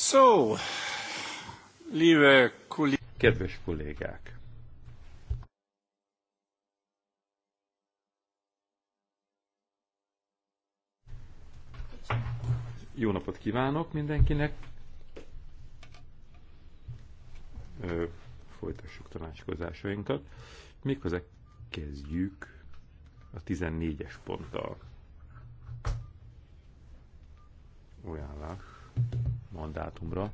So, liebe Kedves kollégák! Jó napot kívánok mindenkinek! Ö, folytassuk tanácskozásainkat. Méghozzá kezdjük a 14-es ponttal. Ajánlás mandátumra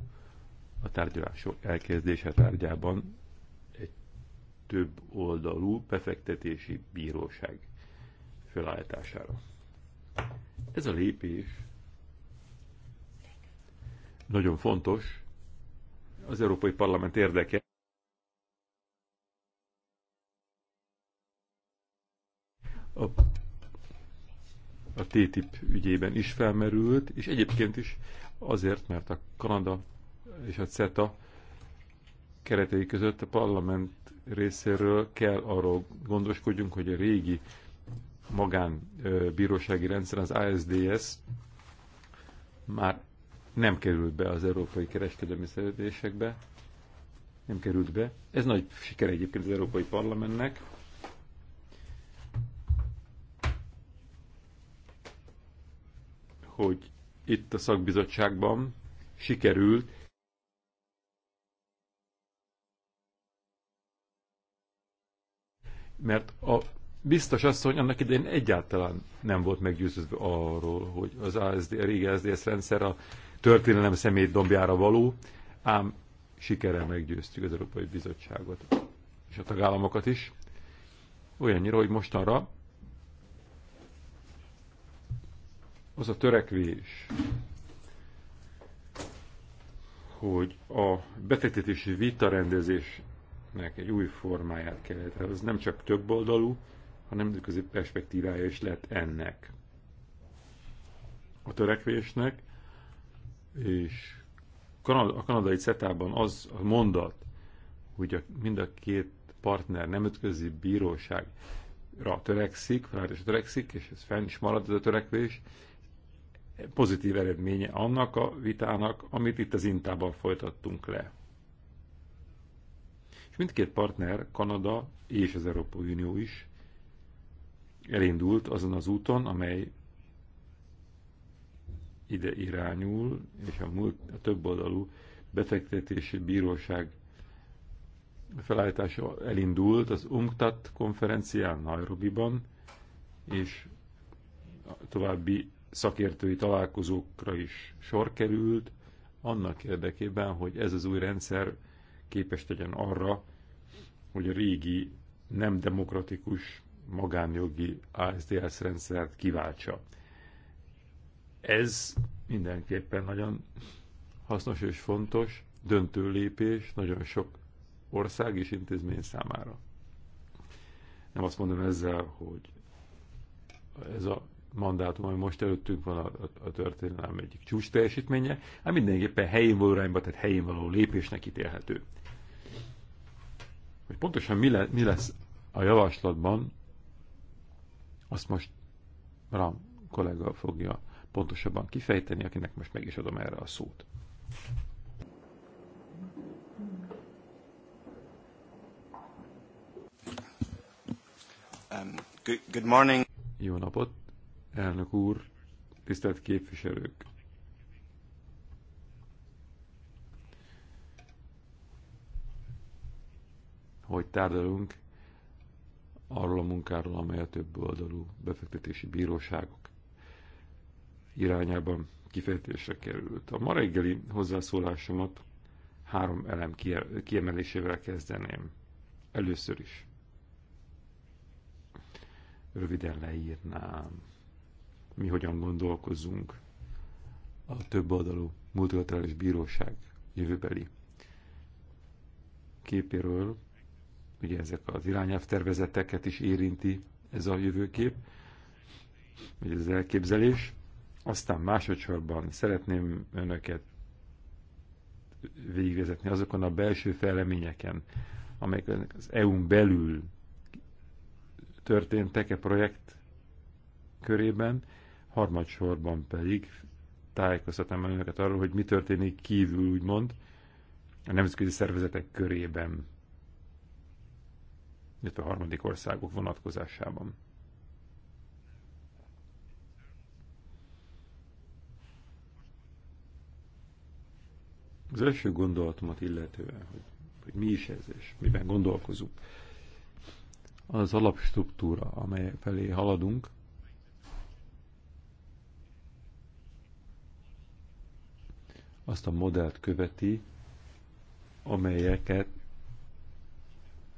a tárgyalások elkezdése tárgyában egy több oldalú befektetési bíróság felállítására. Ez a lépés nagyon fontos az Európai Parlament érdeke, a a TTIP ügyében is felmerült, és egyébként is azért, mert a Kanada és a CETA keretei között a parlament részéről kell arról gondoskodjunk, hogy a régi magánbírósági rendszer, az ASDS már nem került be az európai kereskedelmi szerződésekbe, nem került be. Ez nagy siker egyébként az Európai Parlamentnek, hogy itt a szakbizottságban sikerült mert a biztos asszony annak idején egyáltalán nem volt meggyőződve arról, hogy az ASD, a régi ASDS rendszer a történelem szemét dombjára való, ám sikerrel meggyőztük az Európai Bizottságot és a tagállamokat is. Olyannyira, hogy mostanra az a törekvés, hogy a befektetési vitarendezésnek egy új formáját kell létrehozni. Hát ez nem csak több oldalú, hanem nemzetközi perspektívája is lett ennek a törekvésnek, és a kanadai CETA-ban az a mondat, hogy a, mind a két partner nemzetközi bíróságra törekszik, törekszik, és ez fenn is marad ez a törekvés, pozitív eredménye annak a vitának, amit itt az Intában folytattunk le. És mindkét partner, Kanada és az Európai Unió is elindult azon az úton, amely ide irányul, és a, múlt, a több oldalú befektetési bíróság felállítása elindult az UNCTAD konferencián Nairobiban, és további szakértői találkozókra is sor került, annak érdekében, hogy ez az új rendszer képes legyen arra, hogy a régi nem demokratikus magánjogi ASDS rendszert kiváltsa. Ez mindenképpen nagyon hasznos és fontos, döntő lépés nagyon sok ország és intézmény számára. Nem azt mondom ezzel, hogy ez a mandátum, ami most előttünk van a, a, a történelem egyik csúcs teljesítménye, hát mindenképpen helyén való irányba, tehát helyén való lépésnek ítélhető. Hogy pontosan mi, le, mi lesz a javaslatban, azt most Ram kollega fogja pontosabban kifejteni, akinek most meg is adom erre a szót. Um, good, good morning. Jó napot! elnök úr, tisztelt képviselők! Hogy tárgyalunk arról a munkáról, amely a több oldalú befektetési bíróságok irányában kifejtésre került. A ma reggeli hozzászólásomat három elem kiemelésével kezdeném. Először is. Röviden leírnám mi hogyan gondolkozunk a több oldalú multilaterális bíróság jövőbeli képéről. Ugye ezek az irányelvtervezeteket is érinti ez a jövőkép, vagy ez az elképzelés. Aztán másodszorban szeretném önöket végigvezetni azokon a belső fejleményeken, amelyek az EU-n belül történtek-e projekt körében, harmadsorban pedig tájékoztatnám önöket arról, hogy mi történik kívül, úgymond, a nemzetközi szervezetek körében, illetve a harmadik országok vonatkozásában. Az első gondolatomat illetően, hogy, hogy mi is ez, és miben gondolkozunk, az alapstruktúra, amely felé haladunk, azt a modellt követi, amelyeket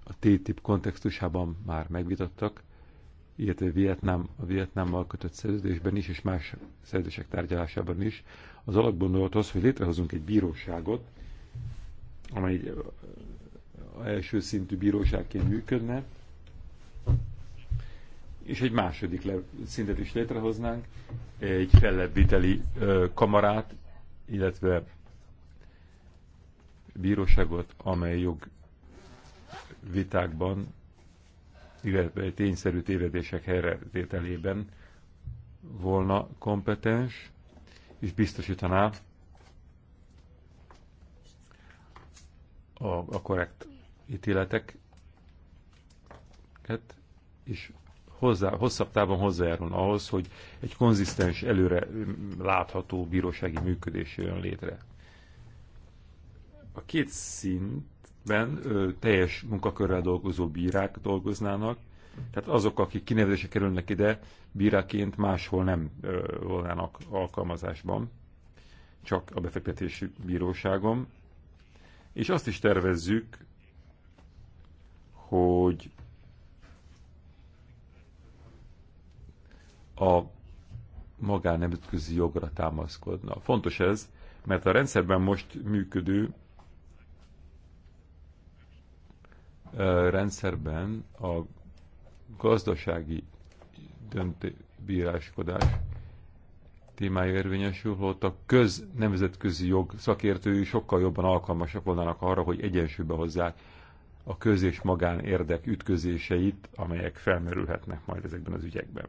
a TTIP kontextusában már megvitattak, illetve Vietnám, a Vietnámmal kötött szerződésben is, és más szerződések tárgyalásában is. Az alapgondolat az, hogy létrehozunk egy bíróságot, amely a első szintű bíróságként működne, és egy második szintet is létrehoznánk, egy fellebbviteli kamarát, illetve bíróságot, amely jog vitákban, illetve tényszerű tévedések helyretételében volna kompetens, és biztosítaná a, a korrekt ítéleteket, és hozzá, hosszabb távon hozzájárul ahhoz, hogy egy konzisztens, előre látható bírósági működés jön létre. A két szintben ö, teljes munkakörrel dolgozó bírák dolgoznának, tehát azok, akik kinevezése kerülnek ide, bíráként máshol nem ö, volnának alkalmazásban, csak a befektetési bíróságon. És azt is tervezzük, hogy a magán nemzetközi jogra támaszkodna. Fontos ez, mert a rendszerben most működő rendszerben a gazdasági döntőbíráskodás témája érvényesül, holott a köz nemzetközi jog szakértői sokkal jobban alkalmasak volnának arra, hogy egyensúlybe hozzák a köz és magán érdek ütközéseit, amelyek felmerülhetnek majd ezekben az ügyekben.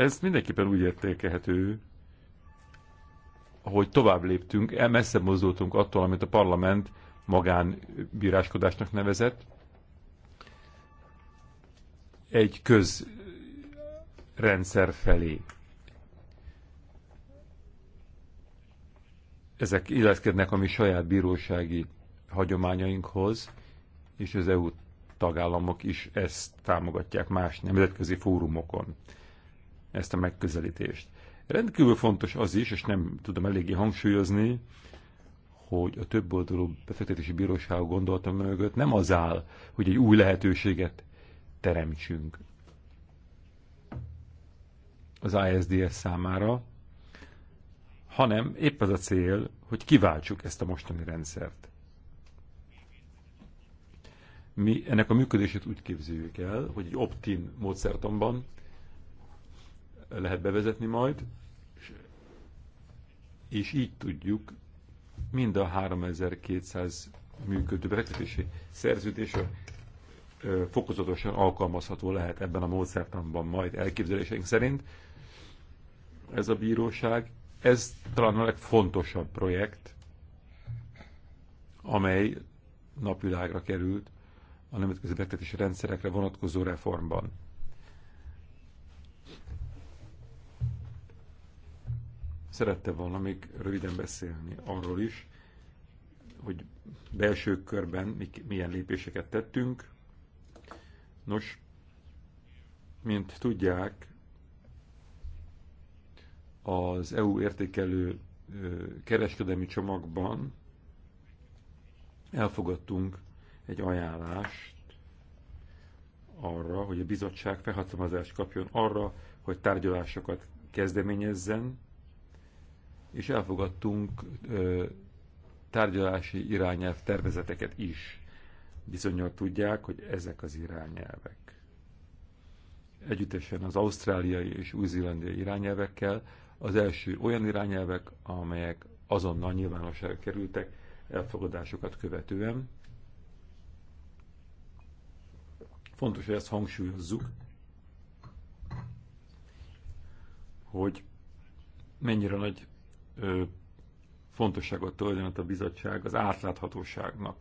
Ez mindenképpen úgy értékelhető, hogy tovább léptünk, el mozdultunk attól, amit a parlament magánbíráskodásnak nevezett. Egy közrendszer felé. Ezek illeszkednek a mi saját bírósági hagyományainkhoz, és az EU tagállamok is ezt támogatják más nemzetközi fórumokon ezt a megközelítést. Rendkívül fontos az is, és nem tudom eléggé hangsúlyozni, hogy a több oldalú befektetési bíróság gondoltam mögött nem az áll, hogy egy új lehetőséget teremtsünk az ISDS számára, hanem épp az a cél, hogy kiváltsuk ezt a mostani rendszert. Mi ennek a működését úgy képzeljük el, hogy egy opt-in módszertomban lehet bevezetni majd, és így tudjuk mind a 3200 működő befektetési szerződés fokozatosan alkalmazható lehet ebben a módszertanban majd elképzeléseink szerint. Ez a bíróság, ez talán a legfontosabb projekt, amely napvilágra került a nemzetközi befektetési rendszerekre vonatkozó reformban. Szerette volna még röviden beszélni arról is, hogy belső körben milyen lépéseket tettünk. Nos, mint tudják, az EU értékelő kereskedelmi csomagban elfogadtunk egy ajánlást arra, hogy a bizottság felhatalmazást kapjon arra, hogy tárgyalásokat kezdeményezzen és elfogadtunk ö, tárgyalási irányelv tervezeteket is. Bizonyal tudják, hogy ezek az irányelvek együttesen az ausztráliai és új-zélandiai irányelvekkel az első olyan irányelvek, amelyek azonnal nyilvánosságra kerültek elfogadásokat követően. Fontos, hogy ezt hangsúlyozzuk, hogy mennyire nagy fontosságot tulajdonít a bizottság az átláthatóságnak.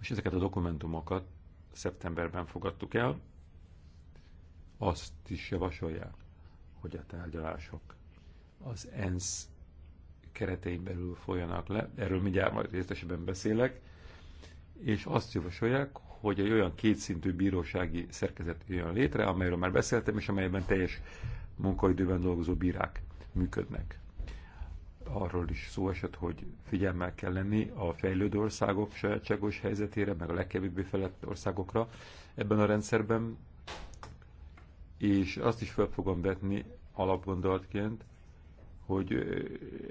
És ezeket a dokumentumokat szeptemberben fogadtuk el, azt is javasolják, hogy a tárgyalások az ENSZ keretein belül folyanak le, erről mindjárt majd részletesebben beszélek, és azt javasolják, hogy egy olyan kétszintű bírósági szerkezet jön létre, amelyről már beszéltem, és amelyben teljes munkaidőben dolgozó bírák működnek. Arról is szó esett, hogy figyelmel kell lenni a fejlődő országok sajátságos helyzetére, meg a legkevésbé felett országokra ebben a rendszerben, és azt is fel fogom vetni alapgondolatként, hogy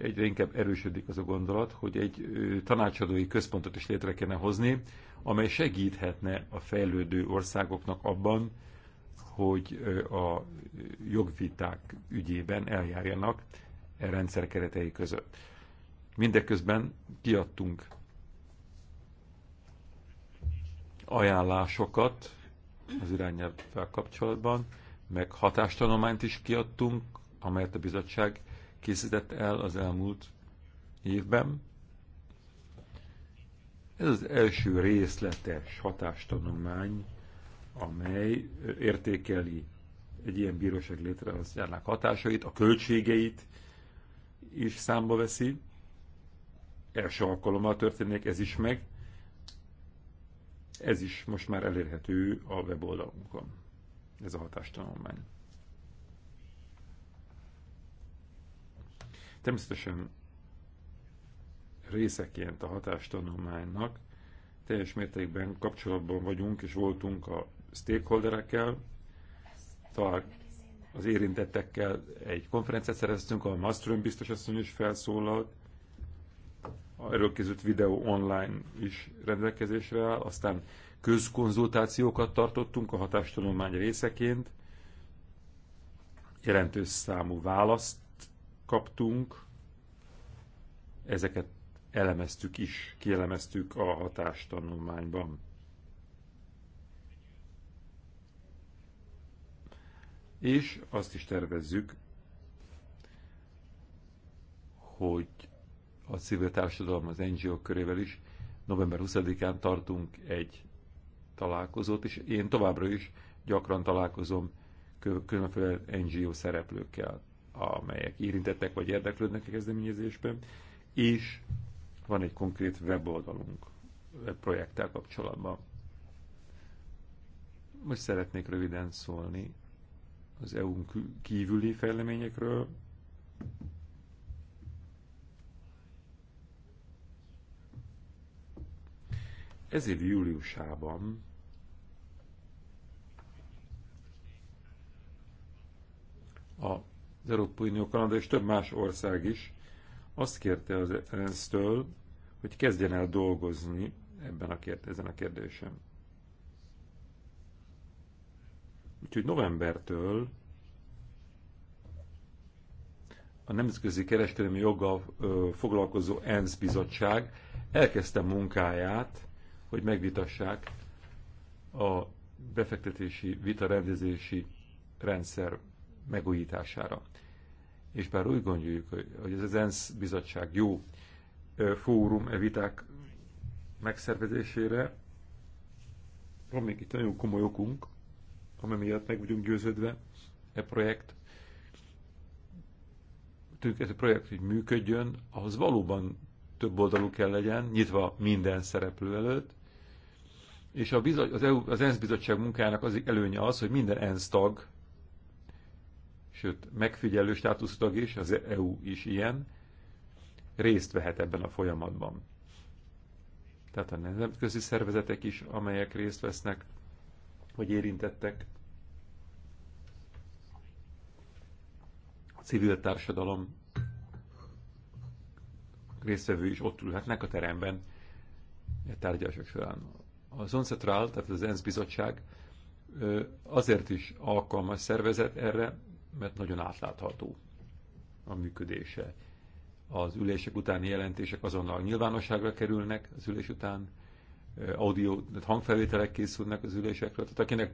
egyre inkább erősödik az a gondolat, hogy egy tanácsadói központot is létre kéne hozni, amely segíthetne a fejlődő országoknak abban, hogy a jogviták ügyében eljárjanak a e rendszer keretei között. Mindeközben kiadtunk ajánlásokat az irányelvvel kapcsolatban, meg hatástanományt is kiadtunk, amelyet a bizottság készített el az elmúlt évben. Ez az első részletes hatástanomány, amely értékeli egy ilyen bíróság létrehozásának hatásait, a költségeit is számba veszi. Első alkalommal történik ez is meg. Ez is most már elérhető a weboldalunkon. Ez a hatástanulmány. Természetesen részeként a hatástanulmánynak teljes mértékben kapcsolatban vagyunk és voltunk a stakeholderekkel, az érintettekkel egy konferenciát szereztünk, a Mastron biztos asszony is felszólalt, erről készült videó online is rendelkezésre áll, aztán közkonzultációkat tartottunk a hatástanulmány részeként, jelentős számú választ kaptunk, ezeket elemeztük is, kielemeztük a hatástanulmányban. és azt is tervezzük, hogy a civil társadalom az NGO körével is november 20-án tartunk egy találkozót, és én továbbra is gyakran találkozom különféle NGO szereplőkkel, amelyek érintettek vagy érdeklődnek a kezdeményezésben, és van egy konkrét weboldalunk projekttel kapcsolatban. Most szeretnék röviden szólni az EU-n kívüli fejleményekről, ez év júliusában az Európai Unió, Kanada és több más ország is azt kérte az ENSZ-től, hogy kezdjen el dolgozni ebben a kérd, ezen a kérdésen. Úgyhogy novembertől a Nemzetközi Kereskedelmi Joggal foglalkozó ENSZ bizottság elkezdte munkáját, hogy megvitassák a befektetési vita rendezési rendszer megújítására. És bár úgy gondoljuk, hogy ez az ENSZ bizottság jó fórum e viták megszervezésére, van még itt nagyon komoly okunk, ami miatt meg vagyunk győződve, e projekt, ez a projekt, hogy működjön, ahhoz valóban több oldalú kell legyen, nyitva minden szereplő előtt, és a bizot, az, EU, az ENSZ bizottság munkájának az előnye az, hogy minden ENSZ tag, sőt, megfigyelő státusz tag is, az EU is ilyen, részt vehet ebben a folyamatban. Tehát a nemzetközi szervezetek is, amelyek részt vesznek hogy érintettek a civil társadalom részvevő is ott ülhetnek a teremben a tárgyalások során. A Zoncentral, tehát az ENSZ bizottság azért is alkalmas szervezet erre, mert nagyon átlátható a működése. Az ülések utáni jelentések azonnal nyilvánosságra kerülnek az ülés után, audio, tehát hangfelvételek készülnek az ülésekről, tehát akinek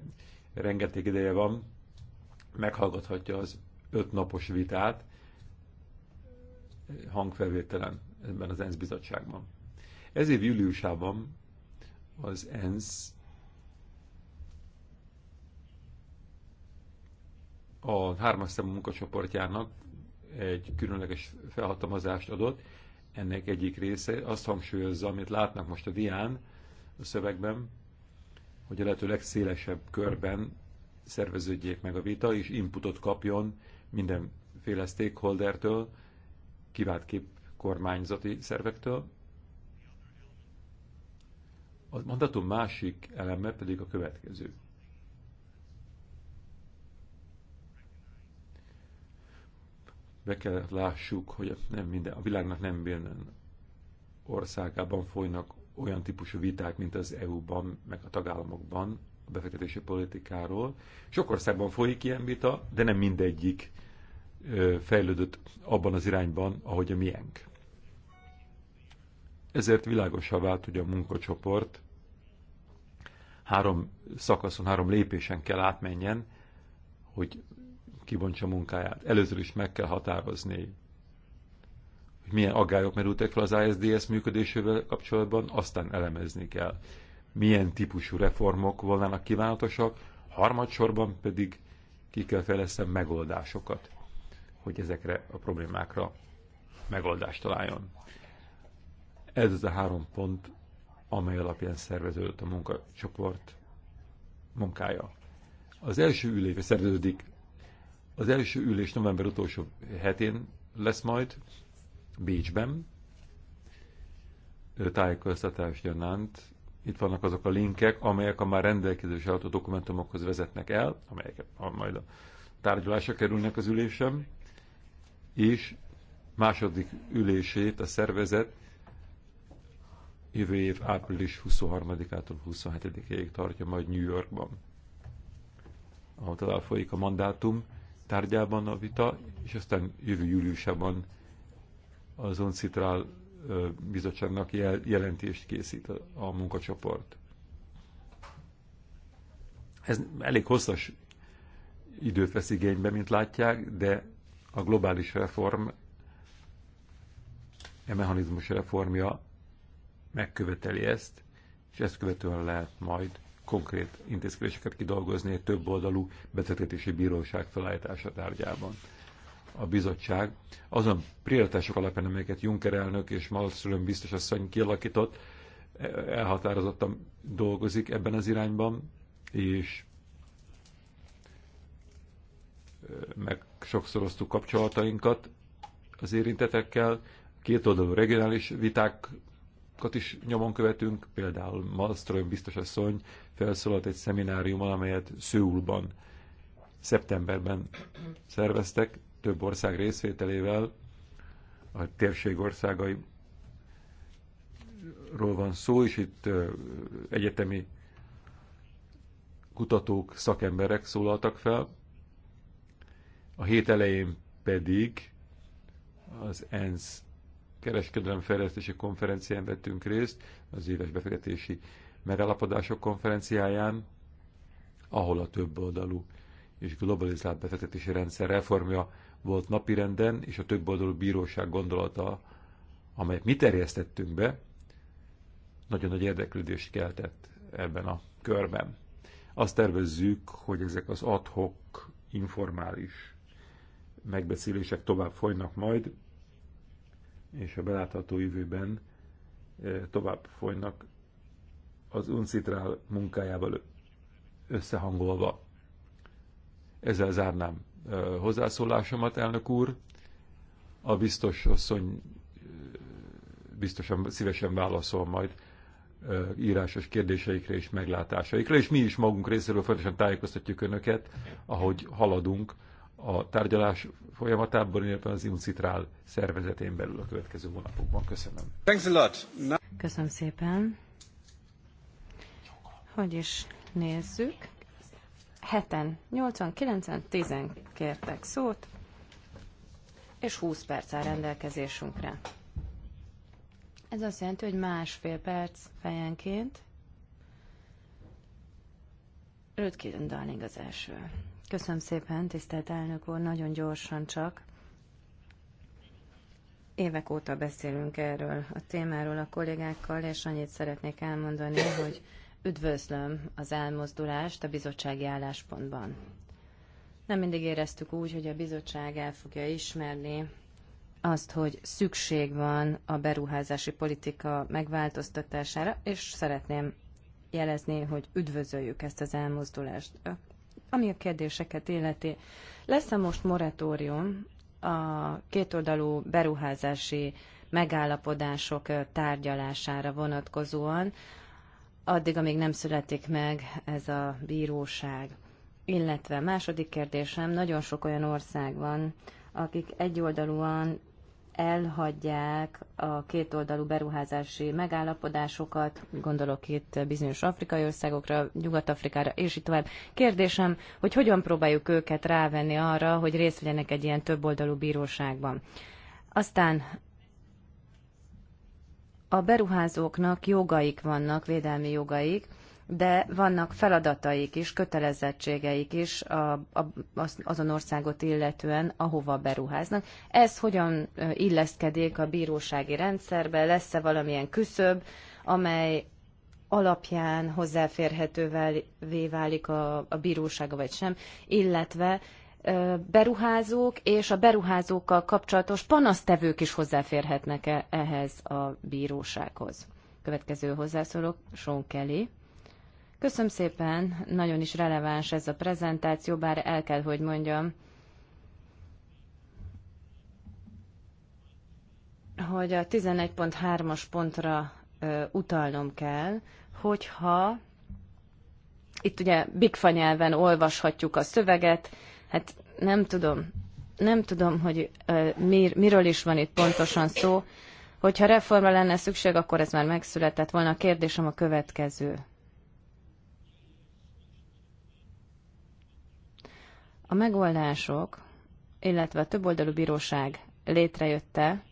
rengeteg ideje van, meghallgathatja az öt napos vitát hangfelvételen ebben az ENSZ bizottságban. Ez év júliusában az ENSZ a hármas számú munkacsoportjának egy különleges felhatalmazást adott. Ennek egyik része azt hangsúlyozza, amit látnak most a dián, a szövegben, hogy a lehető legszélesebb körben szerveződjék meg a vita, és inputot kapjon mindenféle stakeholdertől, kiváltképp kormányzati szervektől. A mandatum másik eleme pedig a következő. Be kell lássuk, hogy nem minden, a világnak nem minden országában folynak olyan típusú viták, mint az EU-ban, meg a tagállamokban a befektetési politikáról. Sok országban folyik ilyen vita, de nem mindegyik fejlődött abban az irányban, ahogy a miénk. Ezért világosá vált, hogy a munkacsoport három szakaszon, három lépésen kell átmenjen, hogy kibontsa munkáját. Először is meg kell határozni milyen aggályok merültek fel az ISDS működésével kapcsolatban, aztán elemezni kell. Milyen típusú reformok volnának kívánatosak, harmadsorban pedig ki kell fejleszteni megoldásokat, hogy ezekre a problémákra megoldást találjon. Ez az a három pont, amely alapján szerveződött a munkacsoport munkája. Az első ülés szerveződik, az első ülés november utolsó hetén lesz majd, Bécsben. Tájékoztatás gyanánt. Itt vannak azok a linkek, amelyek a már rendelkezésre álló dokumentumokhoz vezetnek el, amelyek majd a tárgyalásra kerülnek az ülésem, és második ülését a szervezet jövő év április 23-ától 27-ig tartja majd New Yorkban, ahol talán folyik a mandátum tárgyában a vita, és aztán jövő júliusában az Oncitrál bizottságnak jelentést készít a, munkacsoport. Ez elég hosszas időt vesz igénybe, mint látják, de a globális reform, a e mechanizmus reformja megköveteli ezt, és ezt követően lehet majd konkrét intézkedéseket kidolgozni egy több oldalú betetési bíróság felállítása tárgyában a bizottság azon prioritások alapján, amelyeket Juncker elnök és Malmström biztos asszony kialakított, elhatározottan dolgozik ebben az irányban, és meg sokszoroztuk kapcsolatainkat az érintetekkel, két oldalú regionális vitákat is nyomon követünk, például Malmström biztos asszony felszólalt egy szemináriumon, amelyet Szőulban szeptemberben szerveztek, több ország részvételével, a térség országairól van szó, és itt egyetemi kutatók, szakemberek szólaltak fel. A hét elején pedig az ENSZ kereskedelmi fejlesztési konferencián vettünk részt, az éves befektetési megállapodások konferenciáján, ahol a több oldalú és globalizált befektetési rendszer reformja volt napirenden, és a több oldalú bíróság gondolata, amelyet mi terjesztettünk be, nagyon nagy érdeklődést keltett ebben a körben. Azt tervezzük, hogy ezek az adhok informális megbeszélések tovább folynak majd, és a belátható jövőben e, tovább folynak az UNCITRAL munkájával összehangolva. Ezzel zárnám hozzászólásomat, elnök úr. A biztos asszony biztosan szívesen válaszol majd írásos kérdéseikre és meglátásaikra, és mi is magunk részéről folyamatosan tájékoztatjuk Önöket, ahogy haladunk a tárgyalás folyamatában, illetve az Incitrál szervezetén belül a következő hónapokban. Köszönöm. Thanks a lot. Köszönöm szépen. Hogy is nézzük heten, 89-en, 10 kértek szót, és 20 perc áll rendelkezésünkre. Ez azt jelenti, hogy másfél perc fejenként. Rögtön Darling az első. Köszönöm szépen, tisztelt elnök úr, nagyon gyorsan csak. Évek óta beszélünk erről a témáról a kollégákkal, és annyit szeretnék elmondani, hogy Üdvözlöm az elmozdulást a bizottsági álláspontban. Nem mindig éreztük úgy, hogy a bizottság el fogja ismerni azt, hogy szükség van a beruházási politika megváltoztatására, és szeretném jelezni, hogy üdvözöljük ezt az elmozdulást. Ami a kérdéseket illeti, lesz-e most moratórium a kétoldalú beruházási megállapodások tárgyalására vonatkozóan addig, amíg nem születik meg ez a bíróság. Illetve második kérdésem, nagyon sok olyan ország van, akik egyoldalúan elhagyják a kétoldalú beruházási megállapodásokat, gondolok itt bizonyos afrikai országokra, Nyugat-Afrikára, és így tovább. Kérdésem, hogy hogyan próbáljuk őket rávenni arra, hogy részt vegyenek egy ilyen többoldalú bíróságban. Aztán a beruházóknak jogaik vannak, védelmi jogaik, de vannak feladataik is, kötelezettségeik is a, a, azon országot illetően, ahova beruháznak. Ez hogyan illeszkedik a bírósági rendszerbe? Lesz-e valamilyen küszöb, amely alapján hozzáférhetővé válik a, a bírósága, vagy sem, illetve beruházók és a beruházókkal kapcsolatos panasztevők is hozzáférhetnek -e ehhez a bírósághoz. Következő hozzászólok, Sean Kelly. Köszönöm szépen, nagyon is releváns ez a prezentáció, bár el kell, hogy mondjam, hogy a 11.3-as pontra utalnom kell, hogyha itt ugye bigfa nyelven olvashatjuk a szöveget, Hát nem tudom, nem tudom, hogy uh, mir, miről is van itt pontosan szó. Hogyha reformra lenne szükség, akkor ez már megszületett volna. A kérdésem a következő. A megoldások, illetve a többoldalú bíróság létrejötte,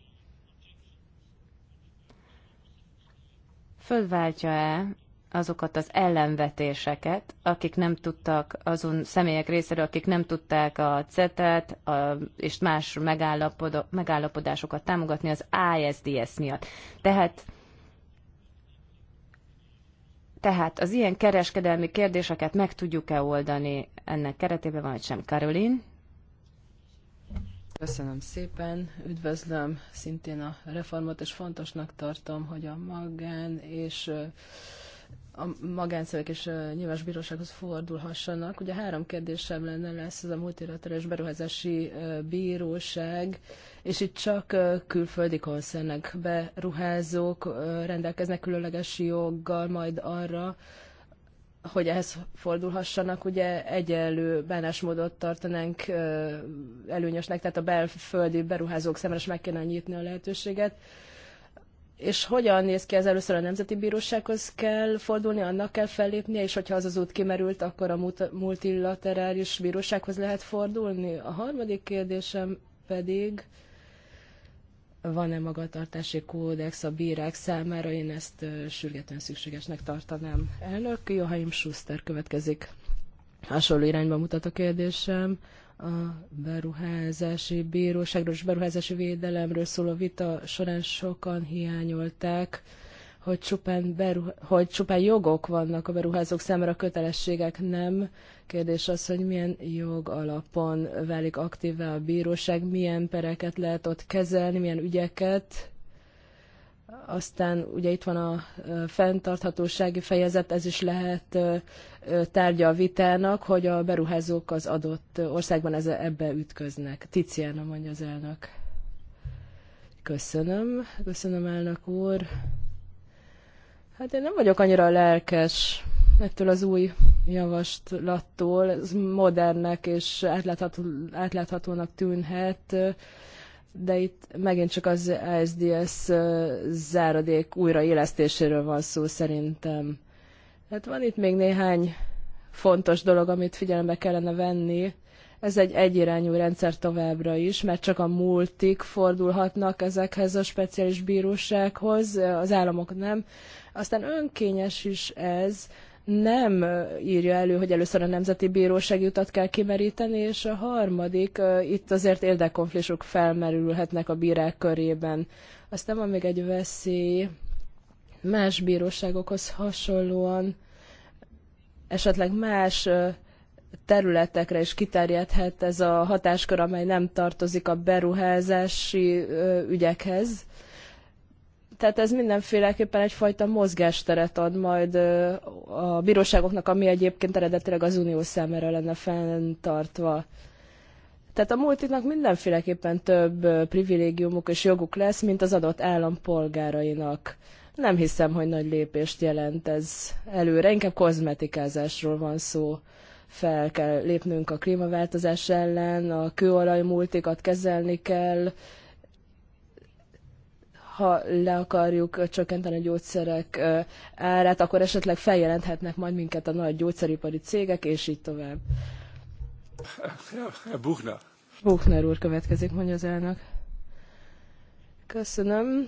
fölváltja-e azokat az ellenvetéseket, akik nem tudtak, azon személyek részéről, akik nem tudták a CETET a, és más megállapod, megállapodásokat támogatni az ISDS miatt. Tehát tehát az ilyen kereskedelmi kérdéseket meg tudjuk-e oldani ennek keretében, vagy sem, Karolin? Köszönöm szépen, üdvözlöm szintén a reformot, és fontosnak tartom, hogy a magán és a magánszövek és a nyilvános bírósághoz fordulhassanak. Ugye három kérdésem lenne, lesz ez a multilaterális beruházási bíróság, és itt csak külföldi konszernek beruházók rendelkeznek különleges joggal majd arra, hogy ehhez fordulhassanak, ugye egyenlő bánásmódot tartanánk előnyösnek, tehát a belföldi beruházók szemre is meg kéne nyitni a lehetőséget és hogyan néz ki ez először a Nemzeti Bírósághoz kell fordulni, annak kell fellépnie, és hogyha az az út kimerült, akkor a multilaterális bírósághoz lehet fordulni? A harmadik kérdésem pedig, van-e magatartási kódex a bírák számára, én ezt sürgetően szükségesnek tartanám. Elnök Johaim Schuster következik. Hasonló irányba mutat a kérdésem a beruházási bíróságról és beruházási védelemről szóló vita során sokan hiányolták, hogy csupán, beru... hogy csupán jogok vannak a beruházók számára, kötelességek nem. Kérdés az, hogy milyen jog alapon válik aktívvá a bíróság, milyen pereket lehet ott kezelni, milyen ügyeket aztán ugye itt van a fenntarthatósági fejezet, ez is lehet tárgya a vitának, hogy a beruházók az adott országban ebbe ütköznek. Tiziana mondja az elnök. Köszönöm, köszönöm elnök úr. Hát én nem vagyok annyira lelkes ettől az új javaslattól. Ez modernnek és átlátható, átláthatónak tűnhet de itt megint csak az SDS záradék újraélesztéséről van szó szerintem. Hát van itt még néhány fontos dolog, amit figyelembe kellene venni. Ez egy egyirányú rendszer továbbra is, mert csak a multik fordulhatnak ezekhez a speciális bírósághoz, az államok nem. Aztán önkényes is ez, nem írja elő, hogy először a Nemzeti bíróság utat kell kimeríteni, és a harmadik, itt azért érdekkonfliktusok felmerülhetnek a bírák körében. Aztán van még egy veszély, más bíróságokhoz hasonlóan esetleg más területekre is kiterjedhet ez a hatáskör, amely nem tartozik a beruházási ügyekhez. Tehát ez mindenféleképpen egyfajta mozgásteret ad majd a bíróságoknak, ami egyébként eredetileg az unió számára lenne fenntartva. Tehát a multiknak mindenféleképpen több privilégiumuk és joguk lesz, mint az adott állam polgárainak. Nem hiszem, hogy nagy lépést jelent ez előre, inkább kozmetikázásról van szó. Fel kell lépnünk a klímaváltozás ellen, a kőolaj multikat kezelni kell, ha le akarjuk csökkenteni a gyógyszerek árát, akkor esetleg feljelenthetnek majd minket a nagy gyógyszeripari cégek, és így tovább. Buchner. Buchner úr következik, mondja az elnök. Köszönöm.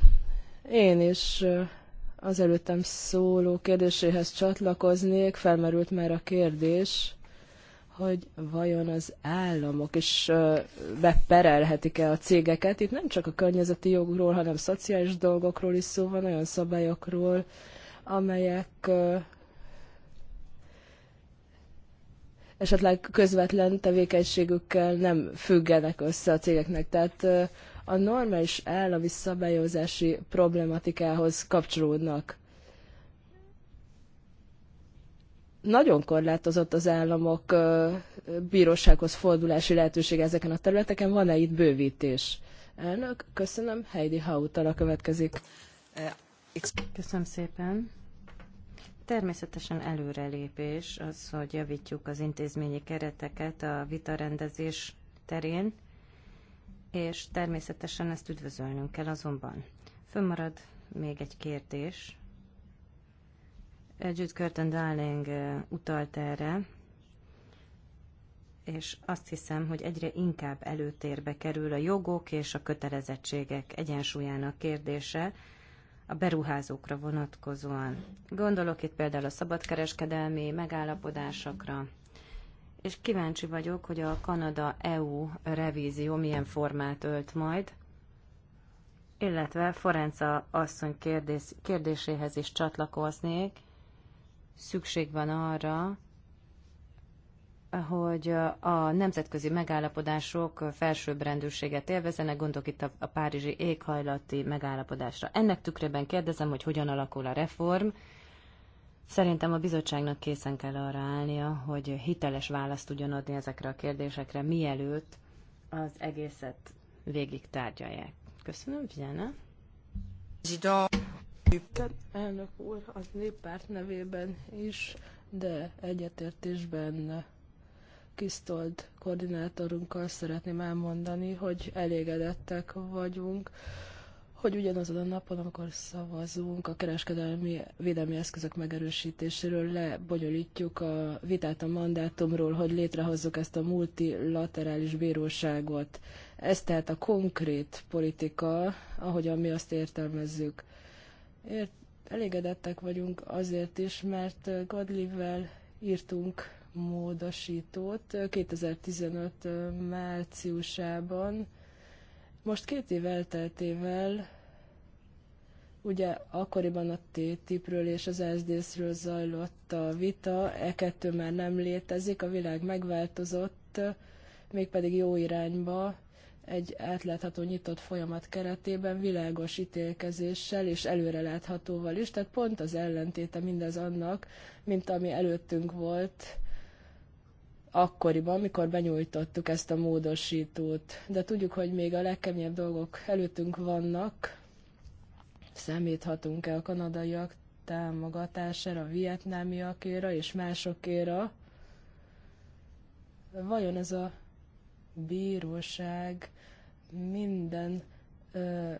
Én is az előttem szóló kérdéséhez csatlakoznék. Felmerült már a kérdés hogy vajon az államok is beperelhetik-e a cégeket. Itt nem csak a környezeti jogról, hanem szociális dolgokról is szó van, olyan szabályokról, amelyek esetleg közvetlen tevékenységükkel nem függenek össze a cégeknek. Tehát a normális állami szabályozási problematikához kapcsolódnak. nagyon korlátozott az államok bírósághoz fordulási lehetőség ezeken a területeken. Van-e itt bővítés? Elnök, köszönöm. Heidi Hautala következik. Köszönöm szépen. Természetesen előrelépés az, hogy javítjuk az intézményi kereteket a vitarendezés terén, és természetesen ezt üdvözölnünk kell azonban. Fönmarad még egy kérdés, Judith Curtin Darling utalt erre, és azt hiszem, hogy egyre inkább előtérbe kerül a jogok és a kötelezettségek egyensúlyának kérdése a beruházókra vonatkozóan. Gondolok itt például a szabadkereskedelmi megállapodásokra, és kíváncsi vagyok, hogy a Kanada-EU revízió milyen formát ölt majd, illetve Forenza asszony kérdés, kérdéséhez is csatlakoznék, szükség van arra, hogy a nemzetközi megállapodások felsőbbrendűséget élvezenek, gondok itt a, párizsi éghajlati megállapodásra. Ennek tükrében kérdezem, hogy hogyan alakul a reform. Szerintem a bizottságnak készen kell arra állnia, hogy hiteles választ tudjon adni ezekre a kérdésekre, mielőtt az egészet végig tárgyalják. Köszönöm, Viana. Elnök úr, az néppárt nevében is, de egyetértésben Kisztold koordinátorunkkal szeretném elmondani, hogy elégedettek vagyunk, hogy ugyanazon a napon, amikor szavazunk a kereskedelmi védelmi eszközök megerősítéséről, lebonyolítjuk a vitát a mandátumról, hogy létrehozzuk ezt a multilaterális bíróságot. Ez tehát a konkrét politika, ahogyan mi azt értelmezzük. Ért, elégedettek vagyunk azért is, mert Godlivel írtunk módosítót 2015 márciusában. Most két év elteltével, ugye akkoriban a TTIP-ről és az SZDSZ-ről zajlott a vita, e kettő már nem létezik, a világ megváltozott, mégpedig jó irányba, egy átlátható nyitott folyamat keretében világos ítélkezéssel és előreláthatóval is, tehát pont az ellentéte mindez annak, mint ami előttünk volt akkoriban, amikor benyújtottuk ezt a módosítót. De tudjuk, hogy még a legkeményebb dolgok előttünk vannak, számíthatunk-e a kanadaiak támogatására, a vietnámiakéra és másokéra. Vajon ez a bíróság minden ö,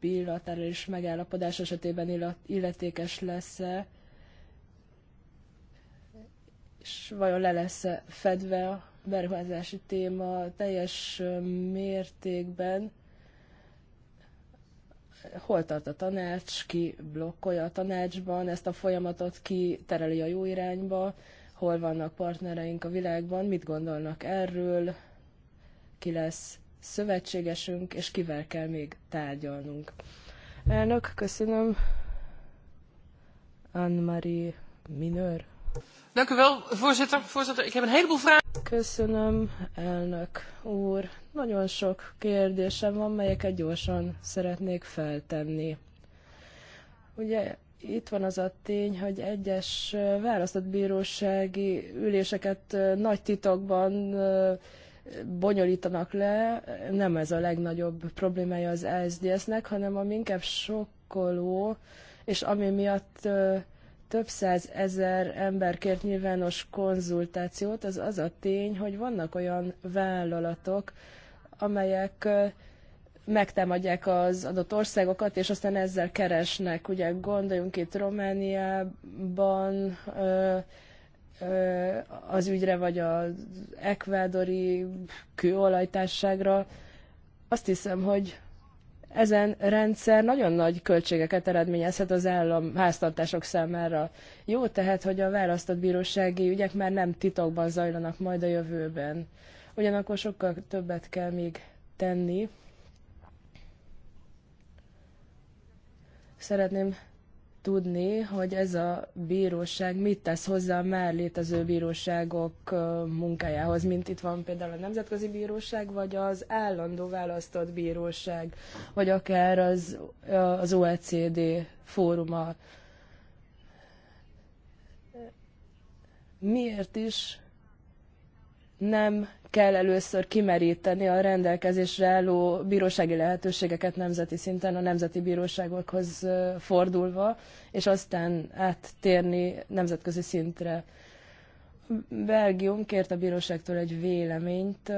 bilaterális megállapodás esetében illetékes lesz-e, és vajon le lesz -e fedve a beruházási téma teljes mértékben, hol tart a tanács, ki blokkolja a tanácsban ezt a folyamatot, ki tereli a jó irányba, hol vannak partnereink a világban, mit gondolnak erről, ki lesz szövetségesünk, és kivel kell még tárgyalnunk. Elnök, köszönöm. Anne-Marie Minör. Dank u wel, voorzitter. Voorzitter, ik heb een heleboel vragen. Köszönöm, elnök úr. Nagyon sok kérdésem van, melyeket gyorsan szeretnék feltenni. Ugye itt van az a tény, hogy egyes választott bírósági üléseket nagy titokban bonyolítanak le, nem ez a legnagyobb problémája az ISDS-nek, hanem ami inkább sokkoló, és ami miatt több száz ezer ember kért nyilvános konzultációt, az az a tény, hogy vannak olyan vállalatok, amelyek megtámadják az adott országokat, és aztán ezzel keresnek. Ugye gondoljunk itt Romániában, az ügyre, vagy az ekvádori kőolajtárságra. Azt hiszem, hogy ezen rendszer nagyon nagy költségeket eredményezhet az állam háztartások számára. Jó tehát, hogy a választott bírósági ügyek már nem titokban zajlanak majd a jövőben. Ugyanakkor sokkal többet kell még tenni. Szeretném tudni, hogy ez a bíróság mit tesz hozzá a már létező bíróságok munkájához, mint itt van például a Nemzetközi Bíróság, vagy az állandó választott bíróság, vagy akár az, az OECD fóruma. Miért is nem kell először kimeríteni a rendelkezésre álló bírósági lehetőségeket nemzeti szinten, a nemzeti bíróságokhoz fordulva, és aztán áttérni nemzetközi szintre. Belgium kért a bíróságtól egy véleményt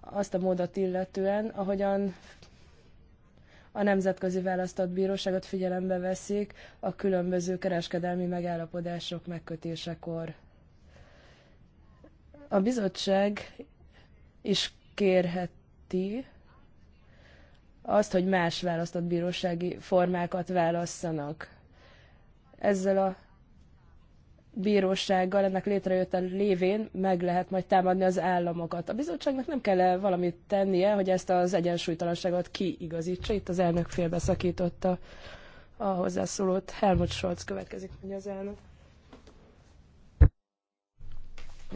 azt a módot illetően, ahogyan a Nemzetközi Választott Bíróságot figyelembe veszik a különböző kereskedelmi megállapodások megkötésekor. A bizottság is kérheti azt, hogy más választott bírósági formákat válasszanak. Ezzel a bírósággal, ennek létrejött a lévén meg lehet majd támadni az államokat. A bizottságnak nem kell -e valamit tennie, hogy ezt az egyensúlytalanságot kiigazítsa. Itt az elnök félbeszakította a hozzászólót. Helmut Scholz következik, mondja az elnök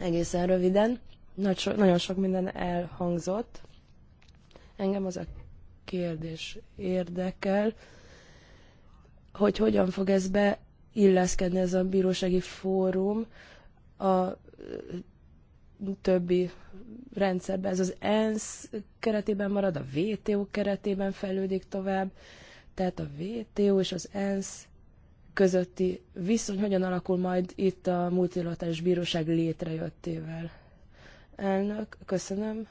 egészen röviden. Nagy so, nagyon sok minden elhangzott. Engem az a kérdés érdekel, hogy hogyan fog ez beilleszkedni ez a bírósági fórum a többi rendszerbe. Ez az ENSZ keretében marad, a VTO keretében fejlődik tovább, tehát a VTO és az ENSZ közötti viszony hogyan alakul majd itt a multilaterális bíróság létrejöttével. Elnök, köszönöm.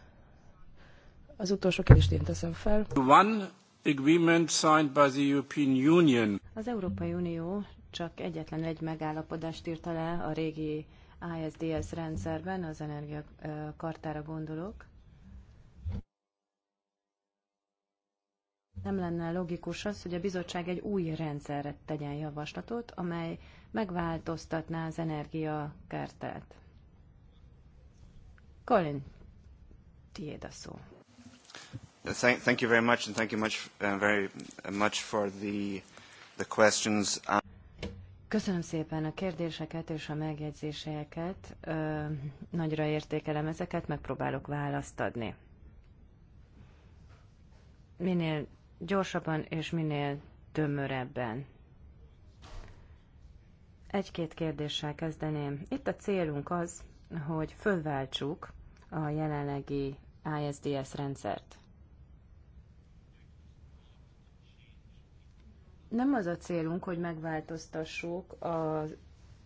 Az utolsó kérdést én teszem fel. One agreement signed by the European Union. Az Európai Unió csak egyetlen egy megállapodást írta le a régi ISDS rendszerben, az energiakartára gondolok. nem lenne logikus az, hogy a bizottság egy új rendszerre tegyen javaslatot, amely megváltoztatná az energiakártát. Colin, tiéd a szó. Thank, thank you very much, and thank you much, uh, very much for the, the questions. Uh, Köszönöm szépen a kérdéseket és a megjegyzéseket. Ö, nagyra értékelem ezeket, megpróbálok választ adni. Minél gyorsabban és minél tömörebben. Egy-két kérdéssel kezdeném. Itt a célunk az, hogy fölváltsuk a jelenlegi ISDS rendszert. Nem az a célunk, hogy megváltoztassuk az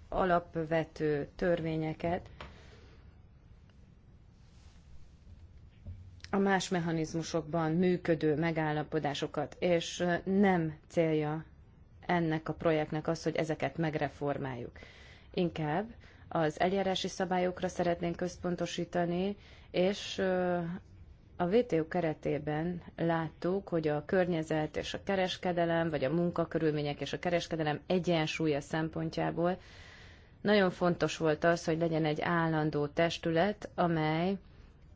alapvető törvényeket, a más mechanizmusokban működő megállapodásokat, és nem célja ennek a projektnek az, hogy ezeket megreformáljuk. Inkább az eljárási szabályokra szeretnénk központosítani, és a WTO keretében láttuk, hogy a környezet és a kereskedelem, vagy a munkakörülmények és a kereskedelem egyensúlya szempontjából nagyon fontos volt az, hogy legyen egy állandó testület, amely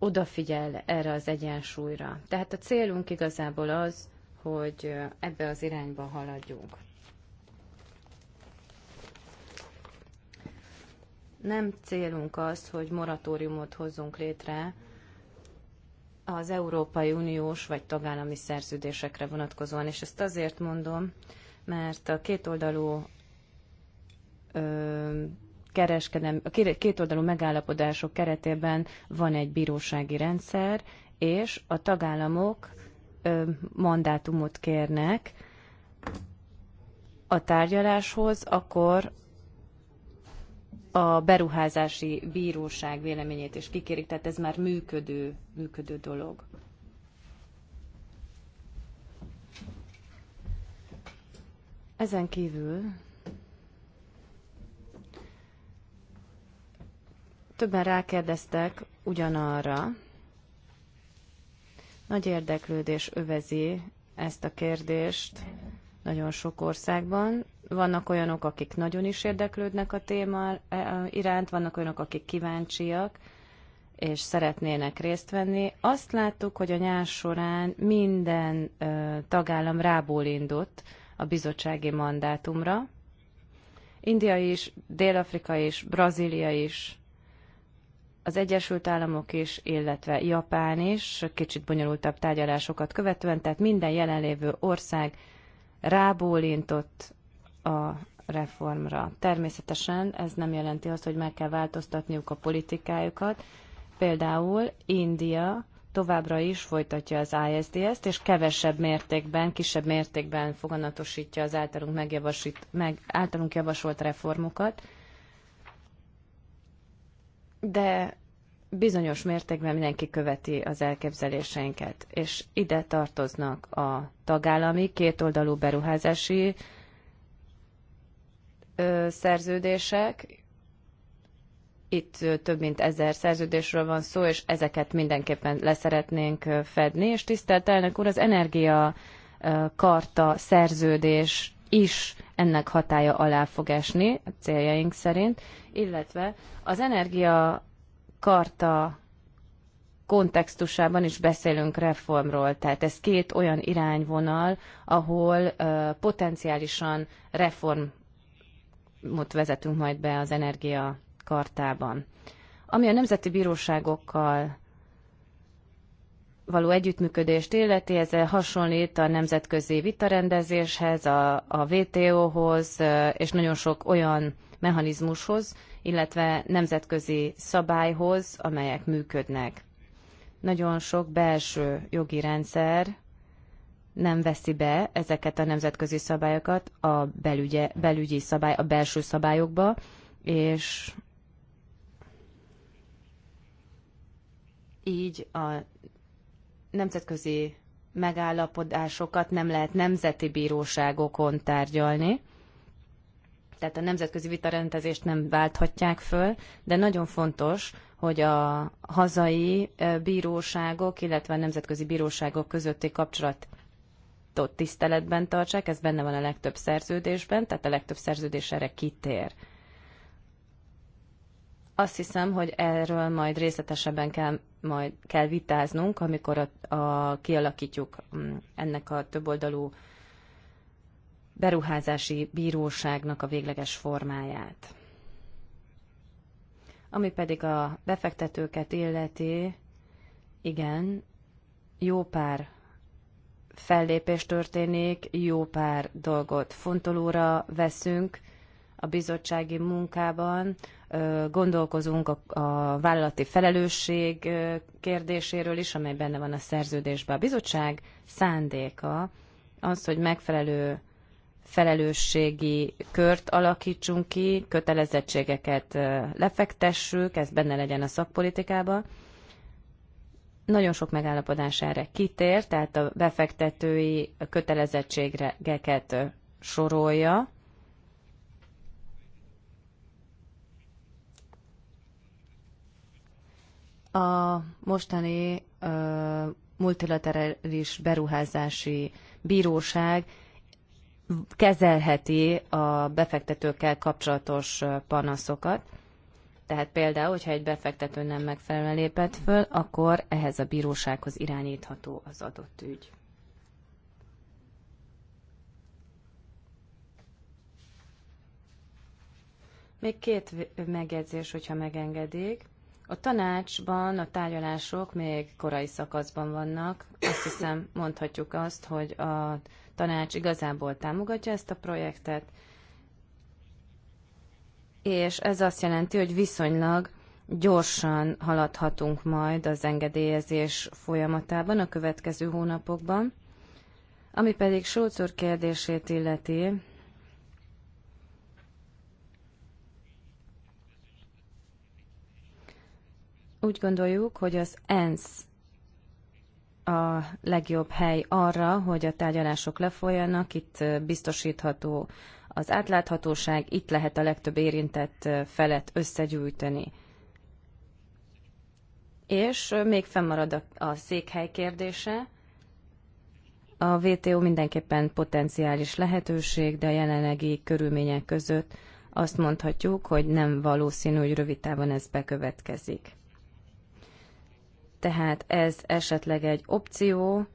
odafigyel erre az egyensúlyra. Tehát a célunk igazából az, hogy ebbe az irányba haladjunk. Nem célunk az, hogy moratóriumot hozzunk létre az Európai Uniós vagy tagállami szerződésekre vonatkozóan, és ezt azért mondom, mert a kétoldalú kereskedem, a kétoldalú megállapodások keretében van egy bírósági rendszer, és a tagállamok ö, mandátumot kérnek a tárgyaláshoz, akkor a beruházási bíróság véleményét is kikérik, tehát ez már működő, működő dolog. Ezen kívül Többen rákérdeztek ugyanarra. Nagy érdeklődés övezi ezt a kérdést nagyon sok országban. Vannak olyanok, akik nagyon is érdeklődnek a téma e, iránt, vannak olyanok, akik kíváncsiak, és szeretnének részt venni. Azt láttuk, hogy a nyár során minden tagállam rából indult a bizottsági mandátumra. India is, Dél-Afrika is, Brazília is, az Egyesült Államok is, illetve Japán is kicsit bonyolultabb tárgyalásokat követően, tehát minden jelenlévő ország rábólintott a reformra. Természetesen ez nem jelenti azt, hogy meg kell változtatniuk a politikájukat. Például India továbbra is folytatja az ISDS-t, és kevesebb mértékben, kisebb mértékben foganatosítja az általunk, megjavasít, meg, általunk javasolt reformokat de bizonyos mértékben mindenki követi az elképzeléseinket, és ide tartoznak a tagállami kétoldalú beruházási ö, szerződések. Itt több mint ezer szerződésről van szó, és ezeket mindenképpen leszeretnénk fedni. És tisztelt elnök úr, az energia karta szerződés is ennek hatája alá fog esni a céljaink szerint, illetve az energia karta kontextusában is beszélünk reformról. Tehát ez két olyan irányvonal, ahol uh, potenciálisan reformot vezetünk majd be az energiakartában. Ami a nemzeti bíróságokkal való együttműködést illeti, ez hasonlít a nemzetközi vitarendezéshez, a, a WTO-hoz, és nagyon sok olyan mechanizmushoz, illetve nemzetközi szabályhoz, amelyek működnek. Nagyon sok belső jogi rendszer nem veszi be ezeket a nemzetközi szabályokat a belügye, belügyi szabály, a belső szabályokba, és így a nemzetközi megállapodásokat nem lehet nemzeti bíróságokon tárgyalni, tehát a nemzetközi vitarendezést nem válthatják föl, de nagyon fontos, hogy a hazai bíróságok, illetve a nemzetközi bíróságok közötti kapcsolat tiszteletben tartsák, ez benne van a legtöbb szerződésben, tehát a legtöbb szerződés erre kitér. Azt hiszem, hogy erről majd részletesebben kell, majd kell vitáznunk, amikor a, a, kialakítjuk mm, ennek a többoldalú beruházási bíróságnak a végleges formáját. Ami pedig a befektetőket illeti, igen, jó pár fellépés történik, jó pár dolgot fontolóra veszünk, a bizottsági munkában gondolkozunk a, a vállalati felelősség kérdéséről is, amely benne van a szerződésben. A bizottság szándéka az, hogy megfelelő felelősségi kört alakítsunk ki, kötelezettségeket lefektessük, ez benne legyen a szakpolitikában. Nagyon sok megállapodás erre kitér, tehát a befektetői kötelezettségeket sorolja, a mostani uh, multilaterális beruházási bíróság kezelheti a befektetőkkel kapcsolatos panaszokat. Tehát például, hogyha egy befektető nem megfelelően lépett föl, akkor ehhez a bírósághoz irányítható az adott ügy. Még két megjegyzés, hogyha megengedik. A tanácsban a tárgyalások még korai szakaszban vannak. Azt hiszem, mondhatjuk azt, hogy a tanács igazából támogatja ezt a projektet, és ez azt jelenti, hogy viszonylag gyorsan haladhatunk majd az engedélyezés folyamatában a következő hónapokban. Ami pedig Sócor kérdését illeti, Úgy gondoljuk, hogy az ENSZ a legjobb hely arra, hogy a tárgyalások lefolyjanak, itt biztosítható az átláthatóság, itt lehet a legtöbb érintett felet összegyűjteni. És még fennmarad a, a székhely kérdése. A VTO mindenképpen potenciális lehetőség, de a jelenlegi körülmények között azt mondhatjuk, hogy nem valószínű, hogy rövid távon ez bekövetkezik tehát ez esetleg egy opció,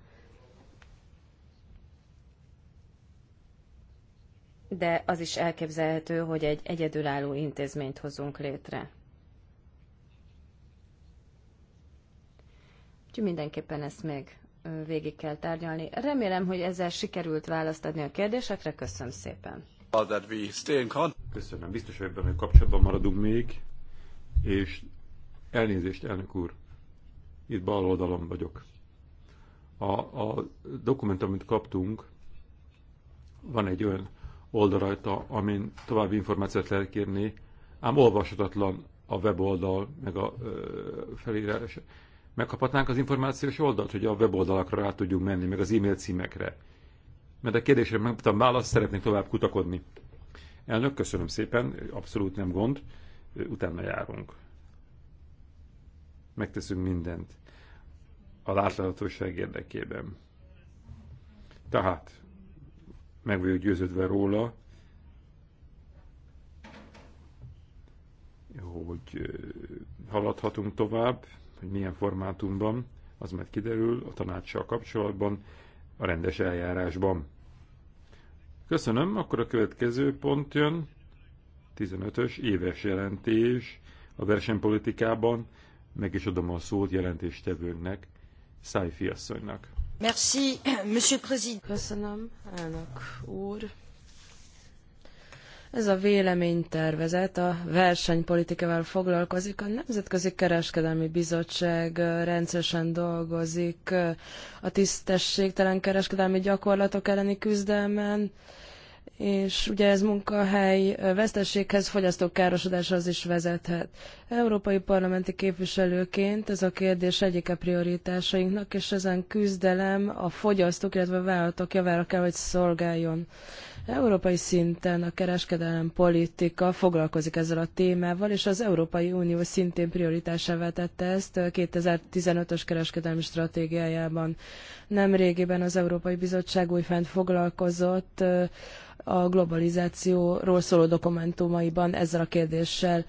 de az is elképzelhető, hogy egy egyedülálló intézményt hozunk létre. Úgyhogy mindenképpen ezt még végig kell tárgyalni. Remélem, hogy ezzel sikerült választ adni a kérdésekre. Köszönöm szépen. Köszönöm. Biztos, hogy ebben kapcsolatban maradunk még, és elnézést, elnök úr. Itt bal oldalon vagyok. A, a dokumentum, amit kaptunk, van egy olyan oldal rajta, amin további információt lehet kérni, ám olvashatatlan a weboldal, meg a ö, felírás. Megkaphatnánk az információs oldalt, hogy a weboldalakra rá tudjunk menni, meg az e-mail címekre. Mert a kérdésre megkaptam választ, szeretnék tovább kutakodni. Elnök, köszönöm szépen, abszolút nem gond, utána járunk. Megteszünk mindent a láthatóság érdekében. Tehát, meg vagyok győződve róla, hogy haladhatunk tovább, hogy milyen formátumban, az majd kiderül a tanácssal kapcsolatban, a rendes eljárásban. Köszönöm, akkor a következő pont jön, 15-ös éves jelentés a versenypolitikában, meg is adom a szót jelentéstevőnknek, Szájfi asszonynak. Merci, Monsieur Président. Köszönöm, elnök úr. Ez a véleménytervezet a versenypolitikával foglalkozik. A Nemzetközi Kereskedelmi Bizottság rendszeresen dolgozik a tisztességtelen kereskedelmi gyakorlatok elleni küzdelmen és ugye ez munkahely fogyasztók fogyasztókárosodáshoz is vezethet. Európai parlamenti képviselőként ez a kérdés egyike prioritásainknak, és ezen küzdelem a fogyasztók, illetve a vállalatok javára kell, hogy szolgáljon. Európai szinten a kereskedelem politika foglalkozik ezzel a témával, és az Európai Unió szintén prioritásává tette ezt 2015-ös kereskedelmi stratégiájában. Nemrégiben az Európai Bizottság újfent foglalkozott a globalizációról szóló dokumentumaiban ezzel a kérdéssel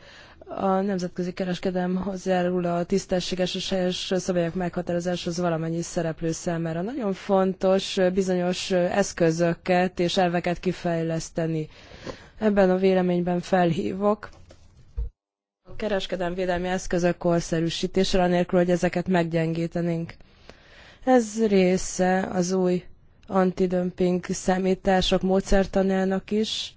a nemzetközi kereskedelem hozzájárul a tisztességes és helyes szabályok meghatározáshoz valamennyi szereplő számára. Nagyon fontos bizonyos eszközöket és elveket kifejleszteni. Ebben a véleményben felhívok a védelmi eszközök korszerűsítésre, anélkül, hogy ezeket meggyengítenénk. Ez része az új antidömping számítások módszertanának is,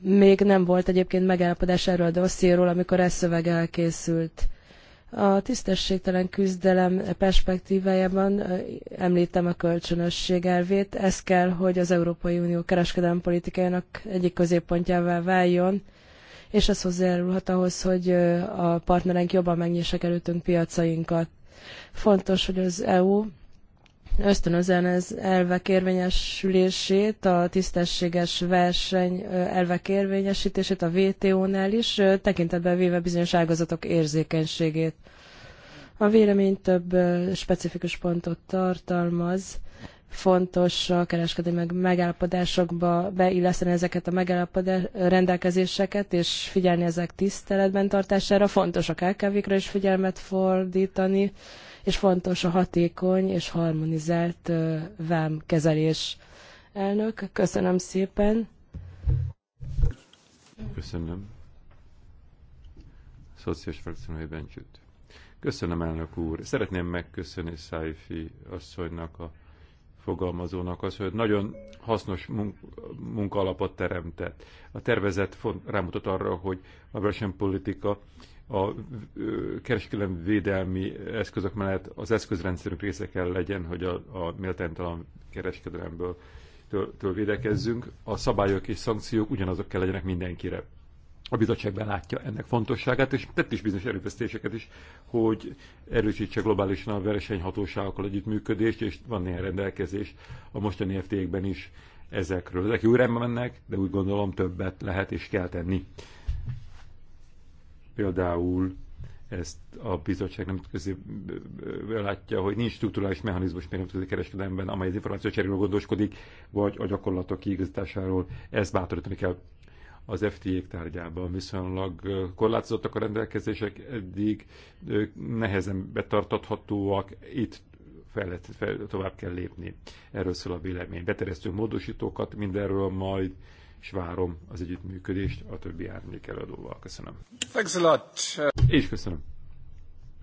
még nem volt egyébként megállapodás erről a dossziéról, amikor ez szöveg elkészült. A tisztességtelen küzdelem perspektívájában említem a kölcsönösség elvét. Ez kell, hogy az Európai Unió kereskedelmi politikájának egyik középpontjává váljon, és ez hozzájárulhat ahhoz, hogy a partnerek jobban megnyissák előttünk piacainkat. Fontos, hogy az EU ösztönözen ez elvek érvényesülését, a tisztességes verseny elvek érvényesítését a WTO-nál is, tekintetben véve bizonyos ágazatok érzékenységét. A vélemény több specifikus pontot tartalmaz, fontos a kereskedelmi megállapodásokba beilleszteni ezeket a megállapodás rendelkezéseket, és figyelni ezek tiszteletben tartására. Fontos a KKV-kra is figyelmet fordítani, és fontos a hatékony és harmonizált vámkezelés. Elnök, köszönöm szépen. Köszönöm. Szociális frakció Bencsüt. Köszönöm, elnök úr. Szeretném megköszönni Szájfi asszonynak a fogalmazónak az, hogy nagyon hasznos munk munkaalapot teremtett. A tervezet rámutat arra, hogy a versenypolitika a kereskedelmi védelmi eszközök mellett az eszközrendszerünk része kell legyen, hogy a, a méltánytalan kereskedelemből től, től védekezzünk. A szabályok és szankciók ugyanazok kell legyenek mindenkire. A bizottság belátja ennek fontosságát, és tett is bizonyos erőfeszítéseket is, hogy erősítse globálisan a versenyhatóságokkal együttműködést, és van néhány rendelkezés a mostani FT-ekben is ezekről. Ezek jó rendben mennek, de úgy gondolom többet lehet és kell tenni Például ezt a bizottság nem közé látja, hogy nincs struktúrális mechanizmus nemzetközi kereskedelemben, amely az cseréről gondoskodik, vagy a gyakorlatok kiigazításáról. Ezt bátorítani kell az FTA-k tárgyában. Viszonylag korlátozottak a rendelkezések, eddig nehezen betartathatóak, itt fel, fel, tovább kell lépni. Erről szól a vélemény. Beteresztünk módosítókat, mindenről majd és várom az együttműködést a többi árnyék előadóval. Köszönöm. Thanks a lot. És köszönöm.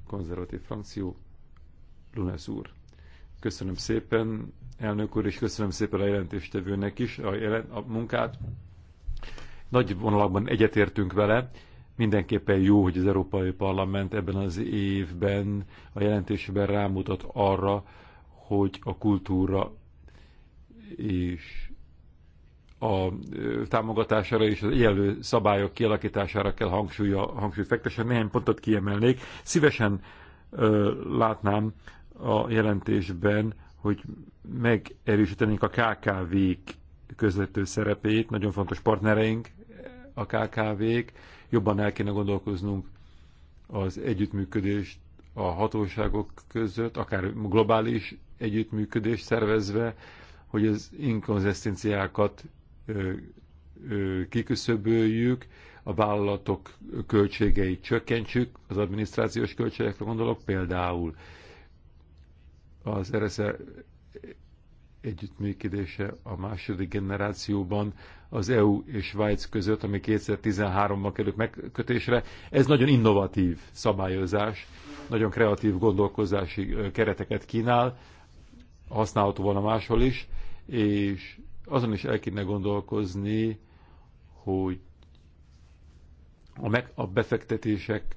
Konzervatív frakció, Lunes úr. Köszönöm szépen, elnök úr, és köszönöm szépen a jelentéstevőnek is a, jelen, a munkát. Nagy vonalakban egyetértünk vele. Mindenképpen jó, hogy az Európai Parlament ebben az évben a jelentésben rámutat arra, hogy a kultúra és a támogatására és az egyenlő szabályok kialakítására kell hangsúly, hangsúly fektessen. Néhány pontot kiemelnék. Szívesen ö, látnám a jelentésben, hogy megerősítenénk a KKV-k közvető szerepét, nagyon fontos partnereink a KKV-k, jobban el kéne gondolkoznunk az együttműködést a hatóságok között, akár globális együttműködést szervezve, hogy az inkonzisztenciákat kiküszöböljük, a vállalatok költségeit csökkentsük, az adminisztrációs költségekre gondolok, például az RSZ e együttműködése a második generációban az EU és Svájc között, ami 2013-ban került megkötésre. Ez nagyon innovatív szabályozás, nagyon kreatív gondolkozási kereteket kínál, használható volna máshol is, és azon is el kéne gondolkozni, hogy a, meg, a befektetések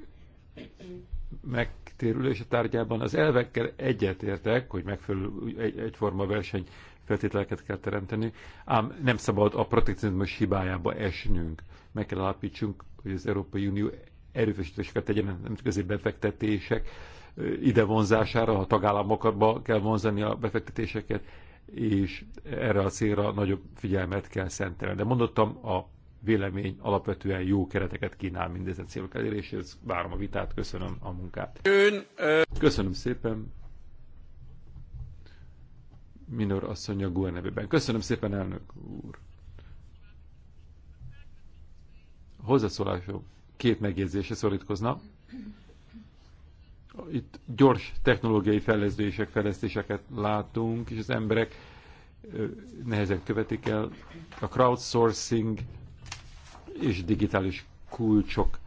megtérülése tárgyában az elvekkel egyetértek, hogy megfelelő egy, egyforma verseny feltételeket kell teremteni, ám nem szabad a protekcionizmus hibájába esnünk. Meg kell alapítsunk, hogy az Európai Unió erőfeszítéseket tegyen nemzetközi befektetések ide vonzására, a tagállamokba kell vonzani a befektetéseket, és erre a célra nagyobb figyelmet kell szentelni. De mondottam, a vélemény alapvetően jó kereteket kínál mindezen célok eléréséhez. Várom a vitát, köszönöm a munkát. Ön, ö... Köszönöm szépen. Minor asszony a GUE nevében. Köszönöm szépen, elnök úr. Hozzászólásom két megjegyzése szorítkozna. Itt gyors technológiai fejlesztések, fejlesztéseket látunk, és az emberek nehezen követik el. A crowdsourcing és digitális kulcsok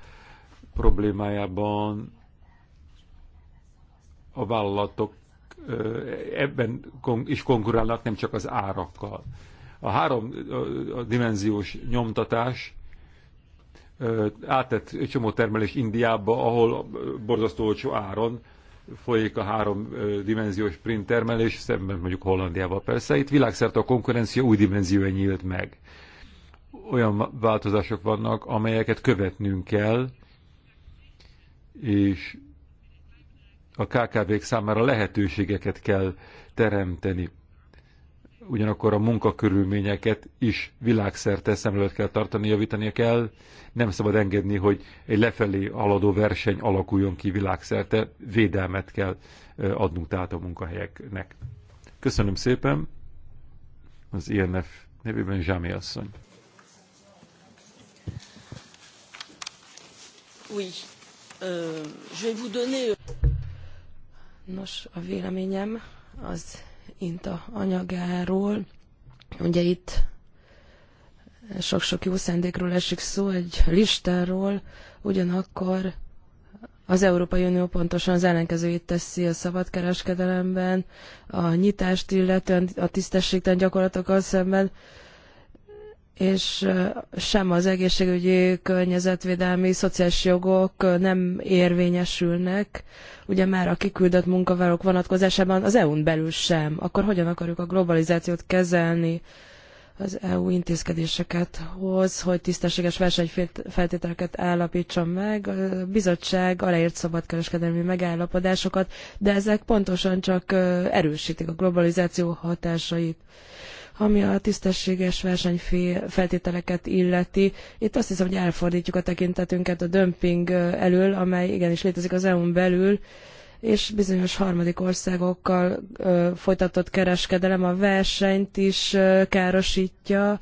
problémájában a vállalatok ebben is konkurálnak, nem csak az árakkal. A három dimenziós nyomtatás átett csomó termelés Indiába, ahol borzasztó olcsó áron folyik a háromdimenziós print termelés, szemben mondjuk Hollandiával persze. Itt világszerte a konkurencia új dimenziója nyílt meg. Olyan változások vannak, amelyeket követnünk kell, és a KKV-k számára lehetőségeket kell teremteni ugyanakkor a munkakörülményeket is világszerte szem előtt kell tartani, javítani kell. Nem szabad engedni, hogy egy lefelé haladó verseny alakuljon ki világszerte, védelmet kell adnunk tehát a munkahelyeknek. Köszönöm szépen az INF nevében Zsámi asszony. Oui. Euh, je vais vous donner... Euh, Nos, a véleményem az INTA anyagáról. Ugye itt sok-sok jó szándékról esik szó, egy listáról, ugyanakkor az Európai Unió pontosan az ellenkezőjét teszi a szabadkereskedelemben, a nyitást illetően a tisztességtelen gyakorlatokkal szemben, és sem az egészségügyi, környezetvédelmi, szociális jogok nem érvényesülnek, ugye már a kiküldött munkavállalók vonatkozásában az EU-n belül sem, akkor hogyan akarjuk a globalizációt kezelni, az EU intézkedéseket hoz, hogy tisztességes versenyfeltételeket állapítson meg. A bizottság aláírt szabadkereskedelmi megállapodásokat, de ezek pontosan csak erősítik a globalizáció hatásait. Ami a tisztességes feltételeket illeti, itt azt hiszem, hogy elfordítjuk a tekintetünket a dömping elől, amely igenis létezik az EU-n belül, és bizonyos harmadik országokkal ö, folytatott kereskedelem a versenyt is ö, károsítja.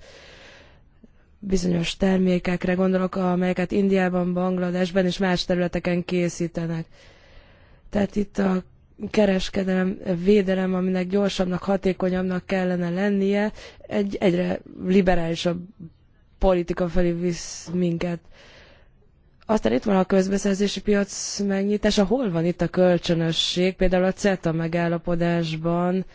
Bizonyos termékekre gondolok, amelyeket Indiában, Bangladesben és más területeken készítenek. Tehát itt a kereskedelem védelem, aminek gyorsabbnak, hatékonyabbnak kellene lennie, egy egyre liberálisabb politika felé visz minket. Aztán itt van a közbeszerzési piac megnyitása. Hol van itt a kölcsönösség? Például a CETA megállapodásban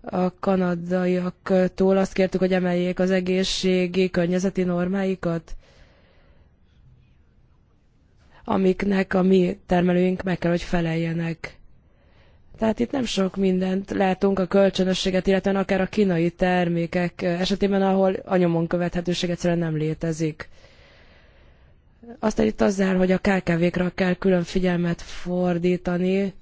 a kanadaiaktól azt kértük, hogy emeljék az egészségi, környezeti normáikat, amiknek a mi termelőink meg kell, hogy feleljenek. Tehát itt nem sok mindent látunk a kölcsönösséget, illetve akár a kínai termékek esetében, ahol a nyomon követhetőség egyszerűen nem létezik. Aztán itt azzal, hogy a KKV-kra kell külön figyelmet fordítani.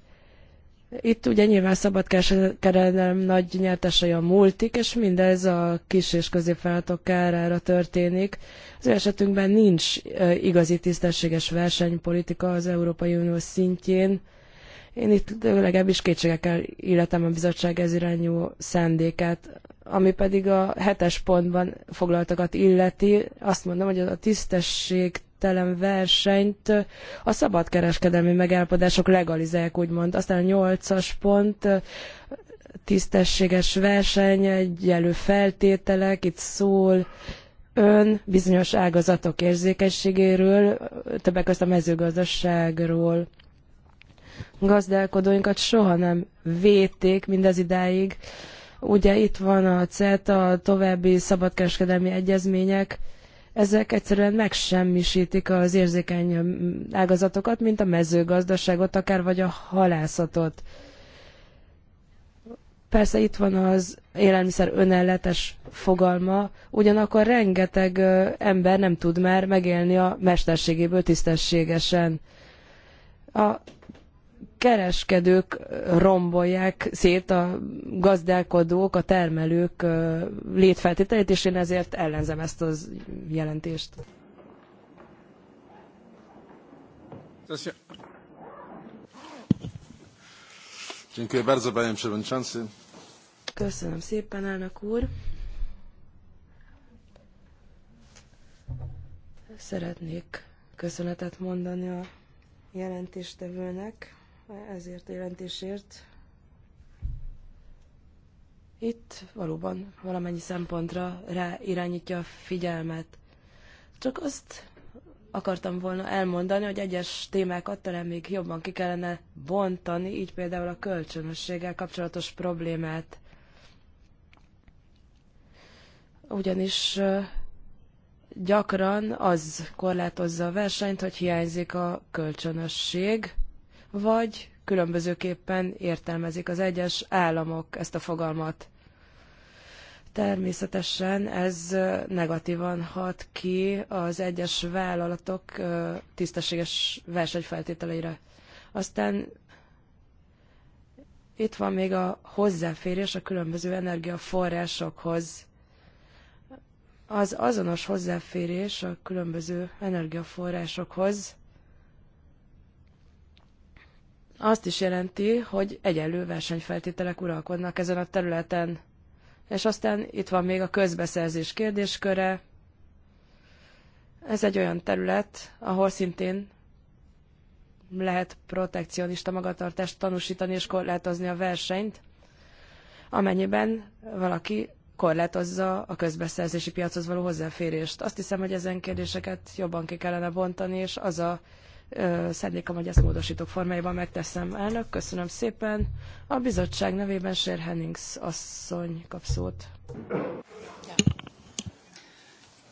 Itt ugye nyilván kereskedelem nagy nyertesei a multik, és mindez a kis és középfeladatok kárára történik. Az ő esetünkben nincs igazi tisztességes versenypolitika az Európai Unió szintjén, én itt legalábbis kétségekkel illetem a bizottság ez irányú szándékát, ami pedig a hetes pontban foglaltakat illeti. Azt mondom, hogy a tisztességtelen versenyt a szabadkereskedelmi megállapodások legalizálják, úgymond. Aztán a nyolcas pont tisztességes verseny, egyenlő feltételek, itt szól ön bizonyos ágazatok érzékenységéről, többek között a mezőgazdaságról gazdálkodóinkat soha nem védték mindez idáig. Ugye itt van a CETA, a további szabadkereskedelmi egyezmények, ezek egyszerűen megsemmisítik az érzékeny ágazatokat, mint a mezőgazdaságot, akár vagy a halászatot. Persze itt van az élelmiszer önelletes fogalma, ugyanakkor rengeteg ember nem tud már megélni a mesterségéből tisztességesen. A kereskedők rombolják szét a gazdálkodók, a termelők létfeltételét, és én ezért ellenzem ezt a jelentést. Köszönöm szépen, elnök úr. Szeretnék köszönetet mondani a jelentéstevőnek ezért a jelentésért. Itt valóban valamennyi szempontra ráirányítja a figyelmet. Csak azt akartam volna elmondani, hogy egyes témákat talán még jobban ki kellene bontani, így például a kölcsönösséggel kapcsolatos problémát. Ugyanis gyakran az korlátozza a versenyt, hogy hiányzik a kölcsönösség, vagy különbözőképpen értelmezik az egyes államok ezt a fogalmat. Természetesen ez negatívan hat ki az egyes vállalatok tisztességes versenyfeltételeire. Aztán itt van még a hozzáférés a különböző energiaforrásokhoz. Az azonos hozzáférés a különböző energiaforrásokhoz azt is jelenti, hogy egyenlő versenyfeltételek uralkodnak ezen a területen. És aztán itt van még a közbeszerzés kérdésköre. Ez egy olyan terület, ahol szintén lehet protekcionista magatartást tanúsítani és korlátozni a versenyt, amennyiben valaki korlátozza a közbeszerzési piachoz való hozzáférést. Azt hiszem, hogy ezen kérdéseket jobban ki kellene bontani, és az a szándékom, hogy ezt módosítók formájában megteszem. Elnök, köszönöm szépen. A bizottság nevében Sér Hennings asszony kap szót.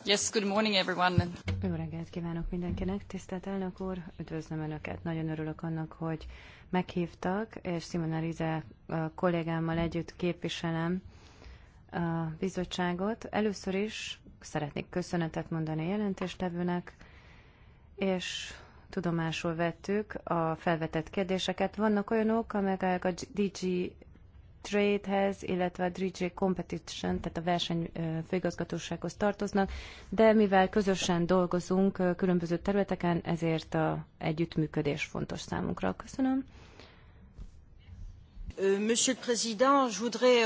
Yes, good morning everyone. Jó reggelt kívánok mindenkinek, tisztelt elnök úr, üdvözlöm Önöket, nagyon örülök annak, hogy meghívtak, és Simona Rize kollégámmal együtt képviselem a bizottságot. Először is szeretnék köszönetet mondani a jelentéstevőnek, és tudomásul vettük a felvetett kérdéseket. Vannak olyanok, amelyek a DG Tradehez, illetve a DG Competition, tehát a verseny főigazgatósághoz tartoznak, de mivel közösen dolgozunk különböző területeken, ezért a együttműködés fontos számunkra. Köszönöm. Euh, Monsieur le Président, je voudrais...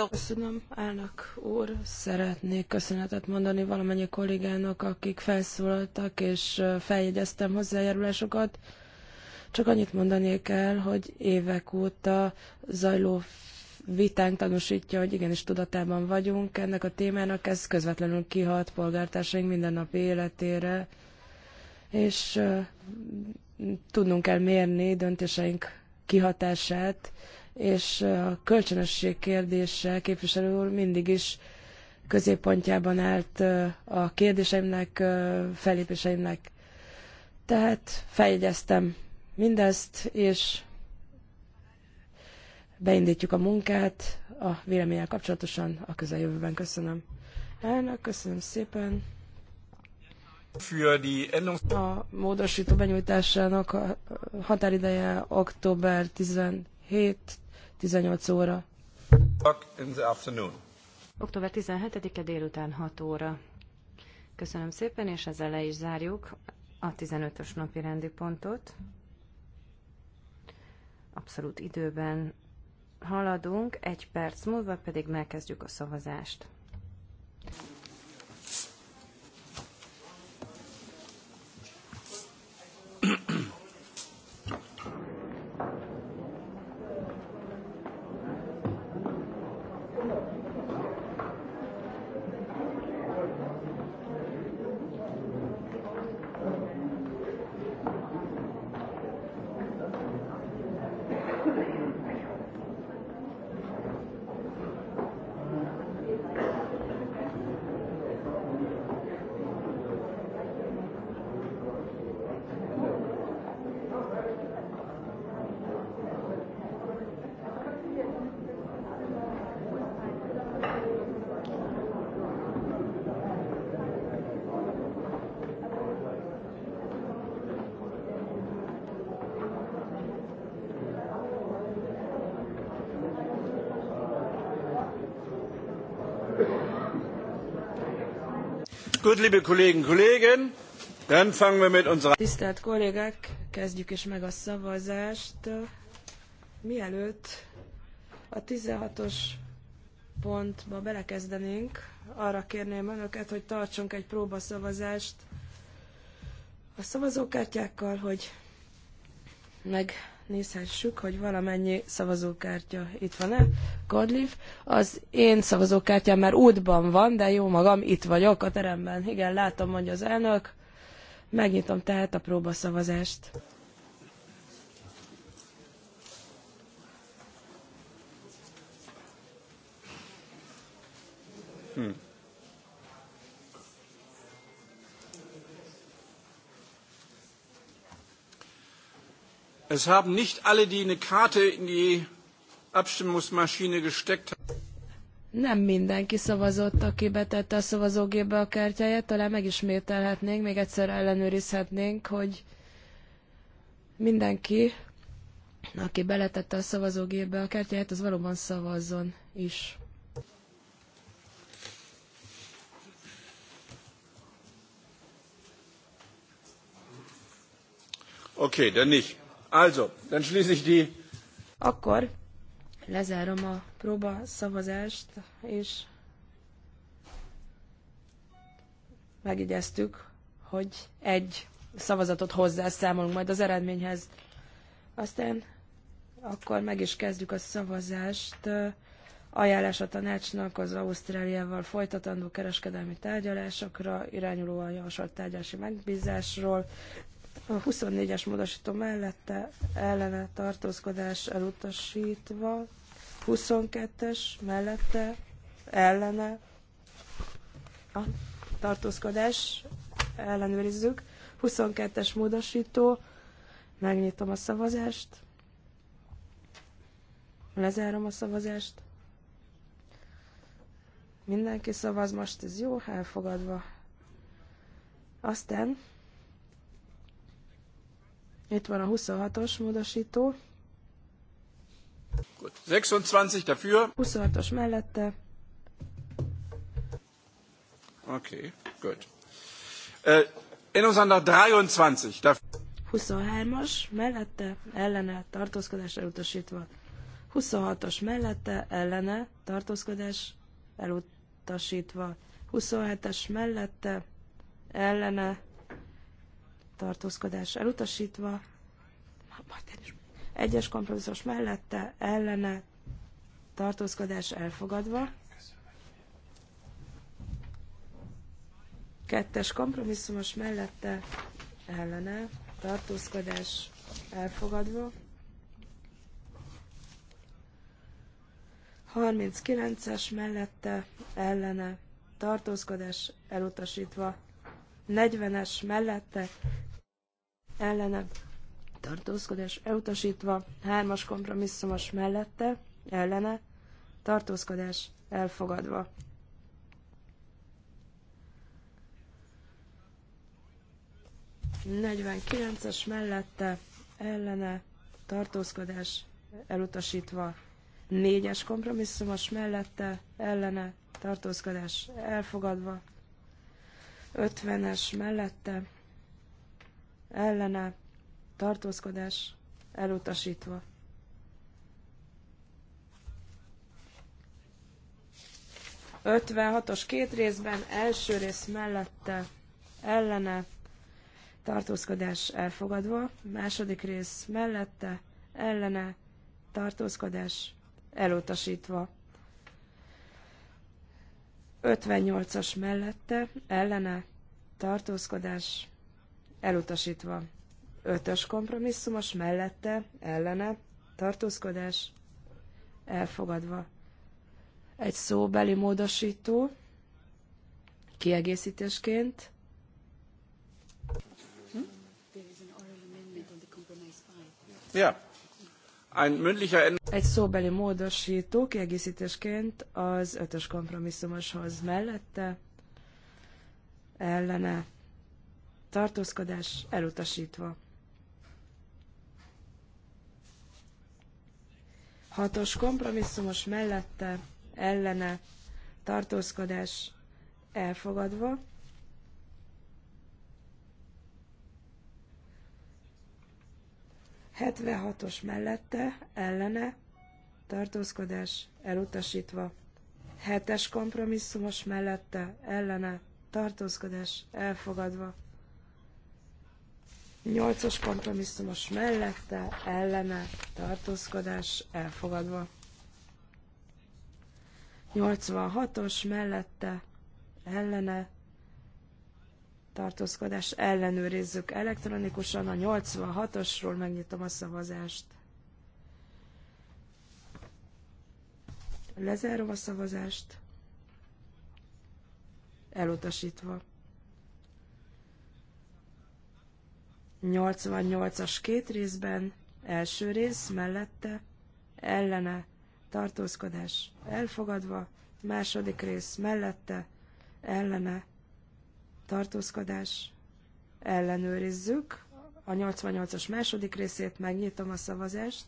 elnök úr. Szeretnék köszönetet mondani valamennyi kollégának, akik felszólaltak, és feljegyeztem hozzájárulásokat. Csak annyit mondanék el, hogy évek óta zajló vitánk tanúsítja, hogy igenis tudatában vagyunk ennek a témának, ez közvetlenül kihat polgártársaink mindennapi életére, és tudnunk kell mérni döntéseink kihatását, és a kölcsönösség kérdése képviselő úr mindig is középpontjában állt a kérdéseimnek, felépéseimnek. Tehát feljegyeztem mindezt, és beindítjuk a munkát a véleményel kapcsolatosan a közeljövőben. Köszönöm. Elnök, köszönöm szépen. A módosító benyújtásának határideje október 17 18 óra. In the afternoon. Október 17-e délután 6 óra. Köszönöm szépen, és ezzel le is zárjuk a 15-ös napi rendi pontot. Abszolút időben haladunk, egy perc múlva pedig megkezdjük a szavazást. Tisztelt kollégák, kezdjük is meg a szavazást. Mielőtt a 16 pontba belekezdenénk, arra kérném önöket, hogy tartsunk egy próbaszavazást a szavazókártyákkal, hogy meg nézhessük, hogy valamennyi szavazókártya itt van-e. Godliv, az én szavazókártyám már útban van, de jó magam, itt vagyok a teremben. Igen, látom, mondja az elnök. Megnyitom tehát a próbaszavazást. Hmm. Es haben nicht alle, die eine Karte in die Abstimmungsmaschine gesteckt haben. Nem mindenki szavazott, aki betette a szavazógépbe a kártyáját, talán megismételhetnénk, még egyszer ellenőrizhetnénk, hogy mindenki, aki beletette a szavazógépbe a kártyáját, az valóban szavazzon is. Oké, Okay, de nincs. Also, dann schließe ich die... Akkor lezárom a próba szavazást, és megígyeztük, hogy egy szavazatot hozzászámolunk majd az eredményhez. Aztán akkor meg is kezdjük a szavazást. Ajánlás a tanácsnak az Ausztráliával folytatandó kereskedelmi tárgyalásokra, irányuló a javasolt tárgyalási megbízásról. A 24-es módosító mellette ellene tartózkodás elutasítva, 22-es mellette ellene a tartózkodás ellenőrizzük, 22-es módosító, megnyitom a szavazást, lezárom a szavazást, mindenki szavaz, most ez jó, elfogadva. Aztán itt van a 26-os módosító. 26 dafür. 26-os mellette. Oké, Okay, gut. Äh, unserem 23 dafür. 23-as mellette ellene tartózkodás elutasítva. 26-os mellette ellene tartózkodás elutasítva. 27-es mellette ellene tartózkodás elutasítva, egyes kompromisszus mellette, ellene, tartózkodás elfogadva, kettes kompromisszumos mellette, ellene, tartózkodás elfogadva, 39-es mellette, ellene, tartózkodás elutasítva, 40-es mellette, ellene tartózkodás elutasítva, hármas kompromisszumos mellette, ellene, tartózkodás elfogadva. Negyvenkilences mellette, ellene, tartózkodás elutasítva, négyes kompromisszumos mellette, ellene, tartózkodás elfogadva, 50-es mellette, ellene tartózkodás elutasítva. os két részben, első rész mellette ellene tartózkodás elfogadva, második rész mellette ellene tartózkodás elutasítva. 58-as mellette ellene tartózkodás elutasítva. Ötös kompromisszumos mellette, ellene, tartózkodás, elfogadva. Egy szóbeli módosító, kiegészítésként. Hm? Yeah. Egy szóbeli módosító kiegészítésként az ötös kompromisszumoshoz mellette ellene tartózkodás elutasítva. Hatos kompromisszumos mellette ellene tartózkodás elfogadva. Hetvenhatos mellette ellene tartózkodás elutasítva. Hetes kompromisszumos mellette ellene tartózkodás elfogadva. Nyolcas kompromisszumos mellette ellene tartózkodás elfogadva. 86-os mellette ellene tartózkodás ellenőrizzük elektronikusan. A 86-osról megnyitom a szavazást. Lezárom a szavazást. Elutasítva. 88-as két részben, első rész mellette, ellene, tartózkodás elfogadva, második rész mellette, ellene, tartózkodás ellenőrizzük. A 88-as második részét megnyitom a szavazást.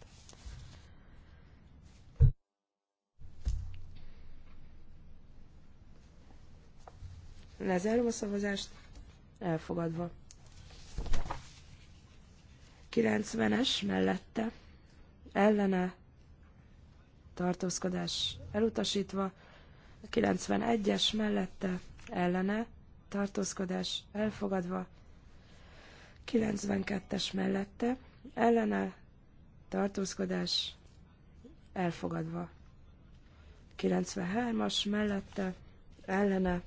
Lezárom a szavazást, elfogadva. 90-es mellette ellene tartózkodás elutasítva, 91-es mellette ellene tartózkodás elfogadva, 92-es mellette ellene tartózkodás elfogadva, 93-as mellette ellene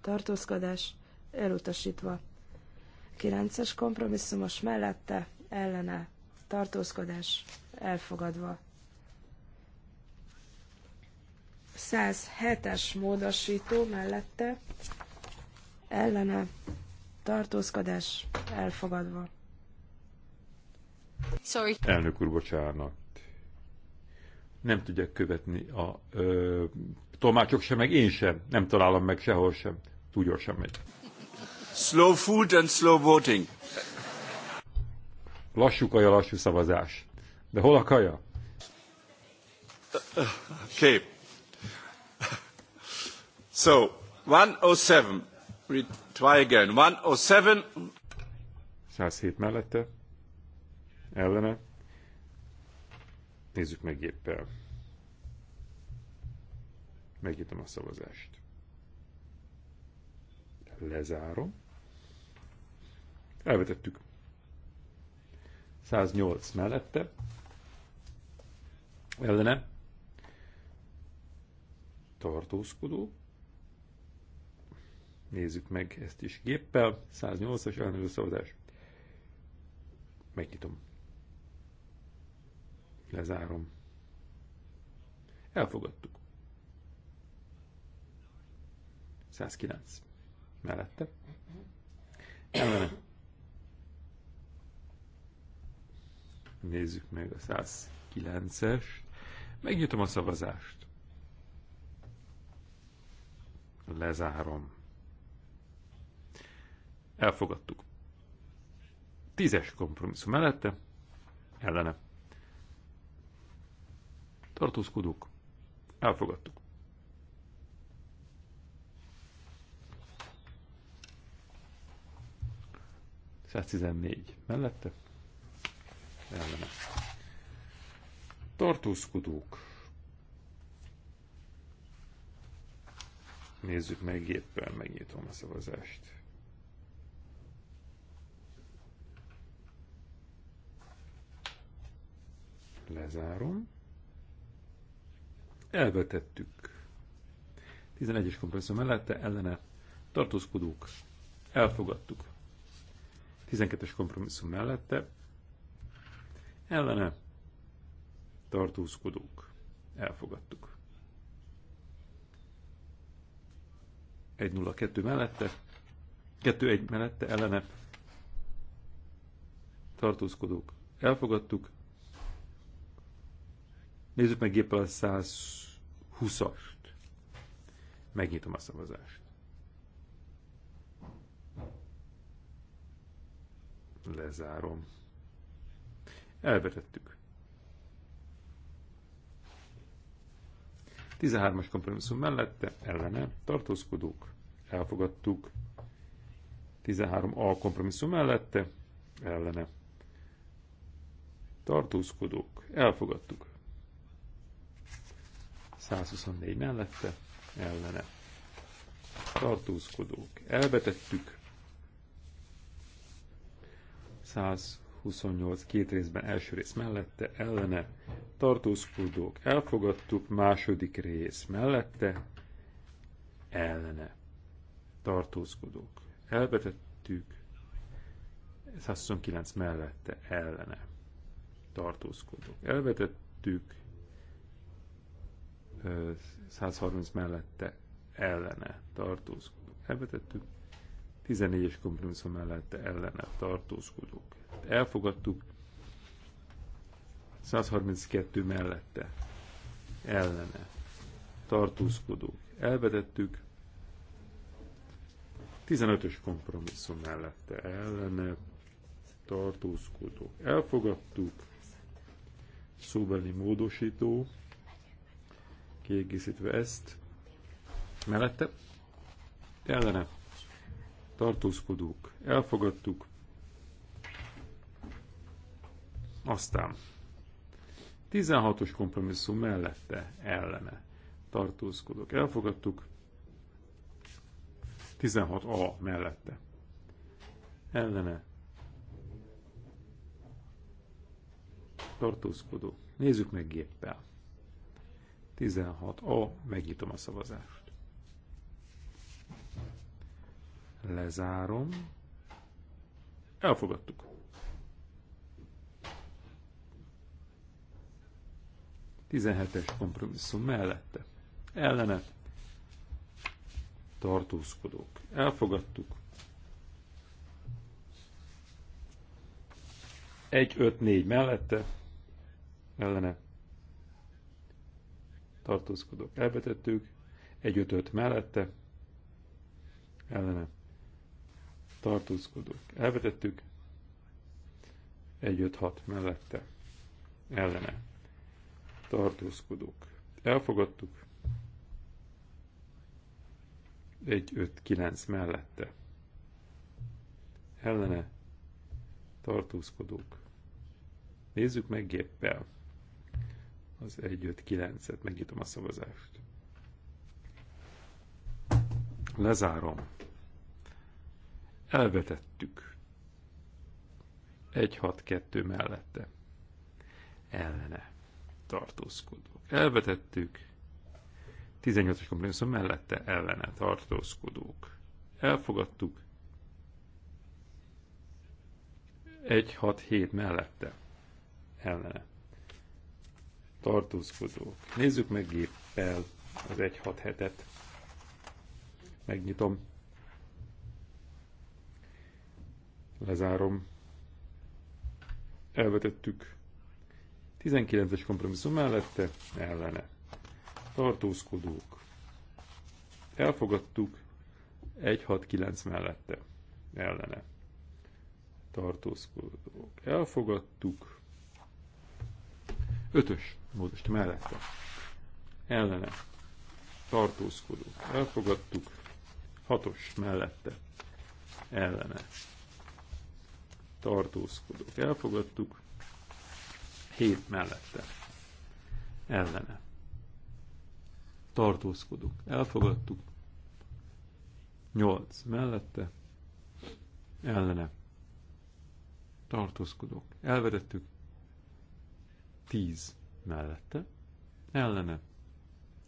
tartózkodás elutasítva, 9-es kompromisszumos mellette ellene tartózkodás elfogadva. 107-es módosító mellette ellene tartózkodás elfogadva. Sorry. Elnök úr, bocsánat. Nem tudják követni a ö, tolmácsok sem, meg én sem. Nem találom meg sehol sem. Túl gyorsan megy. Slow food and slow voting. Lassú kaja, lassú szavazás. De hol a kaja? Okay. So, 107. Try again. 107. 107 mellette. Ellene. Nézzük meg éppen. Megnyitom a szavazást. Lezárom. Elvetettük. 108 mellette, ellene, tartózkodó, nézzük meg ezt is géppel, 108-as ellenőrző szavazás, megnyitom, lezárom, elfogadtuk. 109 mellette, ellene, Nézzük meg a 109-est. Megnyitom a szavazást. Lezárom. Elfogadtuk. Tízes kompromisszum mellette, ellene. Tartózkodók. Elfogadtuk. Száztizennégy mellette, ellene. Tartózkodók. Nézzük meg géppel, megnyitom a szavazást. Lezárom. Elvetettük. 11-es kompresszor mellette ellene tartózkodók. Elfogadtuk. 12-es kompromisszum mellette ellene tartózkodunk, Elfogadtuk. 1-0-2 mellette, 2-1 mellette ellene tartózkodók. Elfogadtuk. Nézzük meg géppel a 120-ast. Megnyitom a szavazást. Lezárom. Elvetettük. 13-as kompromisszum mellette ellene tartózkodók. Elfogadtuk. 13A kompromisszum mellette ellene tartózkodók. Elfogadtuk. 124 mellette ellene tartózkodók. Elvetettük. 28 két részben első rész mellette, ellene, tartózkodók, elfogadtuk, második rész mellette, ellene, tartózkodók, elvetettük, 129 mellette, ellene, tartózkodók, elvetettük, 130 mellette, ellene, tartózkodók, elvetettük, 14-es kompromisszum mellette ellene tartózkodók elfogadtuk, 132 mellette, ellene, tartózkodók, elvetettük, 15-ös kompromisszum mellette, ellene, tartózkodók, elfogadtuk, szóbeli módosító, kiegészítve ezt, mellette, ellene, tartózkodók, elfogadtuk, Aztán 16-os kompromisszum mellette ellene tartózkodok. Elfogadtuk. 16A mellette. Ellene. Tartózkodó. Nézzük meg géppel. 16A, megnyitom a szavazást. Lezárom. Elfogadtuk. 17-es kompromisszum mellette. Ellene tartózkodók. Elfogadtuk. 1-5-4 mellette ellene tartózkodók. Elvetettük. 1-5-5 mellette ellene tartózkodók. Elvetettük. 1-5-6 mellette ellene tartózkodók. Elfogadtuk. 1-5-9 mellette. Ellene tartózkodók. Nézzük meg géppel az 1-5-9-et. Megnyitom a szavazást. Lezárom. Elvetettük. 1-6-2 mellette. Ellene tartózkodók. Elvetettük. 18-as kompromisszum mellette ellene tartózkodók. Elfogadtuk. 1-6-7 mellette ellene tartózkodók. Nézzük meg géppel az 1-6-7-et. Megnyitom. Lezárom. Elvetettük 19-es kompromisszum mellette ellene. Tartózkodók. Elfogadtuk 169 mellette ellene. Tartózkodók. Elfogadtuk 5-ös módost mellette ellene. Tartózkodók. Elfogadtuk 6-os mellette ellene. Tartózkodók. Elfogadtuk hét mellette. Ellene. Tartózkodunk. Elfogadtuk. Nyolc mellette. Ellene. Tartózkodunk. Elvedettük. Tíz mellette. Ellene.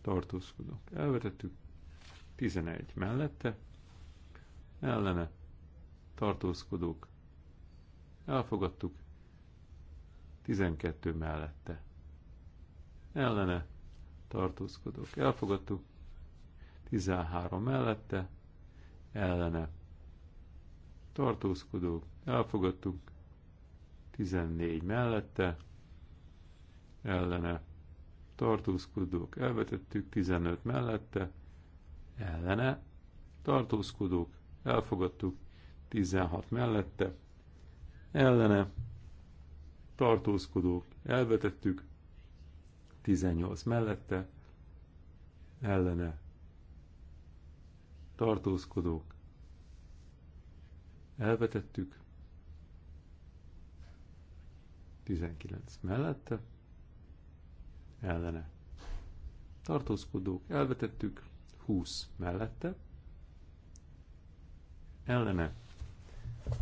Tartózkodunk. Elvedettük. Tizenegy mellette. Ellene. Tartózkodók. Elfogadtuk. 12 mellette. Ellene tartózkodók elfogadtuk, 13 mellette, ellene tartózkodók elfogadtuk, 14 mellette, ellene tartózkodók elvetettük, 15 mellette, ellene tartózkodók elfogadtuk, 16 mellette, ellene tartózkodók, elvetettük, 18 mellette, ellene, tartózkodók, elvetettük, 19 mellette, ellene, tartózkodók, elvetettük, 20 mellette, ellene,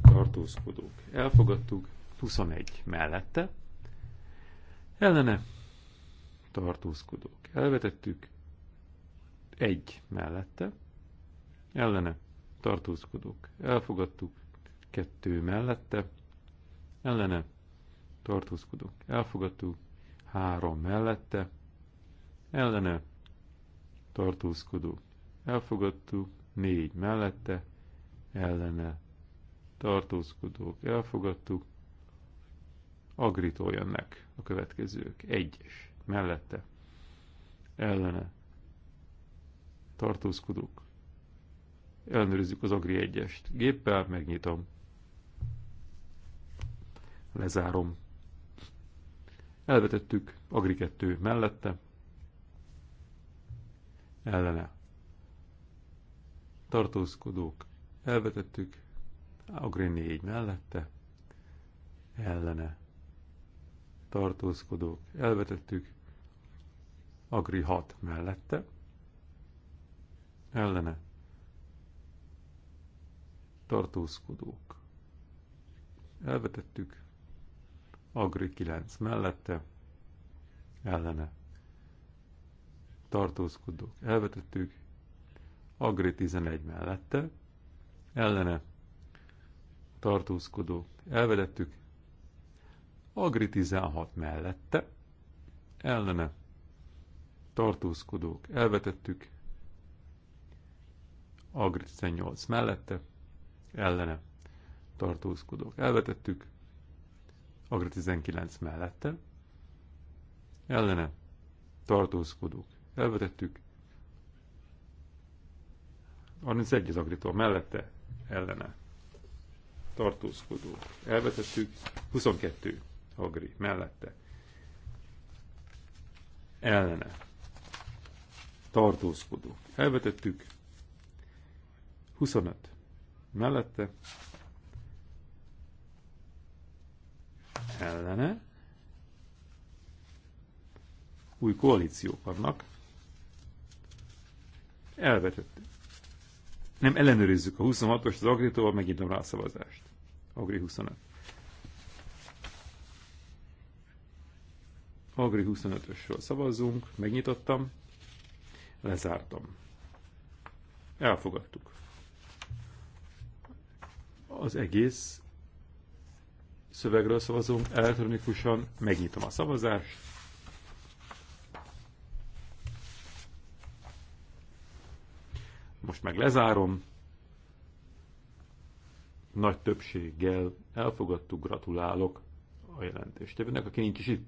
tartózkodók, elfogadtuk, 21 mellette, ellene tartózkodók elvetettük, 1 mellette, ellene tartózkodók elfogadtuk, 2 mellette, ellene tartózkodók elfogadtuk, 3 mellette, ellene tartózkodók elfogadtuk, 4 mellette, ellene tartózkodók elfogadtuk, Agritól jönnek a következők. Egyes. Mellette. Ellene. tartózkodok, Ellenőrizzük az Agri egyest. Géppel megnyitom. Lezárom. Elvetettük Agri kettő mellette. Ellene. Tartózkodók. Elvetettük Agri négy mellette. Ellene tartózkodók, elvetettük, Agri 6 mellette, ellene, tartózkodók, elvetettük, Agri 9 mellette, ellene, tartózkodók, elvetettük, Agri 11 mellette, ellene, tartózkodók, elvetettük, Agri 16 mellette, ellene, tartózkodók, elvetettük, Agri 18 mellette, ellene, tartózkodók, elvetettük, Agri 19 mellette, ellene, tartózkodók, elvetettük, 31 az Agritól mellette, ellene, tartózkodók, elvetettük, 22 Agri mellette. Ellene. Tartózkodó. Elvetettük. 25. Mellette. Ellene. Új koalíciók vannak. Elvetettük. Nem ellenőrizzük a 26-os az Agritóval, megint a rászavazást. Agri 25. Agri 25-ösről szavazzunk, megnyitottam, lezártam. Elfogadtuk. Az egész szövegről szavazunk, elektronikusan megnyitom a szavazást. Most meg lezárom. Nagy többséggel elfogadtuk, gratulálok a jelentést. Tehát, aki nincs is itt.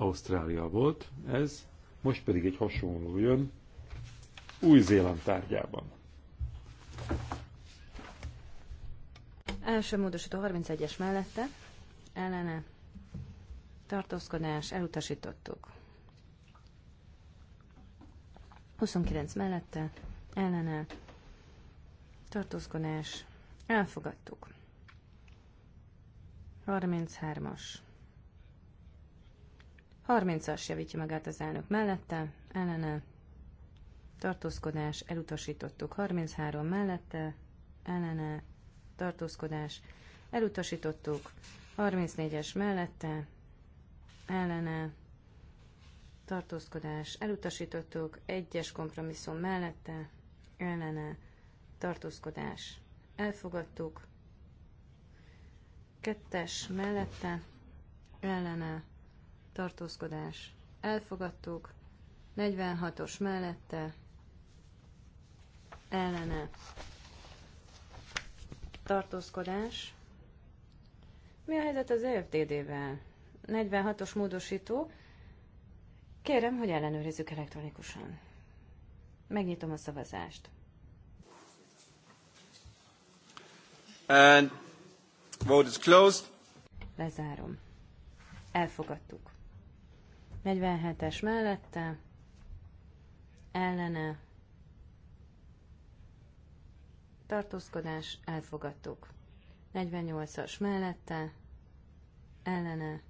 Ausztrália volt ez, most pedig egy hasonló jön Új-Zéland tárgyában. Első módosító 31-es mellette, ellene tartózkodás, elutasítottuk. 29 mellette, ellene tartózkodás, elfogadtuk. 33-as 30-as javítja magát az elnök mellette, ellene, tartózkodás, elutasítottuk. 33 mellette, ellene, tartózkodás, elutasítottuk. 34-es mellette, ellene, tartózkodás, elutasítottuk. 1-es kompromisszum mellette, ellene, tartózkodás, elfogadtuk. 2-es mellette, ellene, tartózkodás, elfogadtuk, 46-os mellette, ellene, tartózkodás. Mi a helyzet az EFTD-vel? 46-os módosító. Kérem, hogy ellenőrizzük elektronikusan. Megnyitom a szavazást. And vote is closed. Lezárom. Elfogadtuk. 47-es mellette, ellene, tartózkodás, elfogadtuk. 48-as mellette, ellene,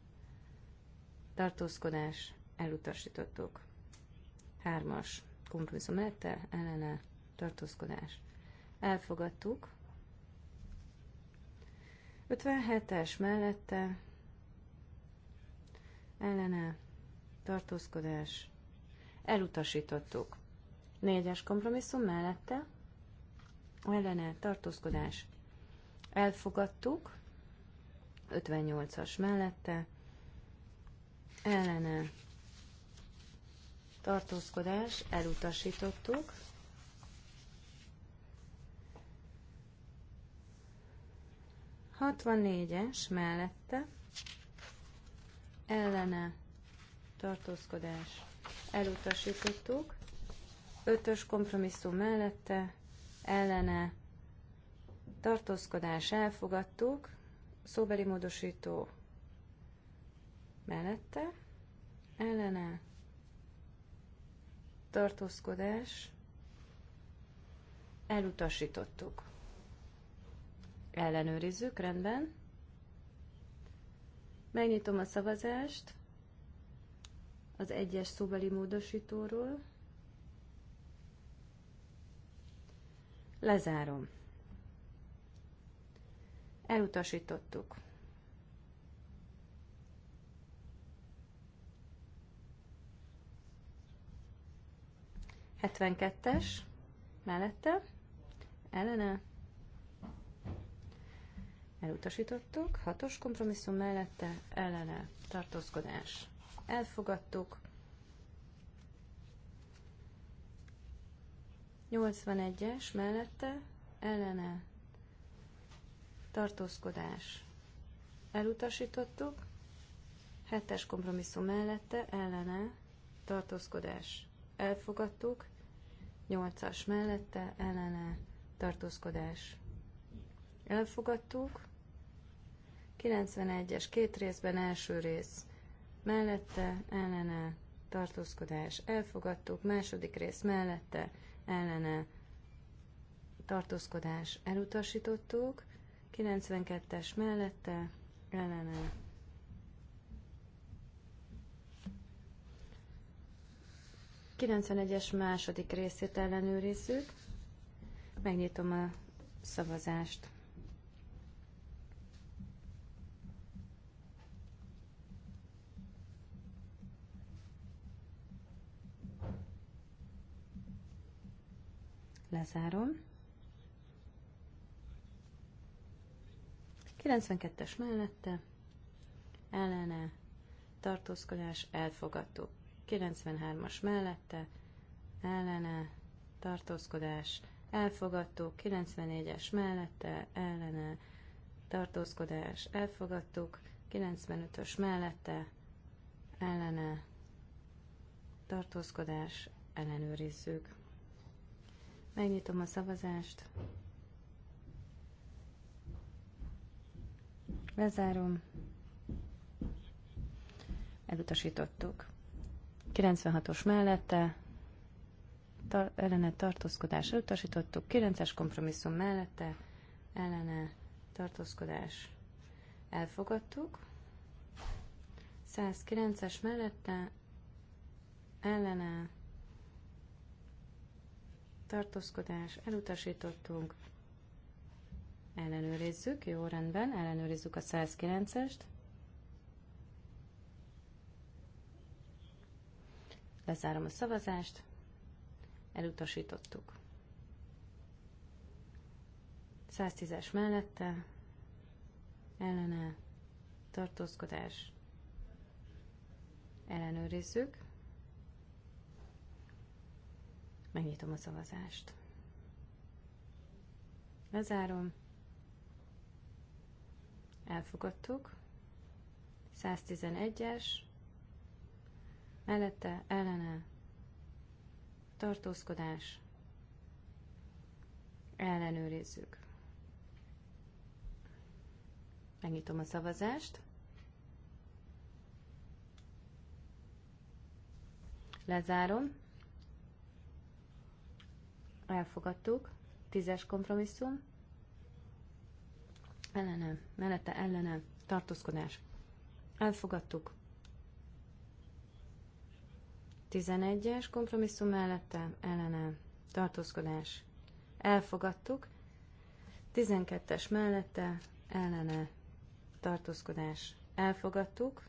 tartózkodás, elutasítottuk. 3-as kompromisszum mellette, ellene, tartózkodás, elfogadtuk. 57-es mellette, ellene, tartózkodás, elutasítottuk. Négyes kompromisszum mellette, ellene tartózkodás, elfogadtuk, 58-as mellette, ellene tartózkodás, elutasítottuk, Hatvannégyes mellette ellene tartózkodás elutasítottuk, ötös kompromisszum mellette, ellene, tartózkodás elfogadtuk, szóbeli módosító mellette, ellene, tartózkodás elutasítottuk. Ellenőrizzük, rendben. Megnyitom a szavazást az egyes szóbeli módosítóról. Lezárom. Elutasítottuk. Hetvenkettes mellette, ellene, elutasítottuk, hatos kompromisszum mellette, ellene, tartózkodás elfogadtuk. 81-es mellette ellene tartózkodás elutasítottuk, 7-es kompromisszum mellette ellene tartózkodás elfogadtuk, 8-as mellette ellene tartózkodás elfogadtuk, 91-es két részben első rész mellette, ellene, tartózkodás elfogadtuk, második rész mellette, ellene, tartózkodás elutasítottuk, 92-es mellette, ellene, ...91-es második részét ellenőrizzük. Megnyitom a szavazást. Lezárom. 92-es mellette, ellene, tartózkodás, elfogadtuk. 93-as mellette, ellene, tartózkodás, elfogadtuk. 94-es mellette, ellene, tartózkodás, elfogadtuk. 95-ös mellette, ellene, tartózkodás, ellenőrizzük. Megnyitom a szavazást. Lezárom. Elutasítottuk. 96-os mellette tar- ellene tartózkodás elutasítottuk, 9-es kompromisszum mellette ellene tartózkodás elfogadtuk, 109-es mellette ellene tartózkodás, elutasítottunk, ellenőrizzük, jó rendben, ellenőrizzük a 109-est, lezárom a szavazást, elutasítottuk. 110-es mellette, ellene, tartózkodás, ellenőrizzük, Megnyitom a szavazást. Lezárom. Elfogadtuk. 111-es. Mellette, ellene. Tartózkodás. Ellenőrizzük. Megnyitom a szavazást. Lezárom elfogadtuk, tízes kompromisszum, ellene, menete ellene, tartózkodás, elfogadtuk, tizenegyes kompromisszum mellette ellene, tartózkodás, elfogadtuk, tizenkettes mellette ellene, tartózkodás, elfogadtuk,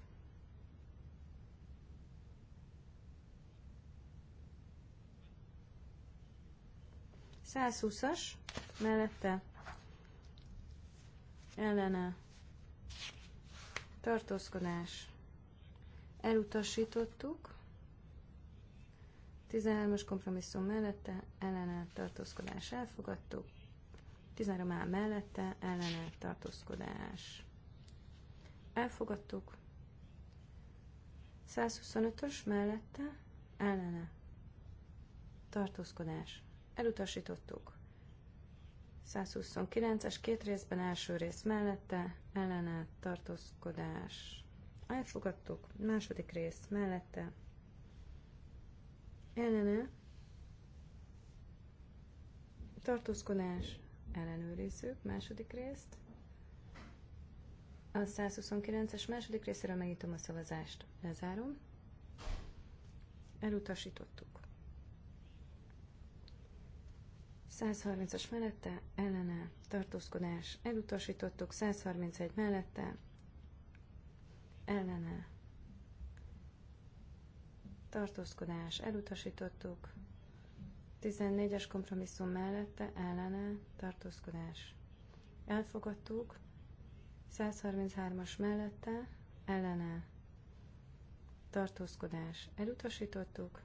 120-as mellette ellene tartózkodás elutasítottuk. 13-as kompromisszum mellette ellene tartózkodás elfogadtuk. 13 már mellette ellene tartózkodás elfogadtuk. 125-ös mellette ellene tartózkodás elutasítottuk. 129-es két részben első rész mellette, ellene tartózkodás. Elfogadtuk. Második rész mellette, ellene tartózkodás. Ellenőrizzük. Második részt. A 129-es második részéről megnyitom a szavazást. Lezárom. Elutasítottuk. 130-as mellette ellene tartózkodás elutasítottuk, 131 mellette ellene tartózkodás elutasítottuk, 14-es kompromisszum mellette ellene tartózkodás elfogadtuk, 133-as mellette ellene tartózkodás elutasítottuk,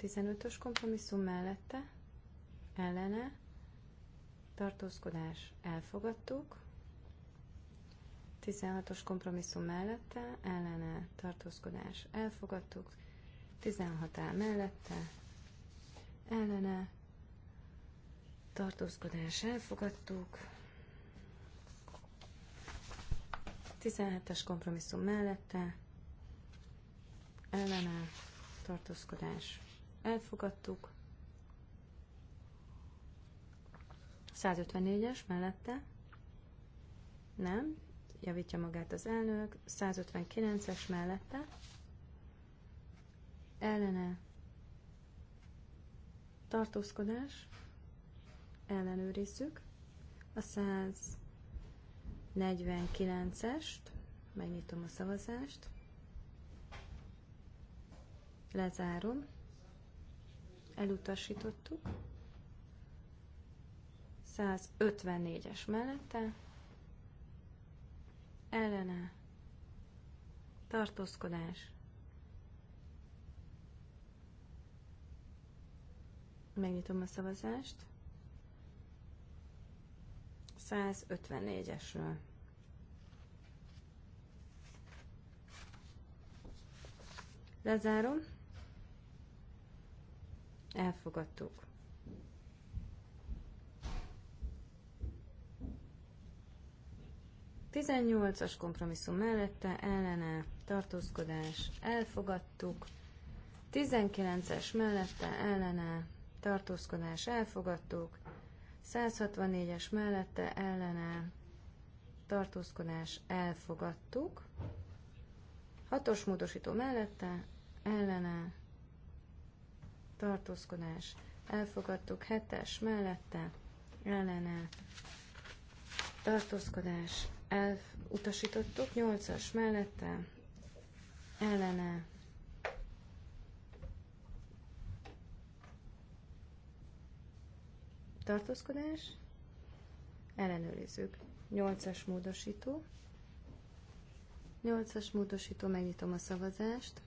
15-ös kompromisszum mellette ellene, tartózkodás elfogadtuk, 16-os kompromisszum mellette, ellene, tartózkodás elfogadtuk, 16-á mellette, ellene, tartózkodás elfogadtuk, 17-es kompromisszum mellette, ellene, tartózkodás elfogadtuk, 154-es mellette. Nem. Javítja magát az elnök. 159-es mellette. Ellene. Tartózkodás. Ellenőrizzük. A 149-est. Megnyitom a szavazást. Lezárom. Elutasítottuk. 154-es mellette, ellene, tartózkodás, megnyitom a szavazást, 154-esről. Lezárom. Elfogadtuk. 18-as kompromisszum mellette ellene tartózkodás elfogadtuk. 19-es mellette ellene tartózkodás elfogadtuk. 164-es mellette ellene tartózkodás elfogadtuk. 6-os módosító mellette ellene tartózkodás elfogadtuk. 7-es mellette ellene tartózkodás elutasítottuk, 8-as mellette ellene tartózkodás, ellenőrizzük. 8-as módosító. 8-as módosító, megnyitom a szavazást.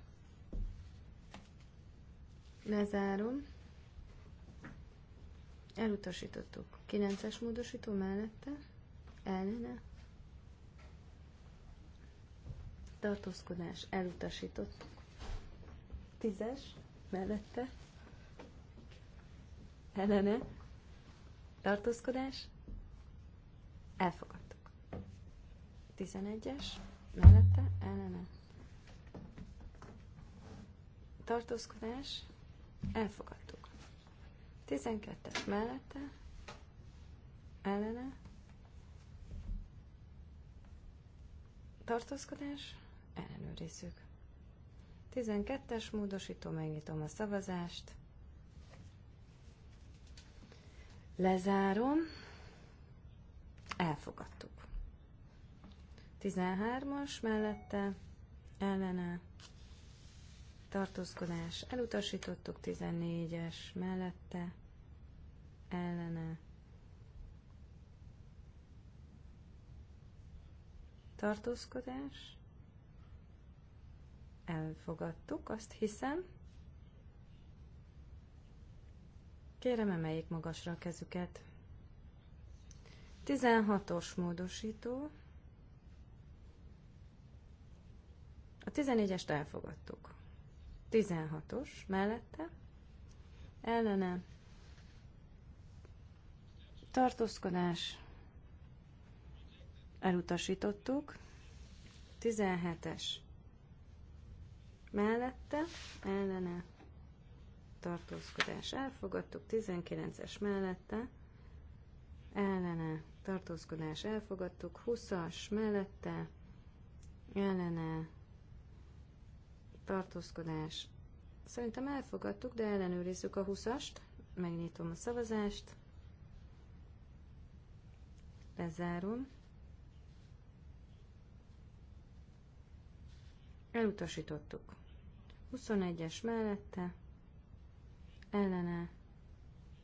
Lezárom. Elutasítottuk. 9-es módosító mellette, ellene, tartózkodás elutasítottuk. Tízes mellette ellene tartózkodás elfogadtuk. Tizenegyes mellette ellene tartózkodás elfogadtuk. Tizenkettes mellette ellene tartózkodás ellenőrizzük. 12-es módosító, megnyitom a szavazást. Lezárom. Elfogadtuk. 13-as mellette ellene tartózkodás elutasítottuk, 14-es mellette ellene tartózkodás elfogadtuk, azt hiszem. Kérem, emeljék magasra a kezüket. 16-os módosító. A 14-est elfogadtuk. 16-os mellette. Ellene. Tartózkodás. Elutasítottuk. 17-es mellette, ellene, tartózkodás elfogadtuk, 19-es mellette, ellene, tartózkodás elfogadtuk, 20-as mellette, ellene, tartózkodás. Szerintem elfogadtuk, de ellenőrizzük a 20-ast, megnyitom a szavazást, lezárom, elutasítottuk. 21-es mellette ellene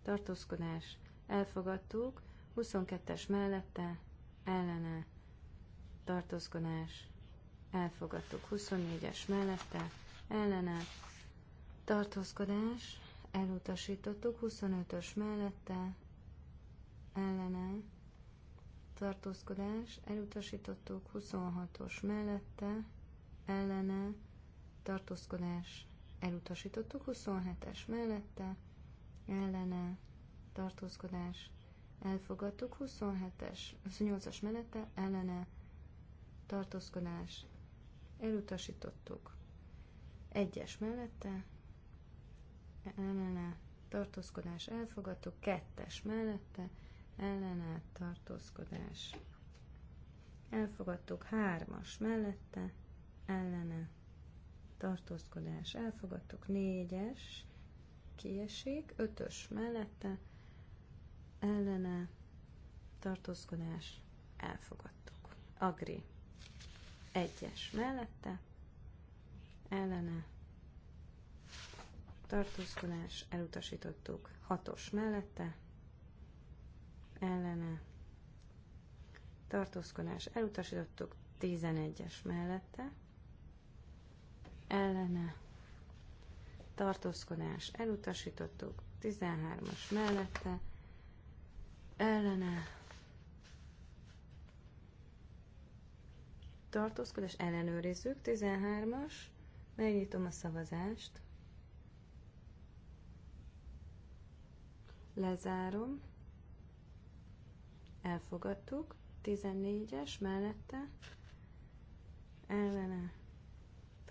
tartózkodás elfogadtuk, 22-es mellette ellene tartózkodás elfogadtuk, 24-es mellette ellene tartózkodás elutasítottuk, 25-ös mellette ellene tartózkodás elutasítottuk, 26-os mellette ellene tartózkodás elutasítottuk, 27-es mellette, ellene, tartózkodás elfogadtuk, 27-es, 28-as mellette, ellene, tartózkodás elutasítottuk, 1-es mellette, ellene, tartózkodás elfogadtuk, 2-es mellette, ellene, tartózkodás elfogadtuk, 3-as mellette, ellene, tartózkodás elfogadtuk, négyes kiesik, ötös mellette ellene tartózkodás elfogadtuk. Agri egyes mellette ellene tartózkodás elutasítottuk, hatos mellette ellene tartózkodás elutasítottuk, 11-es mellette ellene tartózkodás elutasítottuk, 13-as mellette ellene tartózkodás ellenőrizzük, 13-as, megnyitom a szavazást, lezárom, elfogadtuk, 14-es mellette ellene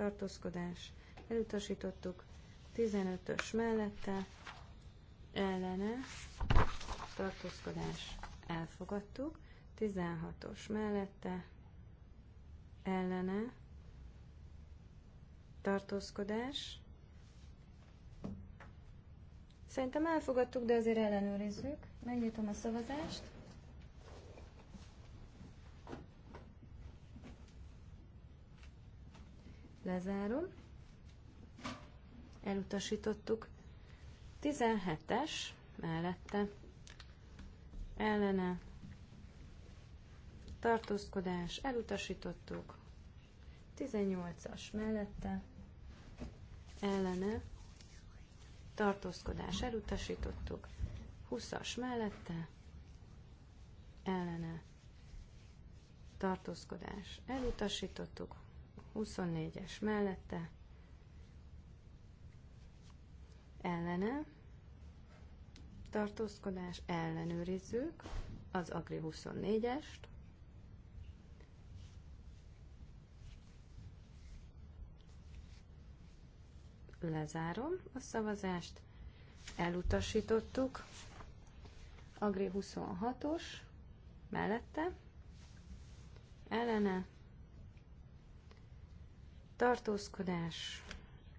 tartózkodás, elutasítottuk. 15-ös mellette, ellene, tartózkodás, elfogadtuk. 16-os mellette, ellene, tartózkodás. Szerintem elfogadtuk, de azért ellenőrizzük. Megnyitom a szavazást. Lezárom. Elutasítottuk. 17-es mellette ellene tartózkodás, elutasítottuk. 18-as mellette ellene tartózkodás, elutasítottuk. 20-as mellette ellene tartózkodás, elutasítottuk. 24-es mellette, ellene, tartózkodás, ellenőrizzük az Agri 24-est, lezárom a szavazást, elutasítottuk, Agri 26-os mellette, ellene, tartózkodás,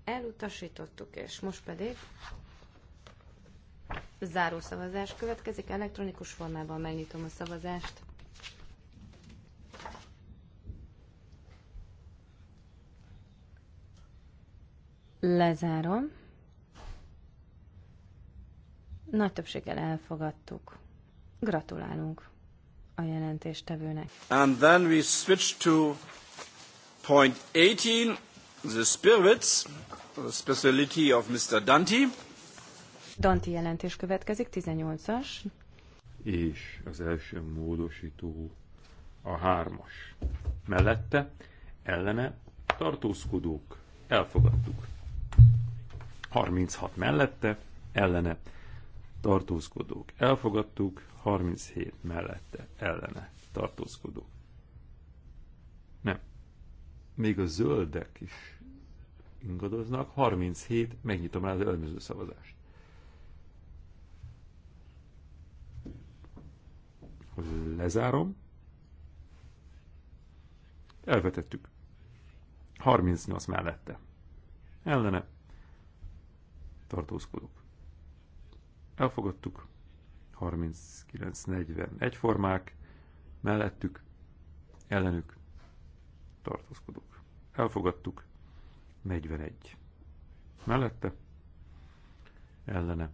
elutasítottuk, és most pedig záró szavazás következik. Elektronikus formában megnyitom a szavazást. Lezárom. Nagy többséggel elfogadtuk. Gratulálunk a jelentéstevőnek. And then we switch to Point 18, the spirits, the speciality of Mr. Danti. Danti jelentés következik, 18-as. És az első módosító a hármas. Mellette ellene tartózkodók elfogadtuk. 36 mellette ellene tartózkodók elfogadtuk, 37 mellette ellene tartózkodók még a zöldek is ingadoznak. 37, megnyitom rá az előző szavazást. Lezárom. Elvetettük. 38 mellette. Ellene. Tartózkodok. Elfogadtuk. 39-40 egyformák. Mellettük. Ellenük tartózkodók. Elfogadtuk. 41. Mellette ellene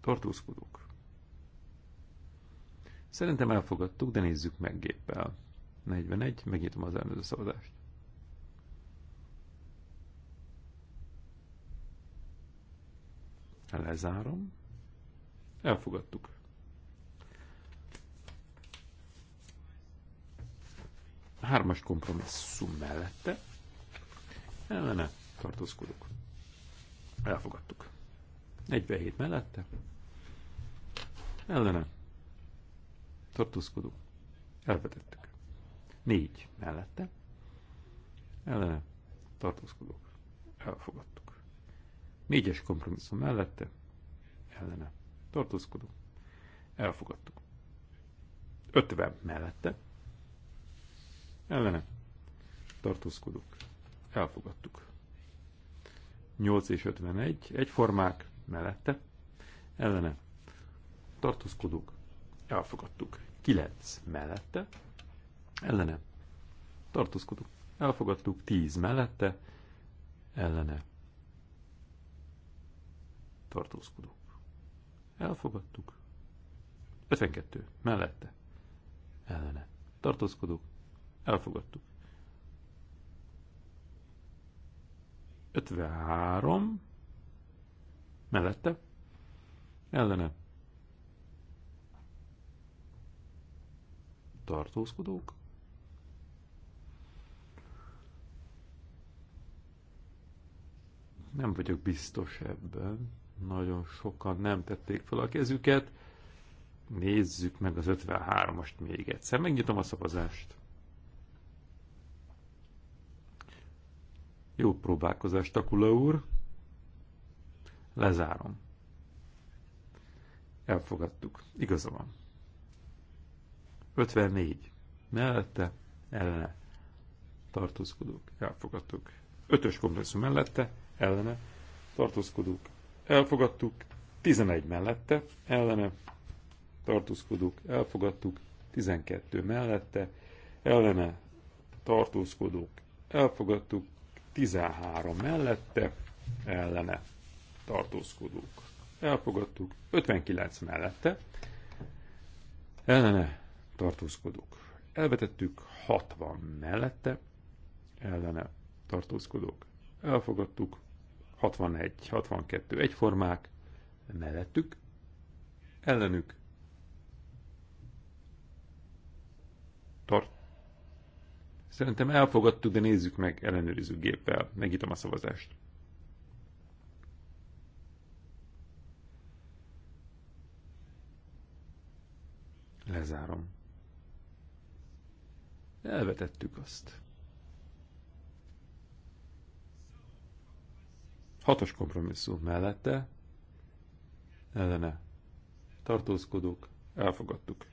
tartózkodók. Szerintem elfogadtuk, de nézzük meg géppel. 41, megnyitom az előző szavazást. Lezárom. Elfogadtuk. Hármas kompromisszum mellette ellene tartózkodok. Elfogadtuk. 47 mellette ellene tartózkodunk. Elvetettük. 4 mellette ellene tartózkodok. Elfogadtuk. 4-es kompromisszum mellette ellene tartózkodunk. Elfogadtuk. 50 mellette ellene tartózkodók elfogadtuk. 8 és 51 egyformák mellette ellene tartózkodók elfogadtuk. 9 mellette ellene tartózkodók elfogadtuk. 10 mellette ellene tartózkodók elfogadtuk. 52 mellette ellene tartózkodók Elfogadtuk. 53 mellette ellene tartózkodók nem vagyok biztos ebben nagyon sokan nem tették fel a kezüket nézzük meg az 53-ast még egyszer megnyitom a szavazást Jó próbálkozást Takula úr. Lezárom. Elfogadtuk. Igaza van. 54. Mellette, ellene. Tartózkodók. Elfogadtuk. Ötös komplexum mellette, ellene. Tartózkodók. Elfogadtuk. 11 mellette, ellene. Tartózkodók. Elfogadtuk. 12 mellette, ellene. Tartózkodók. Elfogadtuk. 13 mellette, ellene tartózkodók. Elfogadtuk 59 mellette, ellene tartózkodók. Elvetettük 60 mellette, ellene tartózkodók. Elfogadtuk 61, 62 egyformák, mellettük, ellenük tart Szerintem elfogadtuk, de nézzük meg ellenőriző géppel. Megítom a szavazást. Lezárom. Elvetettük azt. Hatos kompromisszum mellette, ellene tartózkodók, elfogadtuk.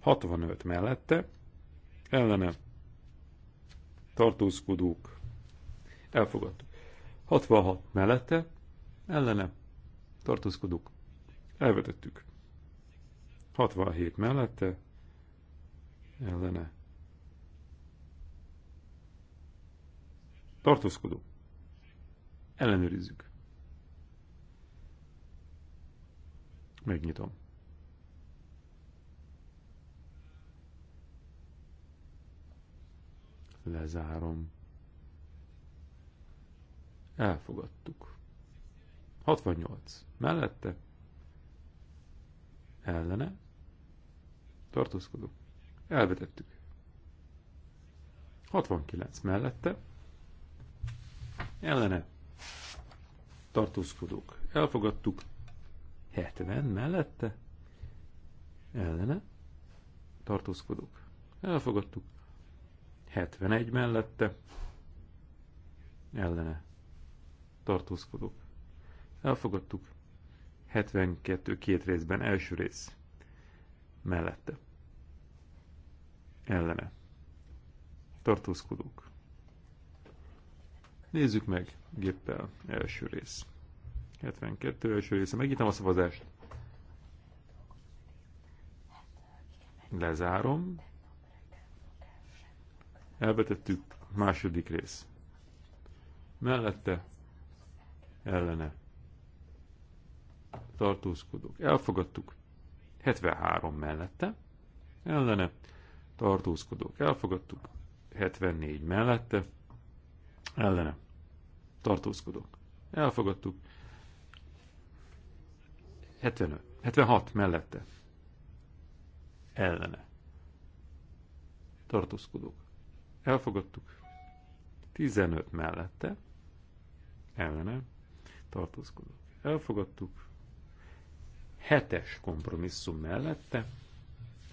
65 mellette, ellene tartózkodók, elfogadtuk. 66 mellette, ellene, tartózkodók, elvetettük. 67 mellette, ellene, tartózkodó, ellenőrizzük. Megnyitom. Lezárom. Elfogadtuk. 68. Mellette. Ellene. Tartózkodó. Elvetettük. 69. Mellette. Ellene. Tartózkodók. Elfogadtuk. 70. Mellette. Ellene. Tartózkodók. Elfogadtuk. 71 mellette ellene tartózkodok. Elfogadtuk. 72 két részben első rész mellette ellene tartózkodók. Nézzük meg géppel első rész. 72 első része. Megnyitom a szavazást. Lezárom. Elvetettük második rész. Mellette ellene tartózkodók. Elfogadtuk. 73 mellette ellene tartózkodók. Elfogadtuk. 74 mellette ellene tartózkodók. Elfogadtuk. 75, 76 mellette ellene tartózkodók Elfogadtuk. 15 mellette. Ellene. Tartózkodók. Elfogadtuk. 7-es kompromisszum mellette.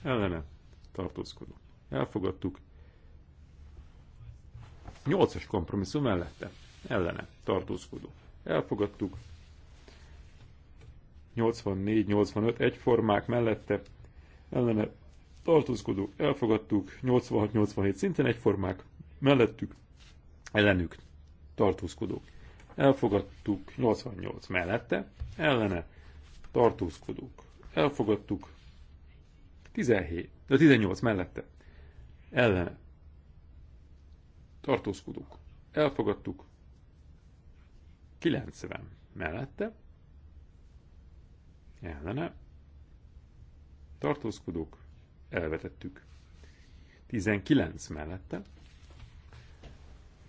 Ellene. Tartózkodók. Elfogadtuk. 8 es kompromisszum mellette. Ellene. Tartózkodók. Elfogadtuk. 84-85 egyformák mellette. Ellene tartózkodó, elfogadtuk, 86-87 szinten egyformák, mellettük, ellenük, tartózkodó, Elfogadtuk 88 mellette, ellene, tartózkodók. Elfogadtuk 17, de 18 mellette, ellene, tartózkodók. Elfogadtuk 90 mellette, ellene, tartózkodók, elvetettük. 19 mellette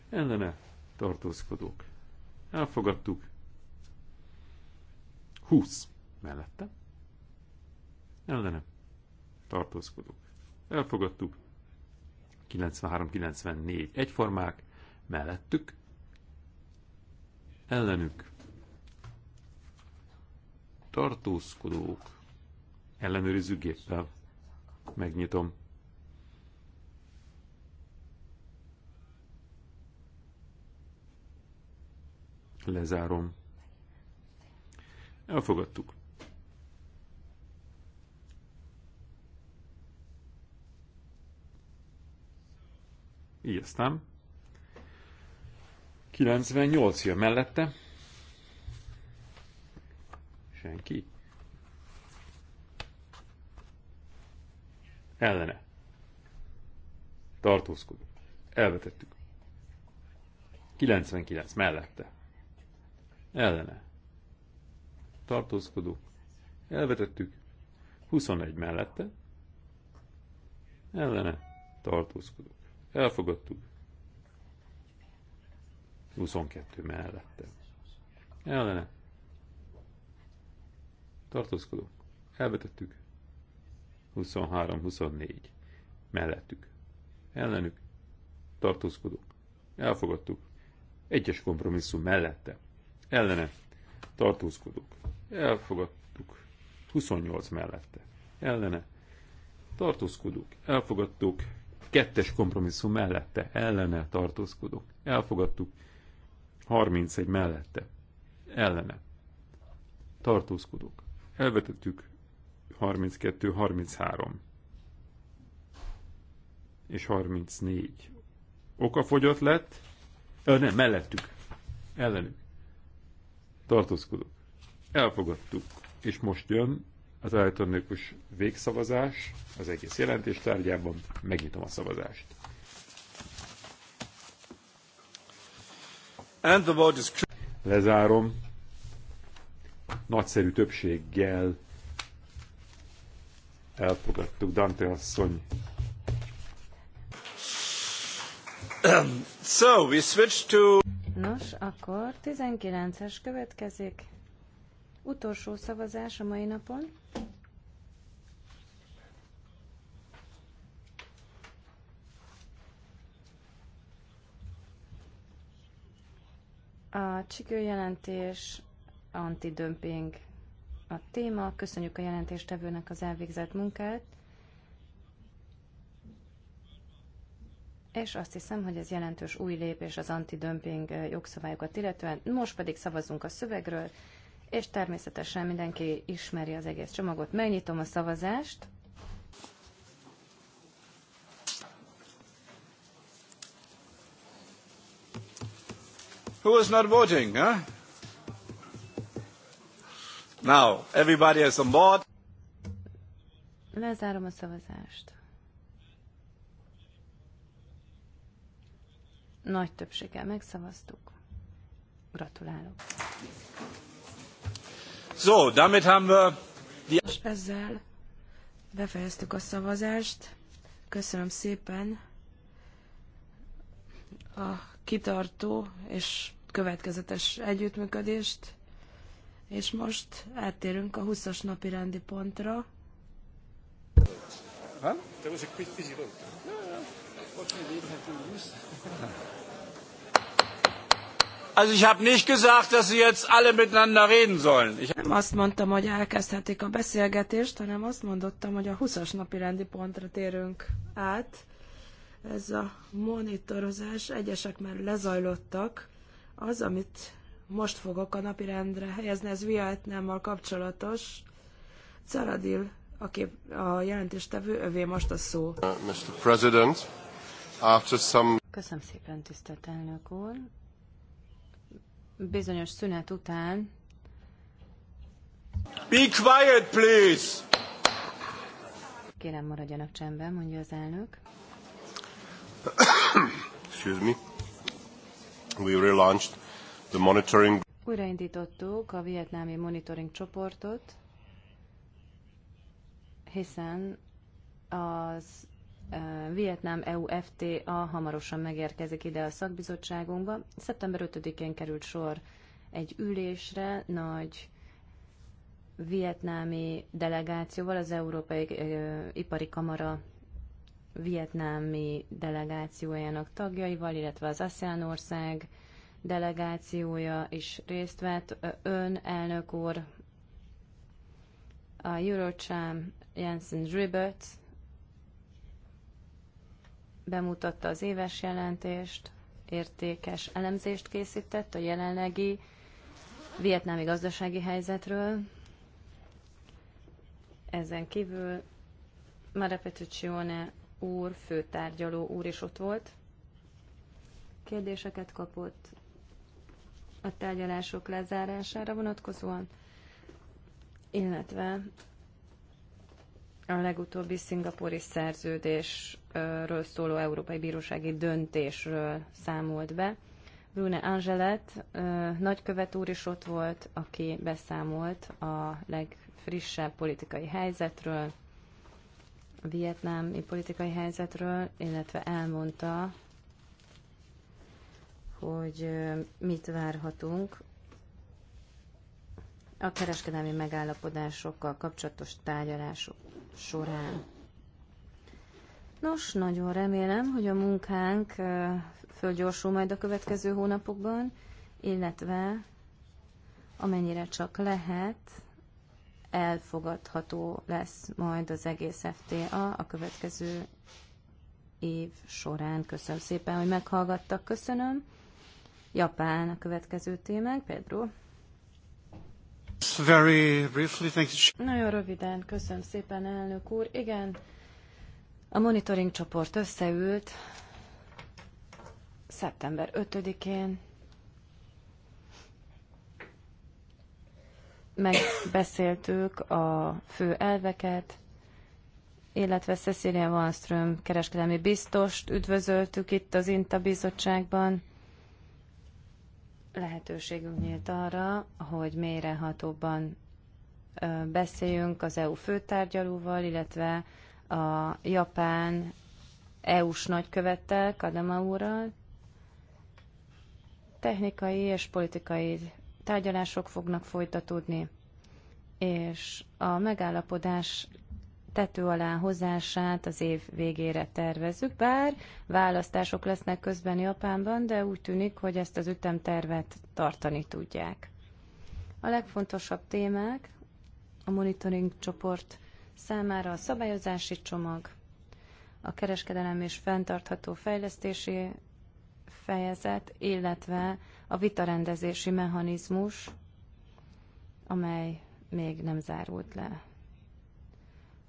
ellene tartózkodók. Elfogadtuk. 20 mellette ellene tartózkodók. Elfogadtuk. 93-94 egyformák mellettük ellenük tartózkodók Ellenőrizzük géppel Megnyitom. Lezárom. Elfogadtuk. Így aztán. 98 jön mellette. Senki. ellene tartózkodik. Elvetettük. 99 mellette ellene tartózkodó. Elvetettük. 21 mellette ellene tartózkodó. Elfogadtuk. 22 mellette. Ellene. Tartózkodó. Elvetettük. 23-24 mellettük. Ellenük tartózkodunk, Elfogadtuk. Egyes kompromisszum mellette. Ellene tartózkodunk, Elfogadtuk. 28 mellette. Ellene tartózkodunk, Elfogadtuk. Kettes kompromisszum mellette. Ellene tartózkodunk, Elfogadtuk. 31 mellette. Ellene tartózkodunk. Elvetettük 32, 33 és 34. Oka fogyott lett, ö, nem, mellettük, ellenük. Tartózkodok. Elfogadtuk. És most jön az elektronikus végszavazás az egész jelentés tárgyában. Megnyitom a szavazást. And the vote is... Lezárom. Nagyszerű többséggel Elfogadtuk, Dante asszony. So, we switch to... Nos, akkor 19-es következik. Utolsó szavazás a mai napon. A csikőjelentés jelentés antidömping a téma. Köszönjük a jelentéstevőnek az elvégzett munkát. És azt hiszem, hogy ez jelentős új lépés az antidömping jogszabályokat illetően. Most pedig szavazunk a szövegről, és természetesen mindenki ismeri az egész csomagot. Megnyitom a szavazást. Who is not voting, huh? Now, everybody is on board. Lezárom a szavazást. Nagy többséggel megszavaztuk. Gratulálok. So, damit haben wir die... Most ezzel befejeztük a szavazást. Köszönöm szépen a kitartó és következetes együttműködést. És most áttérünk a 20-as napi rendi pontra. Huh? There was a quick busy vote. No, no. Fortunately, didn't have to use. Also ich habe nicht gesagt, dass Sie jetzt alle miteinander reden sollen. Ich nem azt mondtam, hogy elkezdhetik a beszélgetést, hanem azt mondottam, hogy a 20-as napi rendi pontra térünk át. Ez a monitorozás, egyesek már lezajlottak. Az, amit most fogok a napirendre helyezni, ez Vietnámmal kapcsolatos. Czaradil, aki a jelentéstevő, övé most a szó. Uh, Mr. President, after some... Köszönöm szépen, tisztelt elnök úr. Bizonyos szünet után... Be quiet, please! Kérem, maradjanak csendben, mondja az elnök. Excuse me. We relaunched the monitoring. Újraindítottuk a vietnámi monitoring csoportot, hiszen az Vietnám EU FTA hamarosan megérkezik ide a szakbizottságunkba. Szeptember 5-én került sor egy ülésre nagy vietnámi delegációval, az Európai Ipari Kamara vietnámi delegációjának tagjaival, illetve az ASEAN ország delegációja is részt vett. Ön, elnök úr, a Eurocham Jensen Ribert bemutatta az éves jelentést, értékes elemzést készített a jelenlegi vietnámi gazdasági helyzetről. Ezen kívül Marepeticione úr, főtárgyaló úr is ott volt. Kérdéseket kapott, a tárgyalások lezárására vonatkozóan, illetve a legutóbbi szingapúri szerződésről szóló Európai Bírósági döntésről számolt be. Brune Angelet nagykövet úr is ott volt, aki beszámolt a legfrissebb politikai helyzetről, a vietnámi politikai helyzetről, illetve elmondta, hogy mit várhatunk a kereskedelmi megállapodásokkal kapcsolatos tárgyalások során. Nos, nagyon remélem, hogy a munkánk fölgyorsul majd a következő hónapokban, illetve amennyire csak lehet, elfogadható lesz majd az egész FTA a következő év során. Köszönöm szépen, hogy meghallgattak, köszönöm. Japán a következő témánk, Pedro. Very briefly, thank you. Nagyon röviden, köszönöm szépen, elnök úr. Igen, a monitoring csoport összeült szeptember 5-én. Megbeszéltük a fő elveket, illetve Cecilia Wallström kereskedelmi biztost üdvözöltük itt az INTA bizottságban lehetőségünk nyílt arra, hogy mélyrehatóban beszéljünk az EU főtárgyalóval, illetve a japán EU-s nagykövettel, Kadama úrral. Technikai és politikai tárgyalások fognak folytatódni, és a megállapodás tető alá hozását az év végére tervezzük, bár választások lesznek közben Japánban, de úgy tűnik, hogy ezt az ütemtervet tartani tudják. A legfontosabb témák a monitoring csoport számára a szabályozási csomag, a kereskedelem és fenntartható fejlesztési fejezet, illetve a vitarendezési mechanizmus, amely még nem zárult le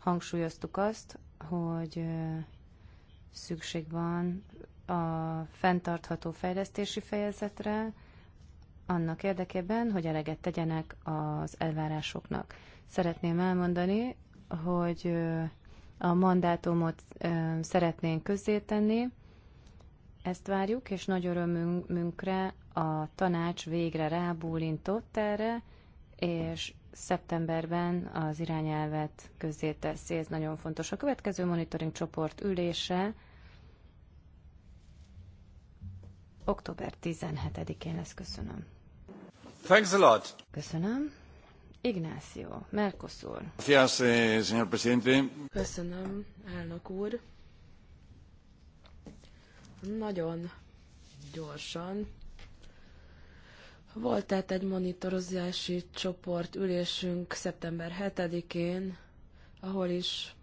hangsúlyoztuk azt, hogy szükség van a fenntartható fejlesztési fejezetre, annak érdekében, hogy eleget tegyenek az elvárásoknak. Szeretném elmondani, hogy a mandátumot szeretnénk közzétenni, ezt várjuk, és nagy örömünkre a tanács végre rábólintott erre, és szeptemberben az irányelvet közzéteszi, ez nagyon fontos. A következő monitoring csoport ülése október 17-én lesz, köszönöm. Thanks a lot. Köszönöm. Ignácio, Mercosur. Gracias, eh, señor presidente. Köszönöm, elnök úr. Nagyon gyorsan volt tehát egy monitorozási csoport ülésünk szeptember 7-én, ahol is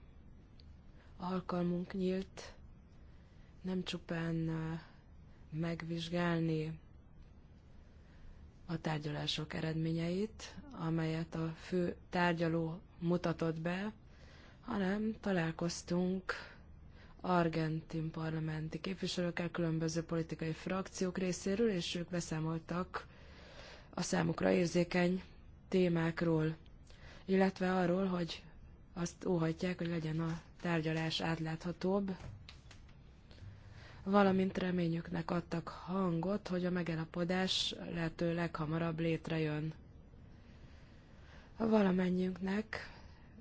alkalmunk nyílt nem csupán megvizsgálni a tárgyalások eredményeit, amelyet a fő tárgyaló mutatott be, hanem találkoztunk argentin parlamenti képviselőkkel, különböző politikai frakciók részéről, és ők beszámoltak a számukra érzékeny témákról, illetve arról, hogy azt óhatják, hogy legyen a tárgyalás átláthatóbb, valamint reményüknek adtak hangot, hogy a megelapodás lehető leghamarabb létrejön. valamennyünknek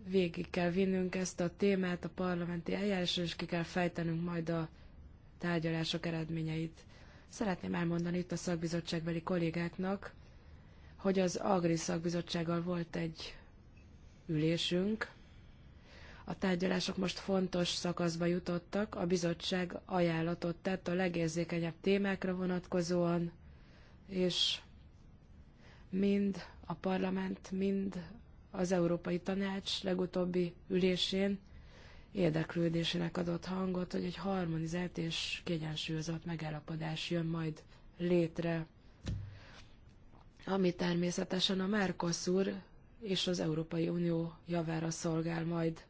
végig kell vinnünk ezt a témát a parlamenti eljárásra, és ki kell fejtenünk majd a tárgyalások eredményeit. Szeretném elmondani itt a szakbizottságbeli kollégáknak, hogy az Agri szakbizottsággal volt egy ülésünk. A tárgyalások most fontos szakaszba jutottak, a bizottság ajánlatot tett a legérzékenyebb témákra vonatkozóan, és mind a parlament, mind az Európai Tanács legutóbbi ülésén érdeklődésének adott hangot, hogy egy harmonizált és kiegyensúlyozott megállapodás jön majd létre ami természetesen a Mercosur és az Európai Unió javára szolgál majd.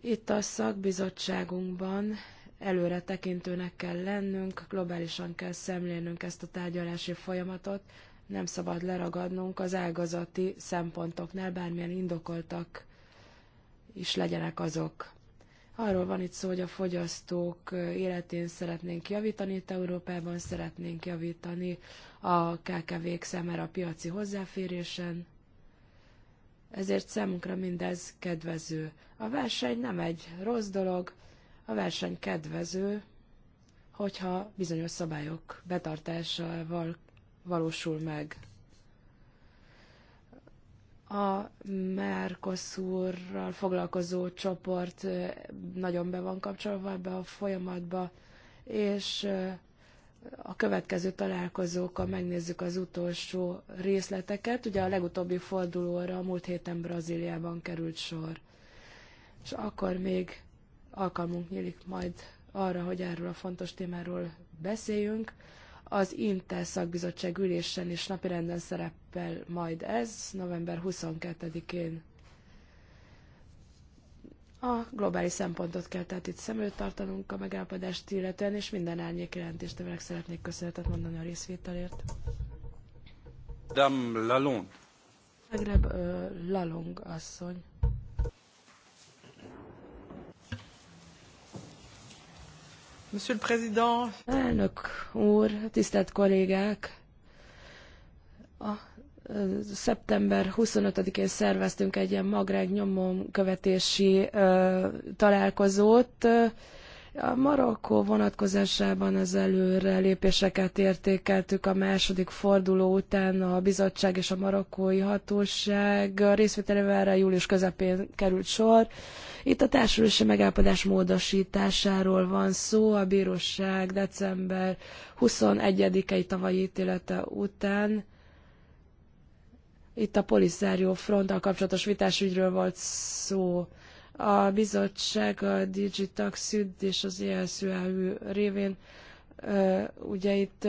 Itt a szakbizottságunkban előre tekintőnek kell lennünk, globálisan kell szemlélnünk ezt a tárgyalási folyamatot, nem szabad leragadnunk az ágazati szempontoknál, bármilyen indokoltak is legyenek azok. Arról van itt szó, hogy a fogyasztók életén szeretnénk javítani, itt Európában szeretnénk javítani a KKV-k számára a piaci hozzáférésen, ezért számunkra mindez kedvező. A verseny nem egy rossz dolog, a verseny kedvező, hogyha bizonyos szabályok betartásával valósul meg. A Mercosurral foglalkozó csoport eh, nagyon be van kapcsolva ebbe a folyamatba, és eh, a következő találkozókon megnézzük az utolsó részleteket. Ugye a legutóbbi fordulóra a múlt héten Brazíliában került sor. És akkor még alkalmunk nyílik majd arra, hogy erről a fontos témáról beszéljünk. Az Intel szakbizottság ülésen is napirenden szerepel majd ez, november 22-én a globális szempontot kell tehát itt szem előtt tartanunk a megállapodást illetően, és minden árnyék jelentéstevőnek szeretnék köszönetet mondani a részvételért. Madame Lalonde. Legrebb uh, Lalong asszony. Monsieur le Président. Elnök úr, tisztelt kollégák! A szeptember 25-én szerveztünk egy ilyen magreg nyomon követési találkozót. A Marokkó vonatkozásában az előre lépéseket értékeltük a második forduló után a bizottság és a marokkói hatóság részvételével július közepén került sor. Itt a társulási megállapodás módosításáról van szó. A bíróság december 21-i tavalyi ítélete után itt a Polisario fronttal kapcsolatos vitásügyről volt szó. A bizottság a Digitax Süd és az ESÜAU révén ugye itt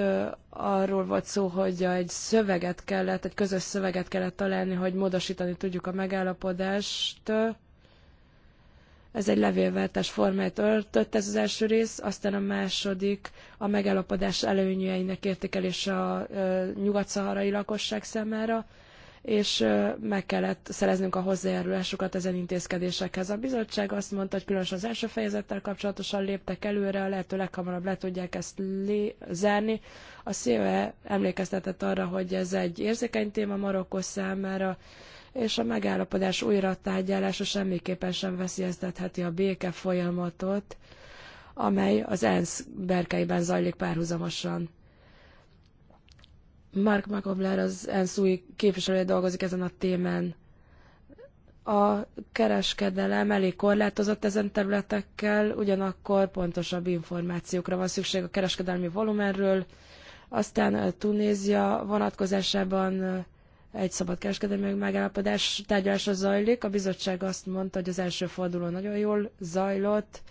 arról volt szó, hogy egy szöveget kellett, egy közös szöveget kellett találni, hogy módosítani tudjuk a megállapodást. Ez egy levélváltás formáját öltött ez az első rész, aztán a második a megállapodás előnyeinek értékelése a nyugat-szaharai lakosság számára, és meg kellett szereznünk a hozzájárulásukat ezen intézkedésekhez. A bizottság azt mondta, hogy különösen az első fejezettel kapcsolatosan léptek előre, a lehető leghamarabb le tudják ezt zárni. A COE emlékeztetett arra, hogy ez egy érzékeny téma Marokkó számára, és a megállapodás újra tárgyalása semmiképpen sem veszélyeztetheti a béke folyamatot, amely az ENSZ berkeiben zajlik párhuzamosan. Mark Makobler, az ENSZ új képviselője dolgozik ezen a témán. A kereskedelem elég korlátozott ezen területekkel, ugyanakkor pontosabb információkra van szükség a kereskedelmi volumenről. Aztán Tunézia vonatkozásában egy szabad kereskedelmi megállapodás tárgyalása zajlik. A bizottság azt mondta, hogy az első forduló nagyon jól zajlott,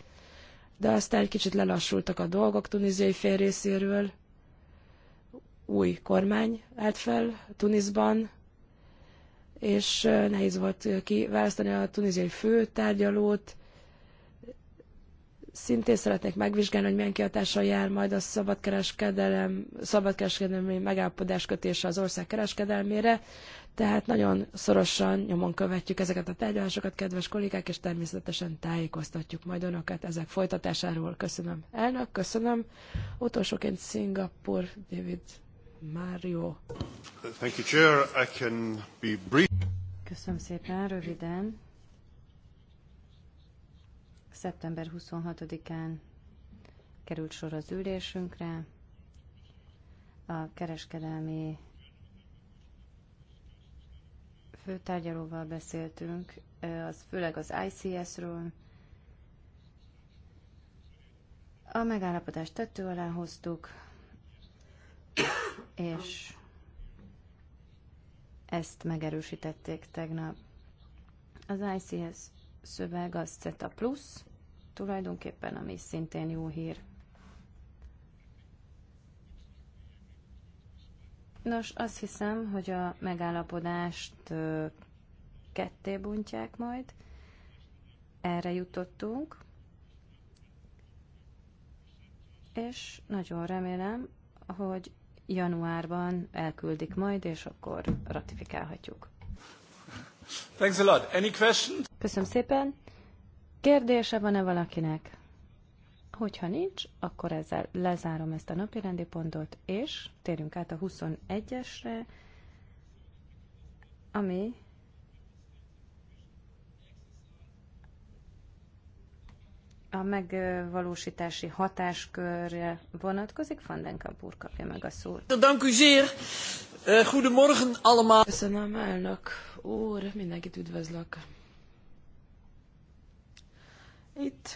de aztán egy kicsit lelassultak a dolgok tunéziai fél részéről új kormány állt fel Tunisban, és nehéz volt kiválasztani a tunéziai főtárgyalót. Szintén szeretnék megvizsgálni, hogy milyen kihatással jár majd a szabadkereskedelem, szabadkereskedelmi megállapodás kötése az ország kereskedelmére. Tehát nagyon szorosan nyomon követjük ezeket a tárgyalásokat, kedves kollégák, és természetesen tájékoztatjuk majd önöket ezek folytatásáról. Köszönöm. Elnök, köszönöm. Utolsóként Szingapur, David. Mário. Thank you, Chair. I can be brief. Köszönöm szépen, röviden. Szeptember 26-án került sor az ülésünkre. A kereskedelmi főtárgyalóval beszéltünk, az főleg az ICS-ről. A megállapodást tettő alá hoztuk, és ezt megerősítették tegnap. Az ICS szöveg az CETA plusz. tulajdonképpen, ami szintén jó hír. Nos, azt hiszem, hogy a megállapodást ketté bontják majd. Erre jutottunk. És nagyon remélem, hogy januárban elküldik majd, és akkor ratifikálhatjuk. Thanks a lot. Any questions? Köszönöm szépen. Kérdése van-e valakinek? Hogyha nincs, akkor ezzel lezárom ezt a napi rendi pontot, és térjünk át a 21-esre, ami a megvalósítási hatáskörre vonatkozik. Van úr kapja meg a szót. Dank u zeer. Eh, goedemorgen allemaal. Köszönöm, elnök úr. Mindenkit üdvözlök. Itt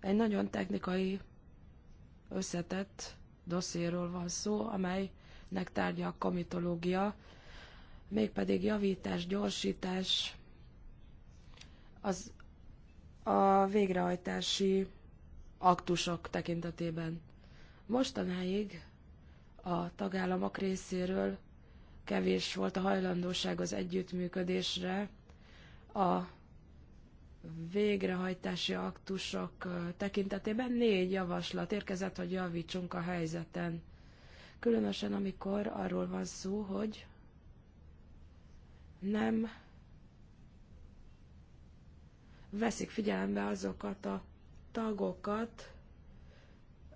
egy nagyon technikai összetett dosszéről van szó, amelynek tárgya a komitológia, mégpedig javítás, gyorsítás, az a végrehajtási aktusok tekintetében. Mostanáig a tagállamok részéről kevés volt a hajlandóság az együttműködésre a végrehajtási aktusok tekintetében négy javaslat érkezett, hogy javítsunk a helyzeten. Különösen amikor arról van szó, hogy nem veszik figyelembe azokat a tagokat,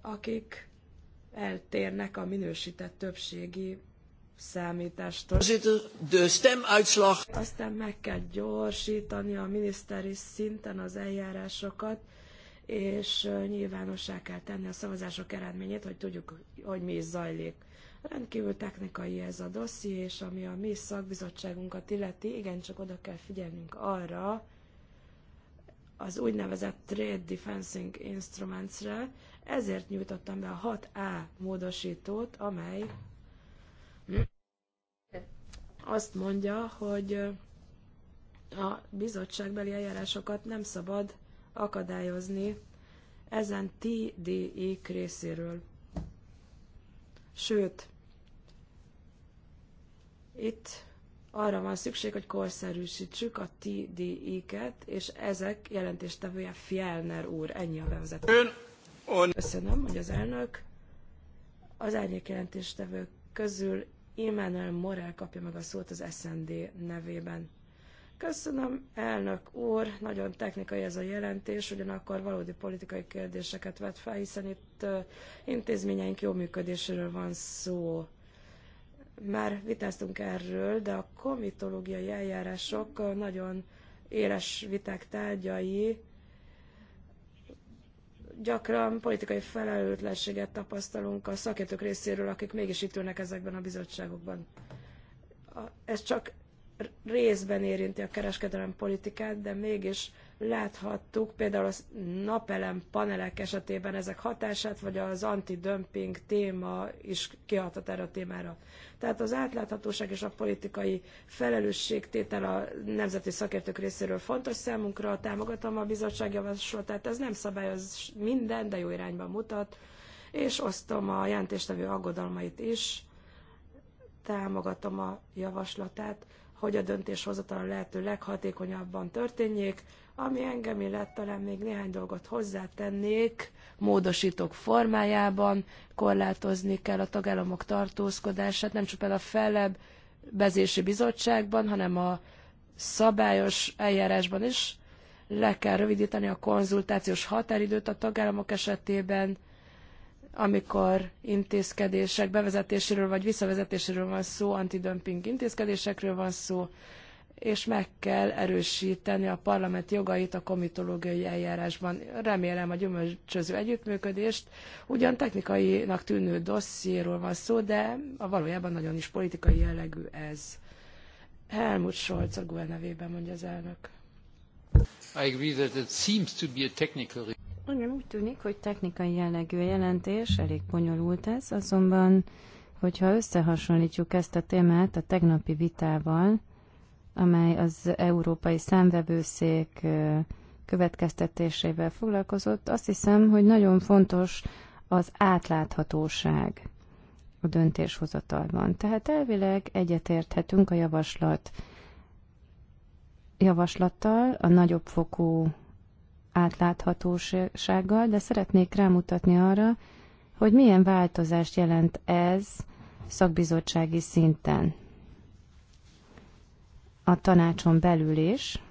akik eltérnek a minősített többségi számítástól. De Aztán meg kell gyorsítani a miniszteri szinten az eljárásokat, és nyilvánossá kell tenni a szavazások eredményét, hogy tudjuk, hogy mi is zajlik. Rendkívül technikai ez a dosszi, és ami a mi szakbizottságunkat illeti, igencsak oda kell figyelnünk arra, az úgynevezett Trade Defensing Instruments-re, ezért nyújtottam be a 6A módosítót, amely azt mondja, hogy a bizottságbeli eljárásokat nem szabad akadályozni ezen tdi e részéről. Sőt, itt arra van szükség, hogy korszerűsítsük a TDI-ket, és ezek jelentéstevője Fjellner úr. Ennyi a bevezető. Ön, on. Köszönöm, hogy az elnök. Az árnyék jelentéstevő közül Immanuel Morel kapja meg a szót az SND nevében. Köszönöm, elnök úr, nagyon technikai ez a jelentés, ugyanakkor valódi politikai kérdéseket vet fel, hiszen itt intézményeink jó működéséről van szó. Már vitáztunk erről, de a komitológiai eljárások nagyon éles viták tárgyai, gyakran politikai felelőtlenséget tapasztalunk a szakértők részéről, akik mégis itt ülnek ezekben a bizottságokban. Ez csak részben érinti a kereskedelem politikát, de mégis Láthattuk például a napelem panelek esetében ezek hatását, vagy az antidömping téma is kihatott erre a témára. Tehát az átláthatóság és a politikai felelősségtétel a nemzeti szakértők részéről fontos számunkra. Támogatom a bizottság javaslatát, ez nem szabályoz minden, de jó irányba mutat, és osztom a jelentéstevő aggodalmait is támogatom a javaslatát, hogy a döntéshozatal lehető leghatékonyabban történjék, ami engem illet, talán még néhány dolgot hozzátennék, módosítók formájában korlátozni kell a tagállamok tartózkodását, nem csak a felebb bezési bizottságban, hanem a szabályos eljárásban is le kell rövidíteni a konzultációs határidőt a tagállamok esetében, amikor intézkedések bevezetéséről vagy visszavezetéséről van szó, antidömping intézkedésekről van szó, és meg kell erősíteni a parlament jogait a komitológiai eljárásban. Remélem a gyümölcsöző együttműködést. Ugyan technikainak tűnő dossziéról van szó, de a valójában nagyon is politikai jellegű ez. Helmut Scholz a GUE nevében mondja az elnök. I agree that it seems to be a technical... Igen, úgy tűnik, hogy technikai jellegű a jelentés, elég bonyolult ez, azonban, hogyha összehasonlítjuk ezt a témát a tegnapi vitával, amely az Európai Szemvevőszék következtetésével foglalkozott, azt hiszem, hogy nagyon fontos az átláthatóság a döntéshozatalban. Tehát elvileg egyetérthetünk a javaslat javaslattal, a nagyobb fokú átláthatósággal, de szeretnék rámutatni arra, hogy milyen változást jelent ez szakbizottsági szinten a tanácson belül is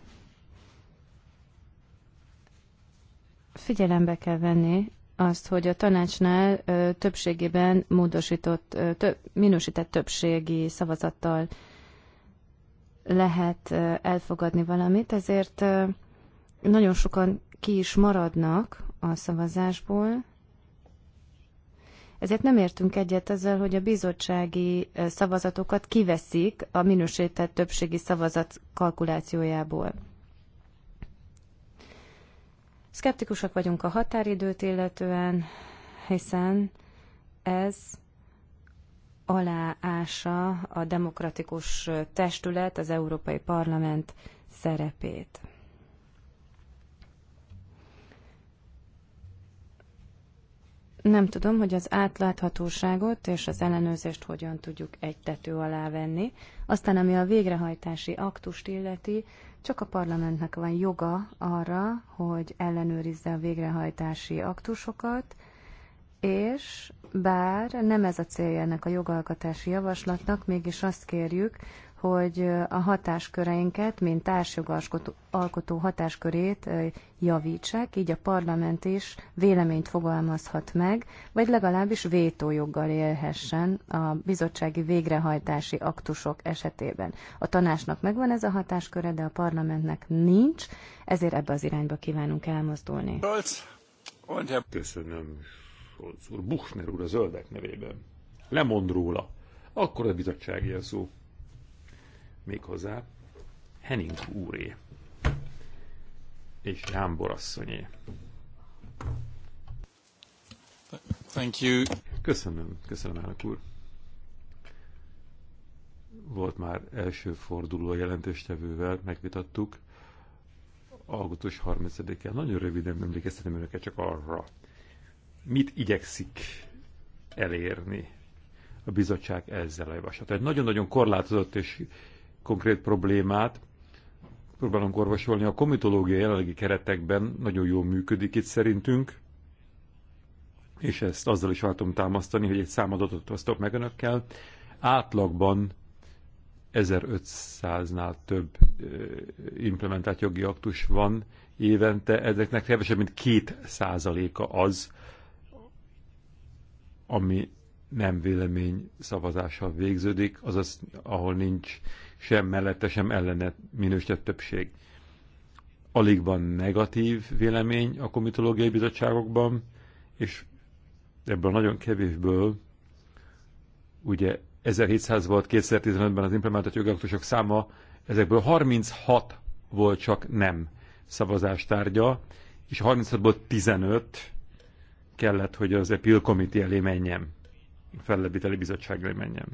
figyelembe kell venni azt, hogy a tanácsnál ö, többségében módosított, ö, több, minősített többségi szavazattal lehet ö, elfogadni valamit, ezért ö, nagyon sokan ki is maradnak a szavazásból, ezért nem értünk egyet ezzel, hogy a bizottsági szavazatokat kiveszik a minősített többségi szavazat kalkulációjából. Szkeptikusak vagyunk a határidőt illetően, hiszen ez aláása a demokratikus testület, az Európai Parlament szerepét. Nem tudom, hogy az átláthatóságot és az ellenőrzést hogyan tudjuk egy tető alá venni. Aztán, ami a végrehajtási aktust illeti, csak a parlamentnek van joga arra, hogy ellenőrizze a végrehajtási aktusokat, és bár nem ez a célja ennek a jogalkotási javaslatnak, mégis azt kérjük, hogy a hatásköreinket, mint társjogalkotó hatáskörét javítsák, így a parlament is véleményt fogalmazhat meg, vagy legalábbis vétójoggal élhessen a bizottsági végrehajtási aktusok esetében. A tanácsnak megvan ez a hatásköre, de a parlamentnek nincs, ezért ebbe az irányba kívánunk elmozdulni. Köszönöm, Solc úr. Buchner úr a zöldek nevében. Lemond róla. Akkor a bizottsági a szó méghozzá Henning úré és Jámbor asszonyé. Thank you. Köszönöm, köszönöm elnök úr. Volt már első forduló a jelentéstevővel, megvitattuk. Augusztus 30-án nagyon röviden emlékeztetem önöket csak arra, mit igyekszik elérni a bizottság ezzel a javaslat. Egy nagyon-nagyon korlátozott és konkrét problémát próbálunk orvosolni. A komitológia jelenlegi keretekben nagyon jól működik itt szerintünk, és ezt azzal is akartam támasztani, hogy egy számadatot osztok meg önökkel. Átlagban 1500-nál több implementált jogi aktus van évente, ezeknek kevesebb, mint két százaléka az, ami nem vélemény szavazással végződik, azaz ahol nincs sem mellette, sem ellene minősített többség. Alig van negatív vélemény a komitológiai bizottságokban, és ebből nagyon kevésből, ugye 1700 volt 2015-ben az implementált jogalkotások száma, ezekből 36 volt csak nem szavazástárgya, és 36-ból 15 kellett, hogy az Appeal Committee elé menjem, a Fellebiteli bizottság elé menjem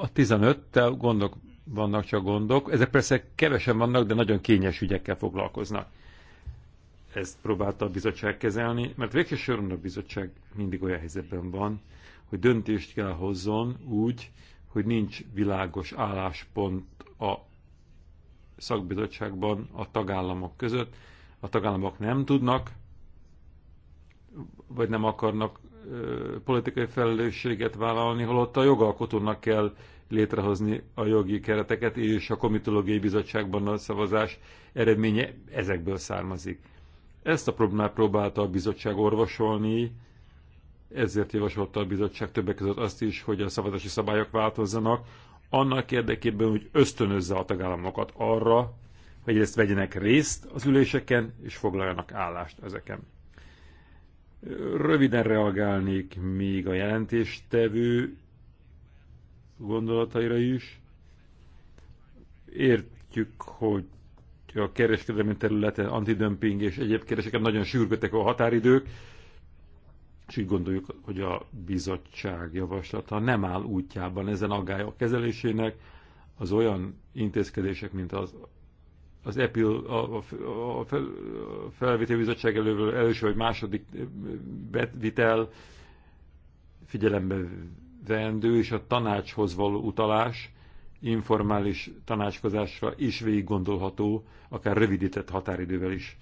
a 15-tel gondok vannak csak gondok. Ezek persze kevesen vannak, de nagyon kényes ügyekkel foglalkoznak. Ezt próbálta a bizottság kezelni, mert végső soron a bizottság mindig olyan helyzetben van, hogy döntést kell hozzon úgy, hogy nincs világos álláspont a szakbizottságban a tagállamok között. A tagállamok nem tudnak, vagy nem akarnak politikai felelősséget vállalni, holott a jogalkotónak kell létrehozni a jogi kereteket, és a komitológiai bizottságban a szavazás eredménye ezekből származik. Ezt a problémát próbálta a bizottság orvosolni, ezért javasolta a bizottság többek között azt is, hogy a szavazási szabályok változzanak, annak érdekében, hogy ösztönözze a tagállamokat arra, hogy ezt vegyenek részt az üléseken, és foglaljanak állást ezeken. Röviden reagálnék még a jelentéstevő gondolataira is. Értjük, hogy a kereskedelmi területen antidömping és egyéb kereseket nagyon sürgetek a határidők, és úgy gondoljuk, hogy a bizottság javaslata nem áll útjában ezen aggályok kezelésének, az olyan intézkedések, mint az az EPIL a, a, a felvételi bizottság előről első vagy második betvitel figyelembe vendő, és a tanácshoz való utalás informális tanácskozásra is végig gondolható, akár rövidített határidővel is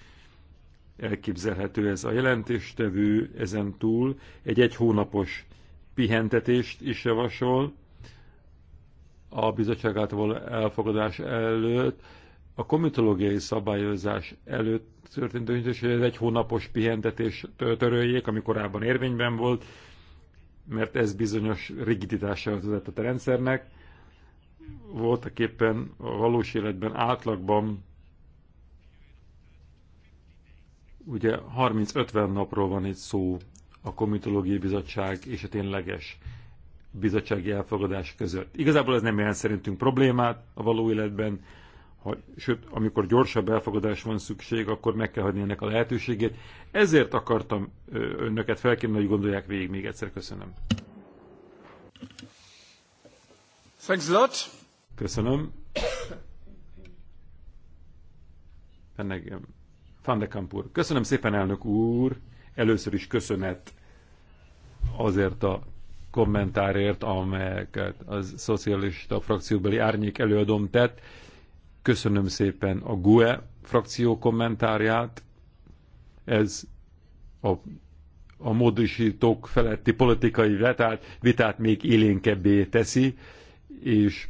elképzelhető ez a jelentéstevő ezen túl. Egy egy hónapos pihentetést is javasol a bizottság által elfogadás előtt a komitológiai szabályozás előtt történt döntés, hogy ez egy hónapos pihentetés töröljék, ami korábban érvényben volt, mert ez bizonyos rigiditásához vezetett a rendszernek. Voltak éppen a valós életben átlagban ugye 30-50 napról van itt szó a komitológiai bizottság és a tényleges bizottsági elfogadás között. Igazából ez nem jelent szerintünk problémát a való életben, ha, sőt, amikor gyorsabb elfogadás van szükség, akkor meg kell hagyni ennek a lehetőségét. Ezért akartam önöket felkérni, hogy gondolják végig még egyszer. Köszönöm. Thanks a lot. Köszönöm. Ennek Van de Kampur. Köszönöm szépen, elnök úr. Először is köszönet azért a kommentárért, amelyeket az szocialista frakcióbeli árnyék előadom tett. Köszönöm szépen a GUE frakció kommentárját. Ez a, a módosítók feletti politikai vitát, vitát még élénkebbé teszi, és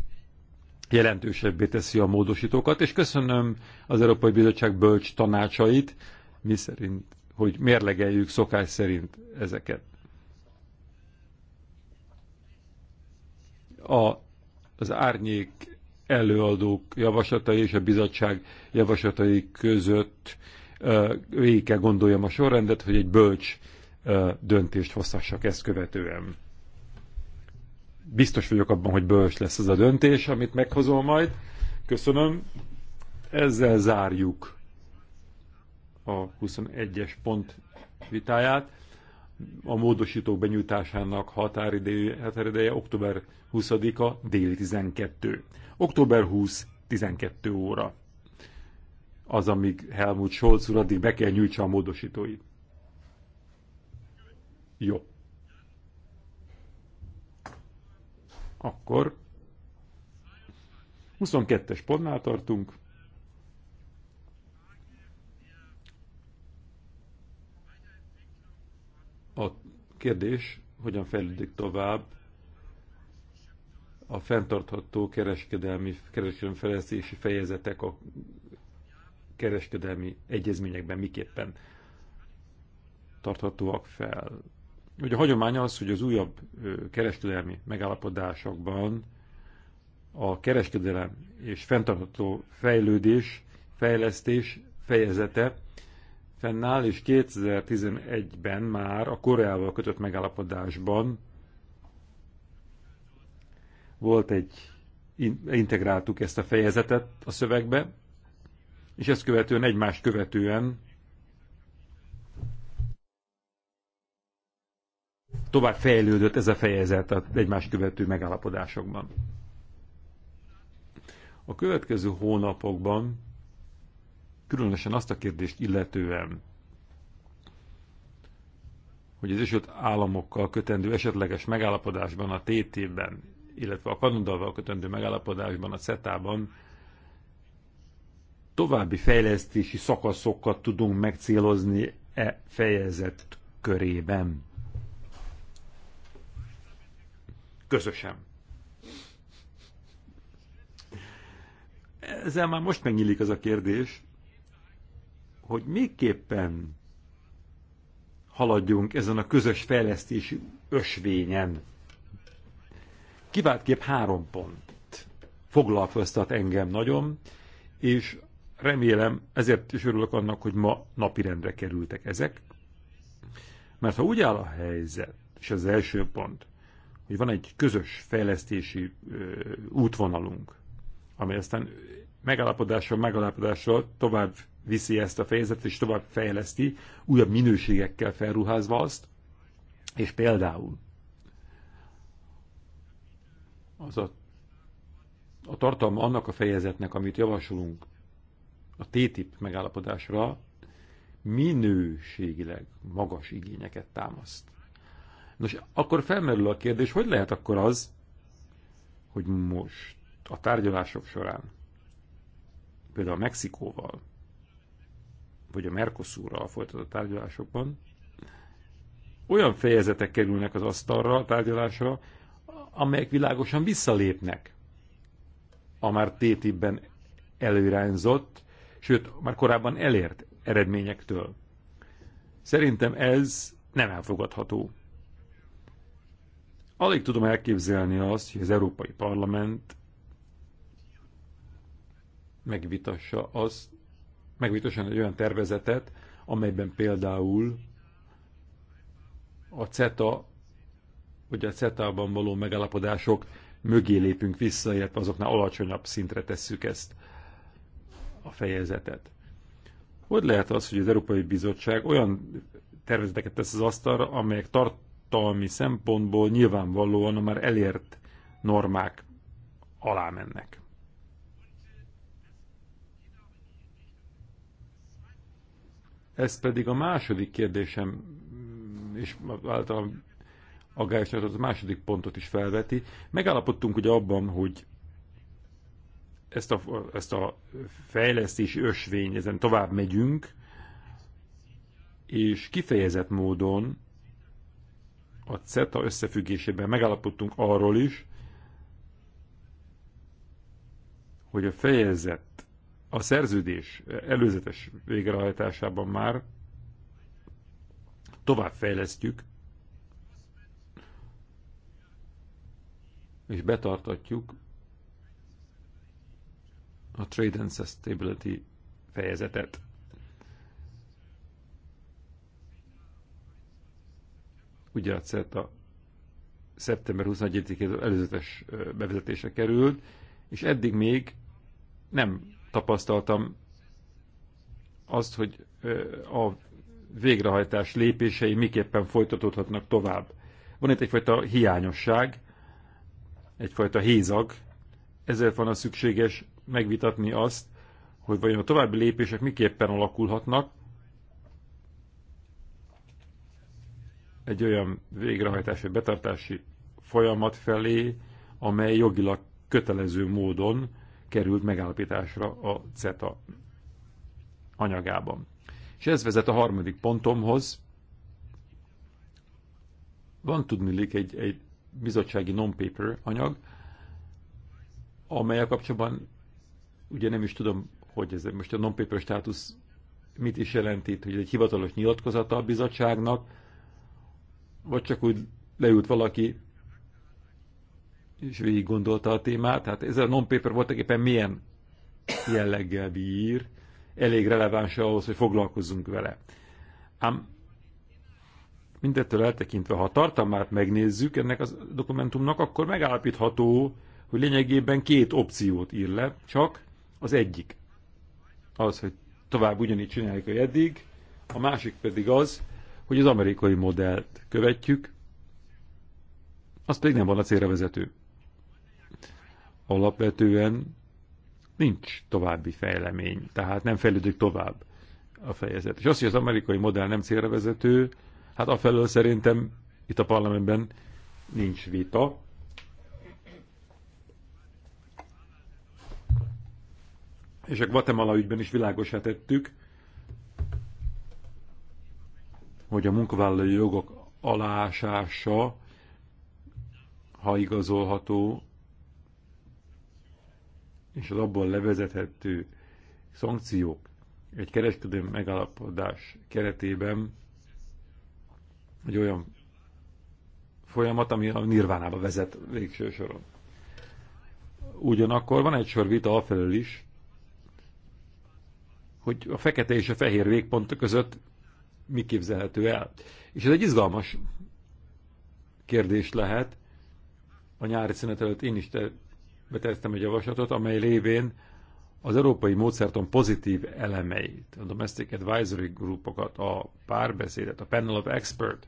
jelentősebbé teszi a módosítókat, és köszönöm az Európai Bizottság bölcs tanácsait, mi szerint, hogy mérlegeljük szokás szerint ezeket. A, az árnyék előadók javaslatai és a bizottság javaslatai között végig kell gondoljam a sorrendet, hogy egy bölcs döntést hozhassak ezt követően. Biztos vagyok abban, hogy bölcs lesz ez a döntés, amit meghozol majd. Köszönöm. Ezzel zárjuk a 21-es pont vitáját. A módosítók benyújtásának határideje, határideje október 20-a déli 12. Október 20, 12 óra. Az, amíg Helmut Scholz úr addig be kell nyújtsa a módosítóit. Jó. Akkor 22-es pontnál tartunk. A kérdés, hogyan fejlődik tovább a fenntartható kereskedelmi, kereskedelmi fejezetek a kereskedelmi egyezményekben miképpen tarthatóak fel. Ugye a hagyomány az, hogy az újabb kereskedelmi megállapodásokban a kereskedelem és fenntartható fejlődés, fejlesztés fejezete fennáll, és 2011-ben már a Koreával kötött megállapodásban volt egy, integráltuk ezt a fejezetet a szövegbe, és ezt követően egymást követően tovább fejlődött ez a fejezet az egymást követő megállapodásokban. A következő hónapokban, különösen azt a kérdést illetően, hogy az Egyesült Államokkal kötendő esetleges megállapodásban, a TT-ben illetve a Kanadával kötendő megállapodásban, a CETA-ban további fejlesztési szakaszokat tudunk megcélozni e fejezet körében. Közösen. Ezzel már most megnyílik az a kérdés, hogy miképpen haladjunk ezen a közös fejlesztési ösvényen Kiváltképp három pont foglalkoztat engem nagyon, és remélem, ezért is örülök annak, hogy ma napirendre kerültek ezek, mert ha úgy áll a helyzet, és az első pont, hogy van egy közös fejlesztési ö, útvonalunk, ami aztán megállapodással, megállapodással tovább viszi ezt a fejezetet, és tovább fejleszti, újabb minőségekkel felruházva azt, és például az a, a tartalma annak a fejezetnek, amit javasolunk a TTIP megállapodásra, minőségileg magas igényeket támaszt. Nos, akkor felmerül a kérdés, hogy lehet akkor az, hogy most a tárgyalások során, például a Mexikóval, vagy a Mercosurral folytatott tárgyalásokban, olyan fejezetek kerülnek az asztalra, a tárgyalásra, amelyek világosan visszalépnek a már tétibben előrányzott, sőt, már korábban elért eredményektől. Szerintem ez nem elfogadható. Alig tudom elképzelni azt, hogy az Európai Parlament megvitassa az, megvitassa egy olyan tervezetet, amelyben például a CETA hogy a CETA-ban való megállapodások mögé lépünk vissza, illetve azoknál alacsonyabb szintre tesszük ezt a fejezetet. Hogy lehet az, hogy az Európai Bizottság olyan tervezeteket tesz az asztalra, amelyek tartalmi szempontból nyilvánvalóan a már elért normák alá mennek? Ez pedig a második kérdésem, és általában az a második pontot is felveti. Megállapodtunk ugye abban, hogy ezt a, ezt a fejlesztési ösvény, ezen tovább megyünk, és kifejezett módon a CETA összefüggésében megállapodtunk arról is, hogy a fejezet a szerződés előzetes végrehajtásában már tovább fejlesztjük és betartatjuk a Trade and Sustainability fejezetet. Ugye a CETA szeptember 21-én előzetes bevezetése került, és eddig még nem tapasztaltam azt, hogy a végrehajtás lépései miképpen folytatódhatnak tovább. Van itt egyfajta hiányosság, egyfajta hézag, ezért van a szükséges megvitatni azt, hogy vajon a további lépések miképpen alakulhatnak egy olyan végrehajtási, betartási folyamat felé, amely jogilag kötelező módon került megállapításra a CETA anyagában. És ez vezet a harmadik pontomhoz. Van tudni, egy, egy bizottsági non-paper anyag, amelyek kapcsolatban ugye nem is tudom, hogy ez most a non-paper státusz mit is jelent itt, hogy ez egy hivatalos nyilatkozata a bizottságnak, vagy csak úgy leült valaki és végig gondolta a témát. Tehát ez a non-paper voltak éppen milyen jelleggel bír, elég releváns ahhoz, hogy foglalkozzunk vele. Ám Mindettől eltekintve, ha tartalmát megnézzük ennek a dokumentumnak, akkor megállapítható, hogy lényegében két opciót ír le, csak az egyik az, hogy tovább ugyanígy csináljuk, hogy eddig, a másik pedig az, hogy az amerikai modellt követjük, az pedig nem van a célra vezető. Alapvetően nincs további fejlemény, tehát nem fejlődik tovább a fejezet. És az, hogy az amerikai modell nem célra vezető, Hát afelől szerintem itt a parlamentben nincs vita. És a Guatemala ügyben is világosá tettük, hogy a munkavállalói jogok alásása, ha igazolható, és az abból levezethető szankciók egy kereskedő megállapodás keretében egy olyan folyamat, ami a nirvánába vezet végső soron. Ugyanakkor van egy sor vita afelől is, hogy a fekete és a fehér végpont között mi képzelhető el. És ez egy izgalmas kérdés lehet. A nyári szünet előtt én is beterjesztem egy javaslatot, amely lévén az európai módszerton pozitív elemeit, a domestic advisory groupokat, a párbeszédet, a panel of expert,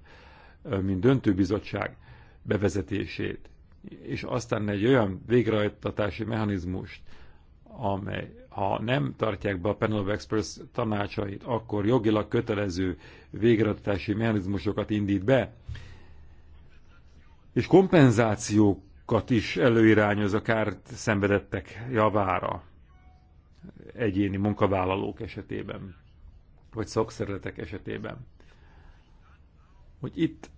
mint döntőbizottság bevezetését, és aztán egy olyan végrehajtatási mechanizmust, amely ha nem tartják be a panel of experts tanácsait, akkor jogilag kötelező végrehajtatási mechanizmusokat indít be, és kompenzációkat is előirányoz a kárt szenvedettek javára egyéni munkavállalók esetében, vagy szakszervezetek esetében. Hogy itt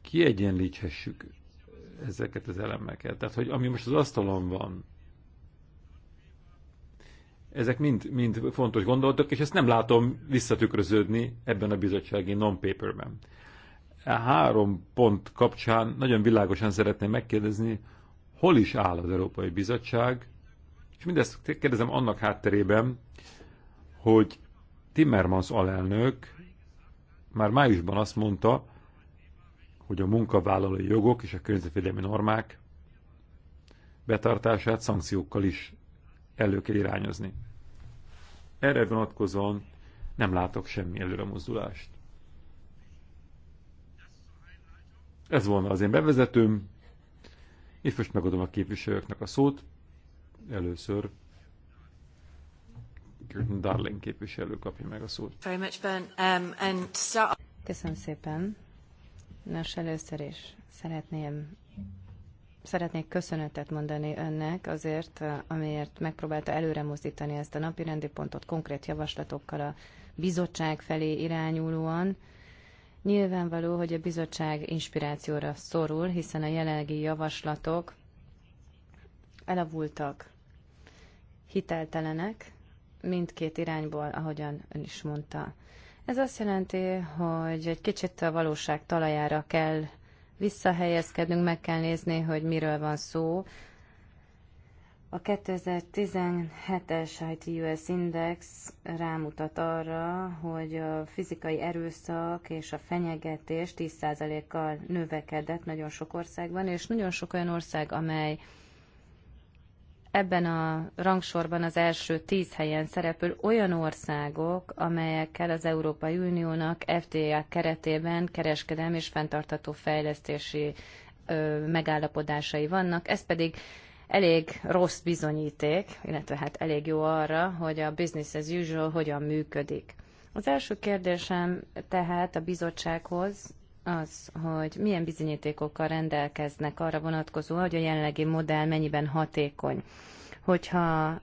kiegyenlíthessük ezeket az elemeket. Tehát, hogy ami most az asztalon van, ezek mind, mind fontos gondolatok, és ezt nem látom visszatükröződni ebben a bizottsági non-paperben. A e három pont kapcsán nagyon világosan szeretném megkérdezni, hol is áll az Európai Bizottság, mindezt kérdezem annak hátterében, hogy Timmermans alelnök már májusban azt mondta, hogy a munkavállalói jogok és a környezetvédelmi normák betartását szankciókkal is elő kell irányozni. Erre vonatkozóan nem látok semmi előre mozdulást. Ez volna az én bevezetőm, és most megadom a képviselőknek a szót. Először Kirton Darling képviselő kapja meg a szót. Um, Köszönöm szépen. Nos, először is szeretném Szeretnék köszönetet mondani önnek azért, amiért megpróbálta előre mozdítani ezt a napi rendi pontot konkrét javaslatokkal a bizottság felé irányulóan. Nyilvánvaló, hogy a bizottság inspirációra szorul, hiszen a jelenlegi javaslatok elavultak, hiteltelenek mindkét irányból, ahogyan ön is mondta. Ez azt jelenti, hogy egy kicsit a valóság talajára kell visszahelyezkednünk, meg kell nézni, hogy miről van szó. A 2017-es ITUS Index rámutat arra, hogy a fizikai erőszak és a fenyegetés 10%-kal növekedett nagyon sok országban, és nagyon sok olyan ország, amely ebben a rangsorban az első tíz helyen szerepül olyan országok, amelyekkel az Európai Uniónak FTA keretében kereskedelmi és fenntartató fejlesztési ö, megállapodásai vannak, ez pedig elég rossz bizonyíték, illetve hát elég jó arra, hogy a business as usual hogyan működik. Az első kérdésem tehát a bizottsághoz az, hogy milyen bizonyítékokkal rendelkeznek arra vonatkozóan, hogy a jelenlegi modell mennyiben hatékony. Hogyha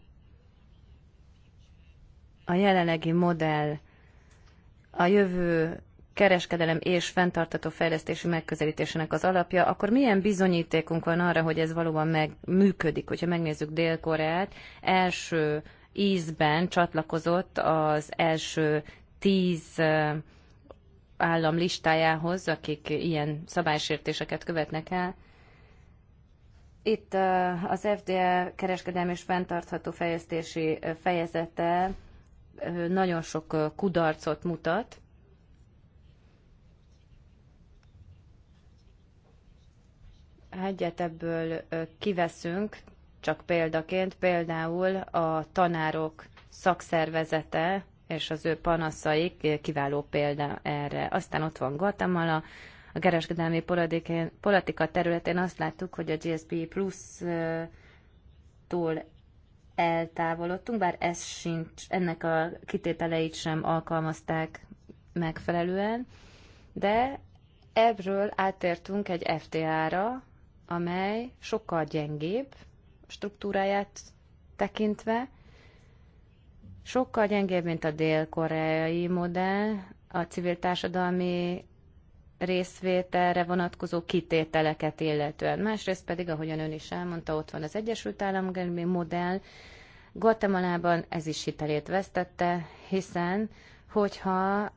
a jelenlegi modell a jövő kereskedelem és fenntartató fejlesztési megközelítésének az alapja, akkor milyen bizonyítékunk van arra, hogy ez valóban meg, működik? Hogyha megnézzük Dél-Koreát, első ízben csatlakozott az első tíz állam listájához, akik ilyen szabálysértéseket követnek el. Itt az FDA kereskedelmi és fenntartható fejlesztési fejezete nagyon sok kudarcot mutat. Egyet ebből kiveszünk, csak példaként, például a tanárok szakszervezete és az ő panaszaik eh, kiváló példa erre. Aztán ott van Guatemala, a kereskedelmi politika területén azt láttuk, hogy a GSP plusz-tól eh, eltávolodtunk, bár ez sincs, ennek a kitételeit sem alkalmazták megfelelően, de ebből átértünk egy FTA-ra, amely sokkal gyengébb struktúráját tekintve, Sokkal gyengébb, mint a dél-koreai modell, a civil társadalmi részvételre vonatkozó kitételeket illetően. Másrészt pedig, ahogyan ön is elmondta, ott van az Egyesült Államokbeli modell. Guatemalában ez is hitelét vesztette, hiszen hogyha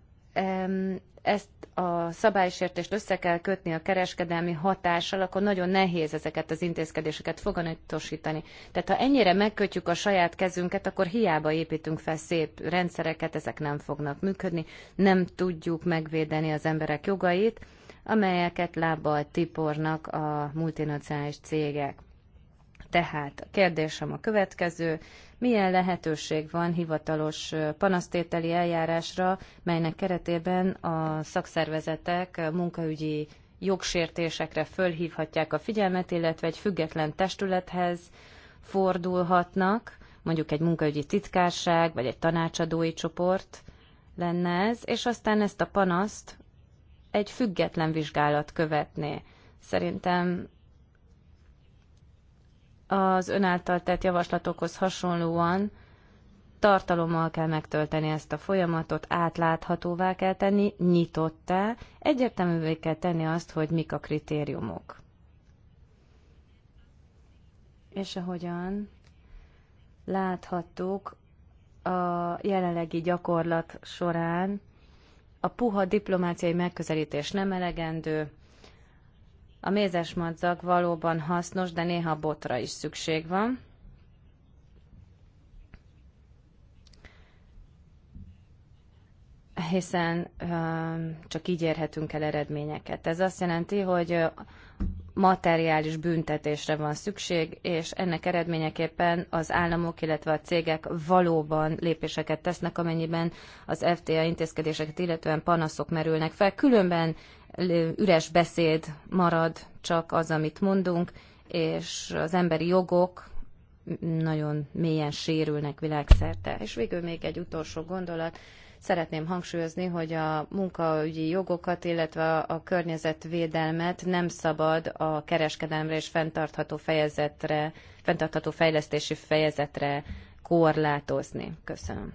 ezt a szabálysértést össze kell kötni a kereskedelmi hatással, akkor nagyon nehéz ezeket az intézkedéseket foganatosítani. Tehát ha ennyire megkötjük a saját kezünket, akkor hiába építünk fel szép rendszereket, ezek nem fognak működni, nem tudjuk megvédeni az emberek jogait, amelyeket lábbal tipornak a multinacionális cégek. Tehát a kérdésem a következő, milyen lehetőség van hivatalos panasztételi eljárásra, melynek keretében a szakszervezetek munkaügyi jogsértésekre fölhívhatják a figyelmet, illetve egy független testülethez fordulhatnak, mondjuk egy munkaügyi titkárság, vagy egy tanácsadói csoport lenne ez, és aztán ezt a panaszt egy független vizsgálat követné. Szerintem az ön által tett javaslatokhoz hasonlóan tartalommal kell megtölteni ezt a folyamatot, átláthatóvá kell tenni, nyitottá, egyértelművé kell tenni azt, hogy mik a kritériumok. És ahogyan láthattuk a jelenlegi gyakorlat során, a puha diplomáciai megközelítés nem elegendő, a mézes madzag valóban hasznos, de néha botra is szükség van. hiszen csak így érhetünk el eredményeket. Ez azt jelenti, hogy materiális büntetésre van szükség, és ennek eredményeképpen az államok, illetve a cégek valóban lépéseket tesznek, amennyiben az FTA intézkedéseket illetően panaszok merülnek fel. Különben üres beszéd marad csak az, amit mondunk, és az emberi jogok nagyon mélyen sérülnek világszerte. És végül még egy utolsó gondolat. Szeretném hangsúlyozni, hogy a munkaügyi jogokat, illetve a környezetvédelmet nem szabad a kereskedelemre és fenntartható fejezetre, fenntartható fejlesztési fejezetre korlátozni. Köszönöm.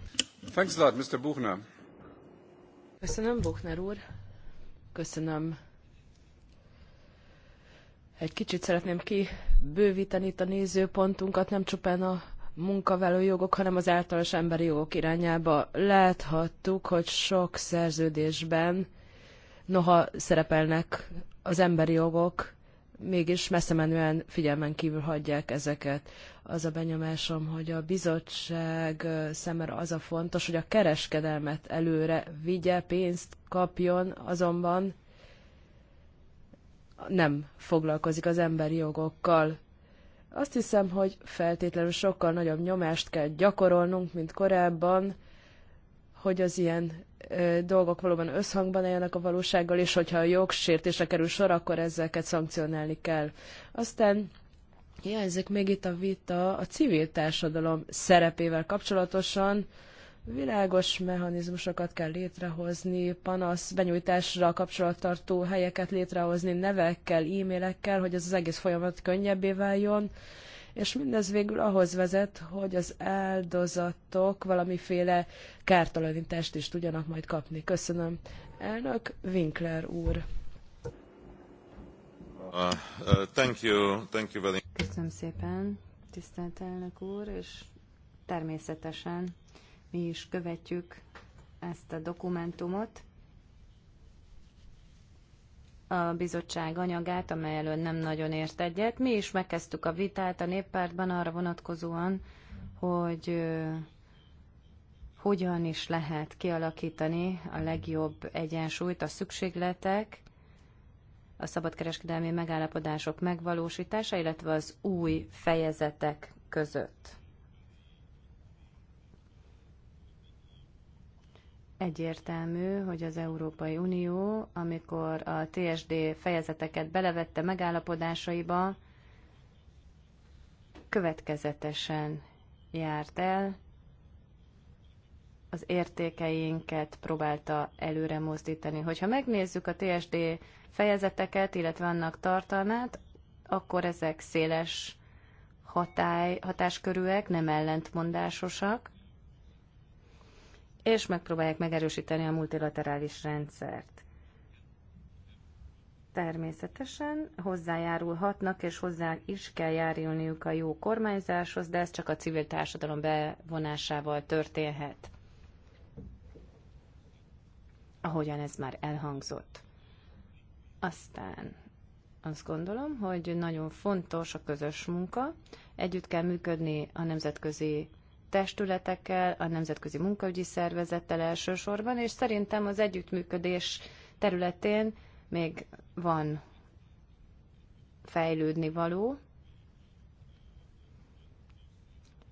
Thanks a lot, Mr. Buchner. Köszönöm, Buchner úr. Köszönöm. Egy kicsit szeretném kibővíteni itt a nézőpontunkat, nem csupán a jogok, hanem az általános emberi jogok irányába. Láthattuk, hogy sok szerződésben, noha szerepelnek az emberi jogok, mégis messze menően figyelmen kívül hagyják ezeket. Az a benyomásom, hogy a bizottság szemre az a fontos, hogy a kereskedelmet előre vigye, pénzt kapjon, azonban nem foglalkozik az emberi jogokkal. Azt hiszem, hogy feltétlenül sokkal nagyobb nyomást kell gyakorolnunk, mint korábban, hogy az ilyen dolgok valóban összhangban éljenek a valósággal, és hogyha a jogsértésre kerül sor, akkor ezeket szankcionálni kell. Aztán hiányzik még itt a vita a civil társadalom szerepével kapcsolatosan. Világos mechanizmusokat kell létrehozni, panasz benyújtásra kapcsolattartó helyeket létrehozni, nevekkel, e-mailekkel, hogy ez az egész folyamat könnyebbé váljon és mindez végül ahhoz vezet, hogy az áldozatok valamiféle kártalanítást is tudjanak majd kapni. Köszönöm. Elnök Winkler úr. Uh, uh thank you, thank you very... Köszönöm szépen, tisztelt elnök úr, és természetesen mi is követjük ezt a dokumentumot a bizottság anyagát, amely elől nem nagyon ért egyet. Mi is megkezdtük a vitát a néppártban arra vonatkozóan, hogy hogyan is lehet kialakítani a legjobb egyensúlyt a szükségletek, a szabadkereskedelmi megállapodások megvalósítása, illetve az új fejezetek között. Egyértelmű, hogy az Európai Unió, amikor a TSD fejezeteket belevette megállapodásaiba, következetesen járt el, az értékeinket próbálta előre mozdítani. Hogyha megnézzük a TSD fejezeteket, illetve annak tartalmát, akkor ezek széles hatály, hatáskörűek, nem ellentmondásosak és megpróbálják megerősíteni a multilaterális rendszert. Természetesen hozzájárulhatnak, és hozzá is kell járulniuk a jó kormányzáshoz, de ez csak a civil társadalom bevonásával történhet. Ahogyan ez már elhangzott. Aztán azt gondolom, hogy nagyon fontos a közös munka. Együtt kell működni a nemzetközi testületekkel, a Nemzetközi Munkaügyi Szervezettel elsősorban, és szerintem az együttműködés területén még van fejlődni való.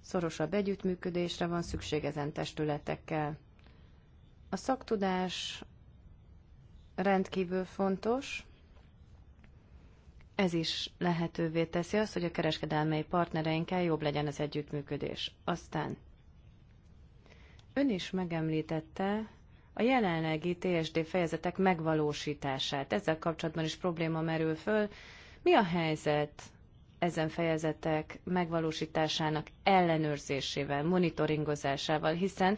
Szorosabb együttműködésre van szükség ezen testületekkel. A szaktudás rendkívül fontos, ez is lehetővé teszi azt, hogy a kereskedelmei partnereinkkel jobb legyen az együttműködés. Aztán ön is megemlítette a jelenlegi TSD fejezetek megvalósítását. Ezzel kapcsolatban is probléma merül föl. Mi a helyzet ezen fejezetek megvalósításának ellenőrzésével, monitoringozásával, hiszen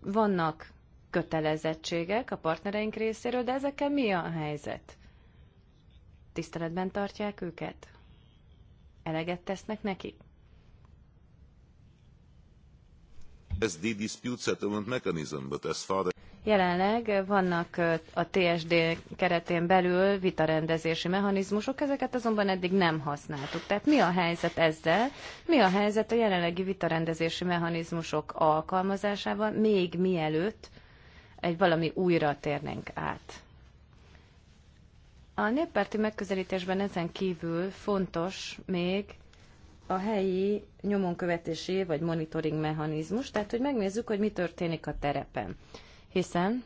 vannak kötelezettségek a partnereink részéről, de ezekkel mi a helyzet? Tiszteletben tartják őket? Eleget tesznek nekik? dispute settlement mechanism, but as far Jelenleg vannak a TSD keretén belül vitarendezési mechanizmusok, ezeket azonban eddig nem használtuk. Tehát mi a helyzet ezzel? Mi a helyzet a jelenlegi vitarendezési mechanizmusok alkalmazásával, még mielőtt egy valami újra térnénk át? A néppárti megközelítésben ezen kívül fontos még a helyi nyomonkövetési vagy monitoring mechanizmus, tehát hogy megnézzük, hogy mi történik a terepen. Hiszen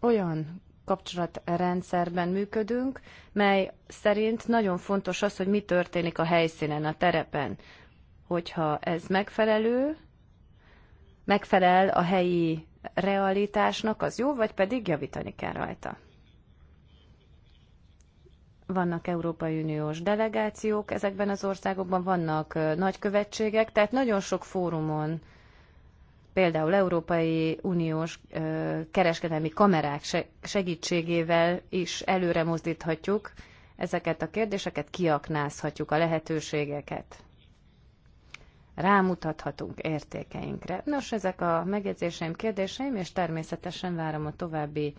olyan kapcsolatrendszerben működünk, mely szerint nagyon fontos az, hogy mi történik a helyszínen, a terepen. Hogyha ez megfelelő, megfelel a helyi realitásnak, az jó, vagy pedig javítani kell rajta. Vannak Európai Uniós delegációk ezekben az országokban, vannak nagykövetségek, tehát nagyon sok fórumon, például Európai Uniós kereskedelmi kamerák segítségével is előre mozdíthatjuk ezeket a kérdéseket, kiaknázhatjuk a lehetőségeket rámutathatunk értékeinkre. Nos, ezek a megjegyzéseim, kérdéseim, és természetesen várom a további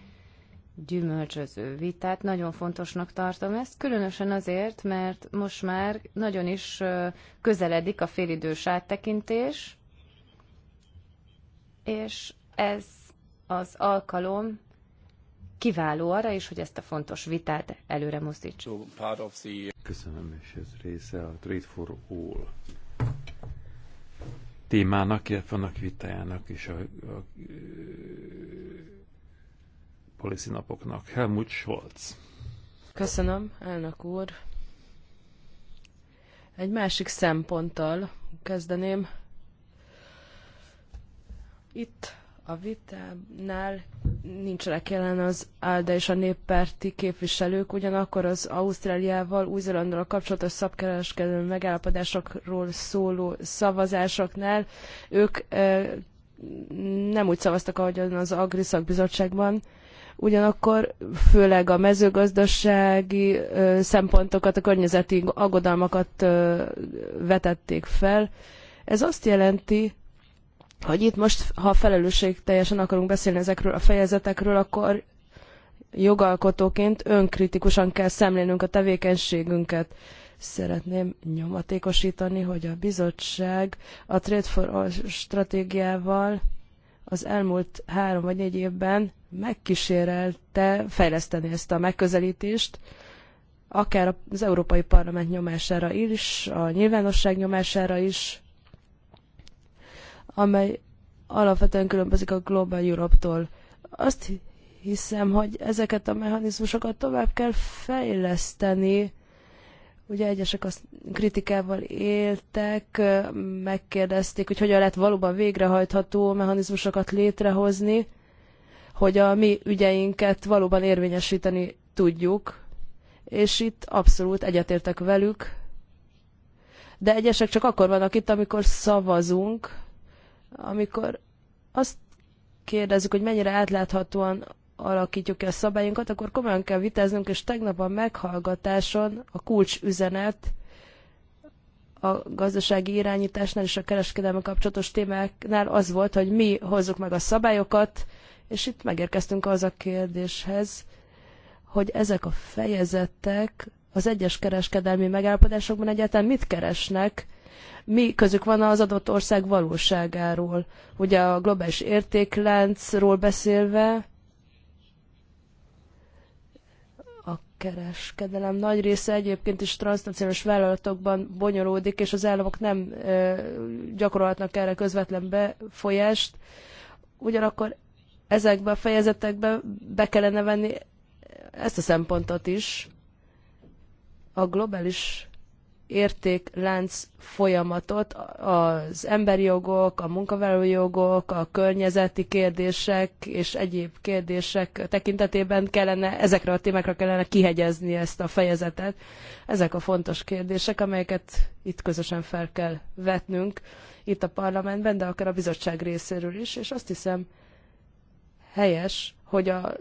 gyümölcsöző vitát. Nagyon fontosnak tartom ezt, különösen azért, mert most már nagyon is közeledik a félidős áttekintés, és ez az alkalom kiváló arra is, hogy ezt a fontos vitát előre mozdítsuk. Köszönöm, és ez része a Trade for All témának, illetve annak vitájának és a, a, a policy napoknak. Helmut Scholz. Köszönöm, elnök úr. Egy másik szemponttal kezdeném. Itt a vitánál nincsenek jelen az ALDE és a néppárti képviselők, ugyanakkor az Ausztráliával, új a kapcsolatos szabkereskedelmi megállapodásokról szóló szavazásoknál ők e, nem úgy szavaztak, ahogyan az Agri szakbizottságban, ugyanakkor főleg a mezőgazdasági ö, szempontokat, a környezeti aggodalmakat ö, vetették fel. Ez azt jelenti, hogy itt most, ha felelősség teljesen akarunk beszélni ezekről a fejezetekről, akkor jogalkotóként önkritikusan kell szemlélnünk a tevékenységünket. Szeretném nyomatékosítani, hogy a bizottság a Trade for All stratégiával az elmúlt három vagy négy évben megkísérelte fejleszteni ezt a megközelítést, akár az Európai Parlament nyomására is, a nyilvánosság nyomására is, amely alapvetően különbözik a Global Europe-tól. Azt hiszem, hogy ezeket a mechanizmusokat tovább kell fejleszteni. Ugye egyesek azt kritikával éltek, megkérdezték, hogy hogyan lehet valóban végrehajtható mechanizmusokat létrehozni, hogy a mi ügyeinket valóban érvényesíteni tudjuk, és itt abszolút egyetértek velük, de egyesek csak akkor vannak itt, amikor szavazunk, amikor azt kérdezzük, hogy mennyire átláthatóan alakítjuk ki a szabályunkat, akkor komolyan kell vitáznunk, és tegnap a meghallgatáson a kulcs üzenet a gazdasági irányításnál és a kereskedelme kapcsolatos témáknál az volt, hogy mi hozzuk meg a szabályokat, és itt megérkeztünk az a kérdéshez, hogy ezek a fejezetek az egyes kereskedelmi megállapodásokban egyáltalán mit keresnek, mi közük van az adott ország valóságáról. Ugye a globális értékláncról beszélve, a kereskedelem nagy része egyébként is transznacionális vállalatokban bonyolódik, és az államok nem gyakorolhatnak erre közvetlen befolyást. Ugyanakkor ezekbe a fejezetekbe be kellene venni ezt a szempontot is. A globális értéklánc folyamatot, az emberi jogok, a munkavállalói jogok, a környezeti kérdések és egyéb kérdések tekintetében kellene, ezekre a témákra kellene kihegyezni ezt a fejezetet. Ezek a fontos kérdések, amelyeket itt közösen fel kell vetnünk, itt a parlamentben, de akár a bizottság részéről is, és azt hiszem helyes, hogy a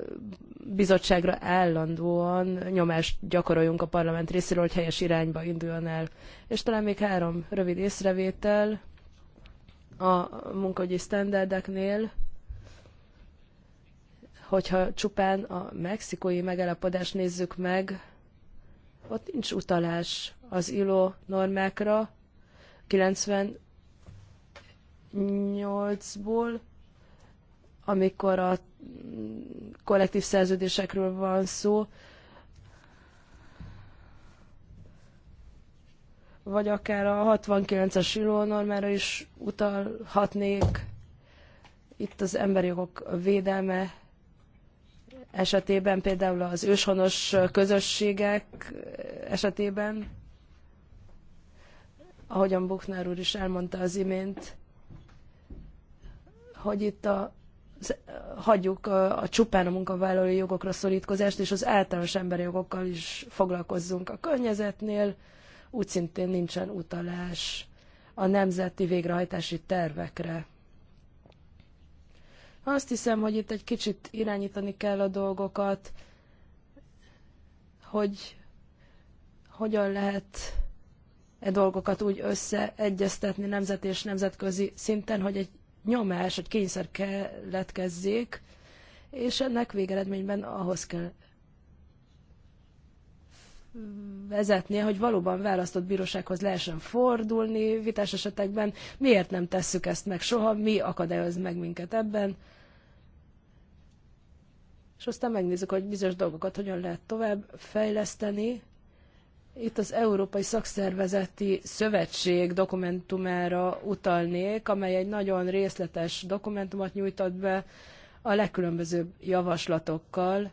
bizottságra állandóan nyomást gyakoroljunk a parlament részéről, hogy helyes irányba induljon el. És talán még három rövid észrevétel a munkahogyi sztenderdeknél, hogyha csupán a mexikói megállapodást nézzük meg, ott nincs utalás az ILO normákra, 98-ból amikor a kollektív szerződésekről van szó, vagy akár a 69-es normára is utalhatnék. Itt az emberi jogok védelme esetében, például az őshonos közösségek esetében, ahogyan Buchner úr is elmondta az imént, hogy itt a hagyjuk a, csupán a munkavállalói jogokra szorítkozást, és az általános emberi jogokkal is foglalkozzunk a környezetnél, úgy szintén nincsen utalás a nemzeti végrehajtási tervekre. Azt hiszem, hogy itt egy kicsit irányítani kell a dolgokat, hogy hogyan lehet e dolgokat úgy összeegyeztetni nemzet és nemzetközi szinten, hogy egy nyomás, hogy kényszer keletkezzék, és ennek végeredményben ahhoz kell vezetnie, hogy valóban választott bírósághoz lehessen fordulni vitás esetekben. Miért nem tesszük ezt meg soha? Mi akadályoz meg minket ebben? És aztán megnézzük, hogy bizonyos dolgokat hogyan lehet tovább fejleszteni, itt az Európai Szakszervezeti Szövetség dokumentumára utalnék, amely egy nagyon részletes dokumentumot nyújtott be a legkülönbözőbb javaslatokkal.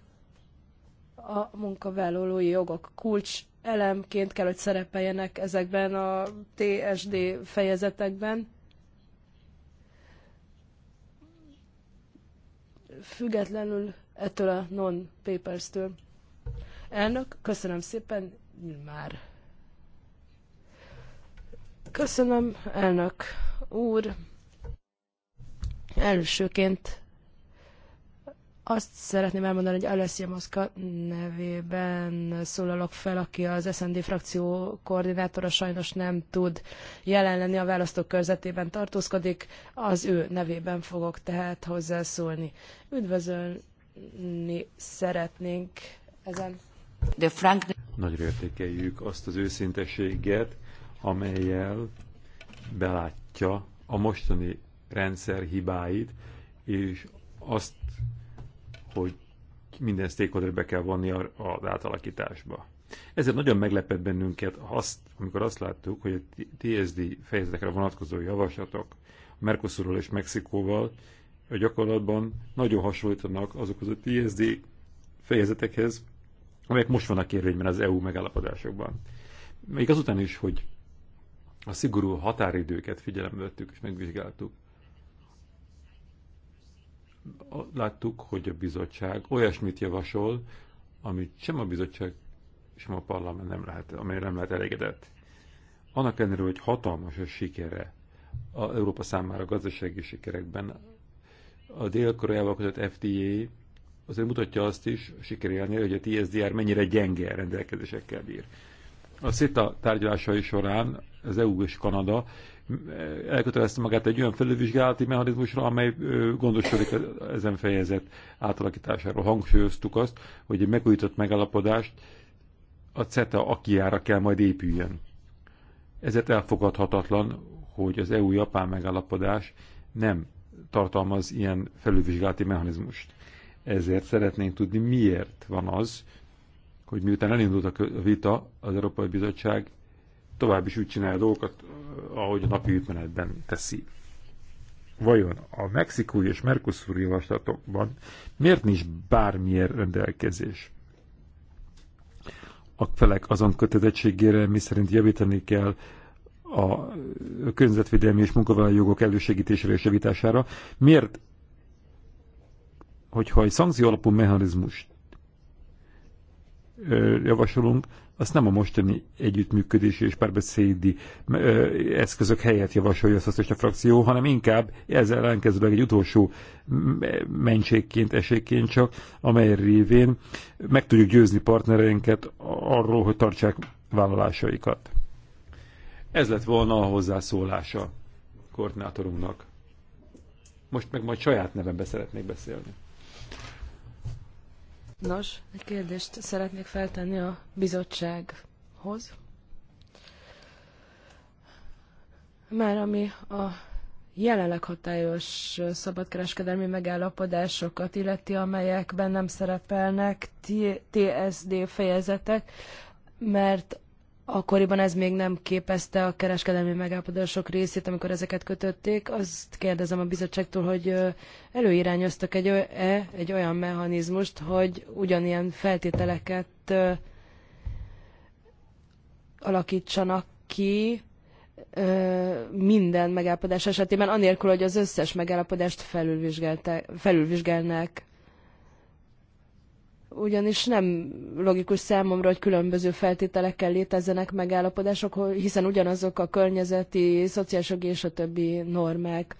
A munkavállalói jogok kulcs elemként kell, hogy szerepeljenek ezekben a TSD fejezetekben. Függetlenül ettől a non-paperstől. Elnök, köszönöm szépen, már. Köszönöm, elnök úr. Elsőként azt szeretném elmondani, hogy Alessia Moszka nevében szólalok fel, aki az SND frakció koordinátora sajnos nem tud jelen lenni, a választók körzetében tartózkodik, az ő nevében fogok tehát hozzászólni. Üdvözölni szeretnénk ezen. De Frank Nagyra értékeljük azt az őszintességet, amelyel belátja a mostani rendszer hibáit, és azt, hogy minden stakeholder be kell vonni az átalakításba. Ezért nagyon meglepett bennünket azt, amikor azt láttuk, hogy a TSD fejezetekre vonatkozó javaslatok Mercosurról és Mexikóval a gyakorlatban nagyon hasonlítanak azokhoz a TSD fejezetekhez, amelyek most vannak érvényben az EU megállapodásokban. Még azután is, hogy a szigorú határidőket figyelembe vettük és megvizsgáltuk, láttuk, hogy a bizottság olyasmit javasol, amit sem a bizottság, sem a parlament nem lehet, amely nem lehet elégedett. Annak ellenére, hogy hatalmas a sikere a Európa számára a gazdasági sikerekben, a dél-koreával között FDA azért mutatja azt is, sikerélni, hogy a TSDR mennyire gyenge rendelkezésekkel bír. A CETA tárgyalásai során az EU és Kanada eh, elkötelezte magát egy olyan felülvizsgálati mechanizmusra, amely gondoskodik e-, ezen fejezet átalakításáról. Hangsúlyoztuk azt, hogy egy megújított megállapodást a CETA akiára kell majd épüljön. Ezért elfogadhatatlan, hogy az EU-Japán megállapodás nem tartalmaz ilyen felülvizsgálati mechanizmust. Ezért szeretnénk tudni, miért van az, hogy miután elindult a vita, az Európai Bizottság tovább is úgy csinálja dolgokat, ahogy a napi ütmenetben teszi. Vajon a mexikói és merkoszúri javaslatokban miért nincs bármilyen rendelkezés? A felek azon kötelezettségére, mi szerint javítani kell a környezetvédelmi és munkavállalói jogok elősegítésére és javítására, miért hogyha egy szankció alapú mechanizmust javasolunk, azt nem a mostani együttműködési és párbeszédi eszközök helyett javasolja azt a frakció, hanem inkább ezzel ellenkezőleg egy utolsó mentségként, esélyként csak, amely révén meg tudjuk győzni partnereinket arról, hogy tartsák vállalásaikat. Ez lett volna a hozzászólása koordinátorunknak. Most meg majd saját nevembe szeretnék beszélni. Nos, egy kérdést szeretnék feltenni a bizottsághoz. Már ami a jelenleg hatályos szabadkereskedelmi megállapodásokat illeti, amelyekben nem szerepelnek TSD fejezetek, mert Akkoriban ez még nem képezte a kereskedelmi megállapodások részét, amikor ezeket kötötték. Azt kérdezem a bizottságtól, hogy előirányoztak egy, -e egy olyan mechanizmust, hogy ugyanilyen feltételeket alakítsanak ki minden megállapodás esetében, anélkül, hogy az összes megállapodást felülvizsgálnák ugyanis nem logikus számomra, hogy különböző feltételekkel létezzenek megállapodások, hiszen ugyanazok a környezeti, szociális és a többi normák.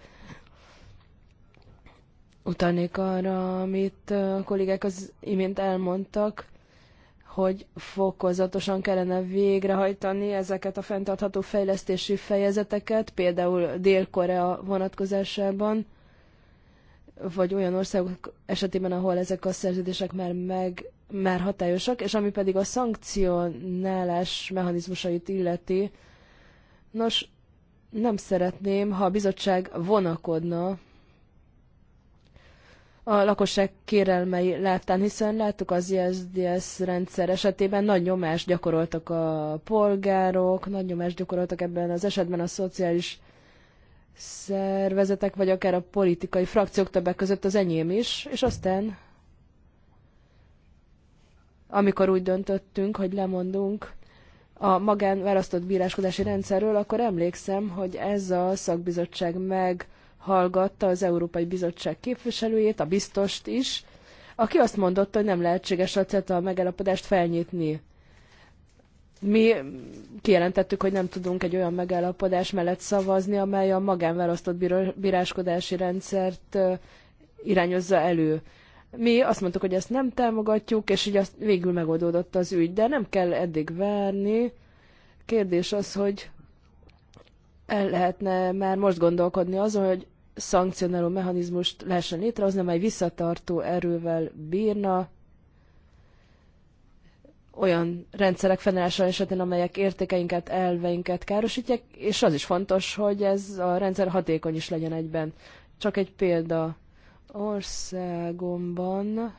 Utalnék arra, amit a kollégák az imént elmondtak, hogy fokozatosan kellene végrehajtani ezeket a fenntartható fejlesztési fejezeteket, például Dél-Korea vonatkozásában, vagy olyan országok esetében, ahol ezek a szerződések már meg már hatályosak, és ami pedig a szankcionálás mechanizmusait illeti, nos, nem szeretném, ha a bizottság vonakodna a lakosság kérelmei láttán, hiszen láttuk az ISDS rendszer esetében nagy nyomást gyakoroltak a polgárok, nagy nyomást gyakoroltak ebben az esetben a szociális szervezetek, vagy akár a politikai frakciók többek között az enyém is, és aztán amikor úgy döntöttünk, hogy lemondunk a magán választott bíráskodási rendszerről, akkor emlékszem, hogy ez a szakbizottság meghallgatta az Európai Bizottság képviselőjét, a biztost is, aki azt mondotta, hogy nem lehetséges a CETA megállapodást felnyitni mi kijelentettük, hogy nem tudunk egy olyan megállapodás mellett szavazni, amely a magánválasztott bíráskodási rendszert irányozza elő. Mi azt mondtuk, hogy ezt nem támogatjuk, és így azt végül megoldódott az ügy, de nem kell eddig várni. Kérdés az, hogy el lehetne már most gondolkodni azon, hogy szankcionáló mechanizmust lehessen létrehozni, amely visszatartó erővel bírna, olyan rendszerek fennállása esetén, amelyek értékeinket, elveinket károsítják, és az is fontos, hogy ez a rendszer hatékony is legyen egyben. Csak egy példa. Országomban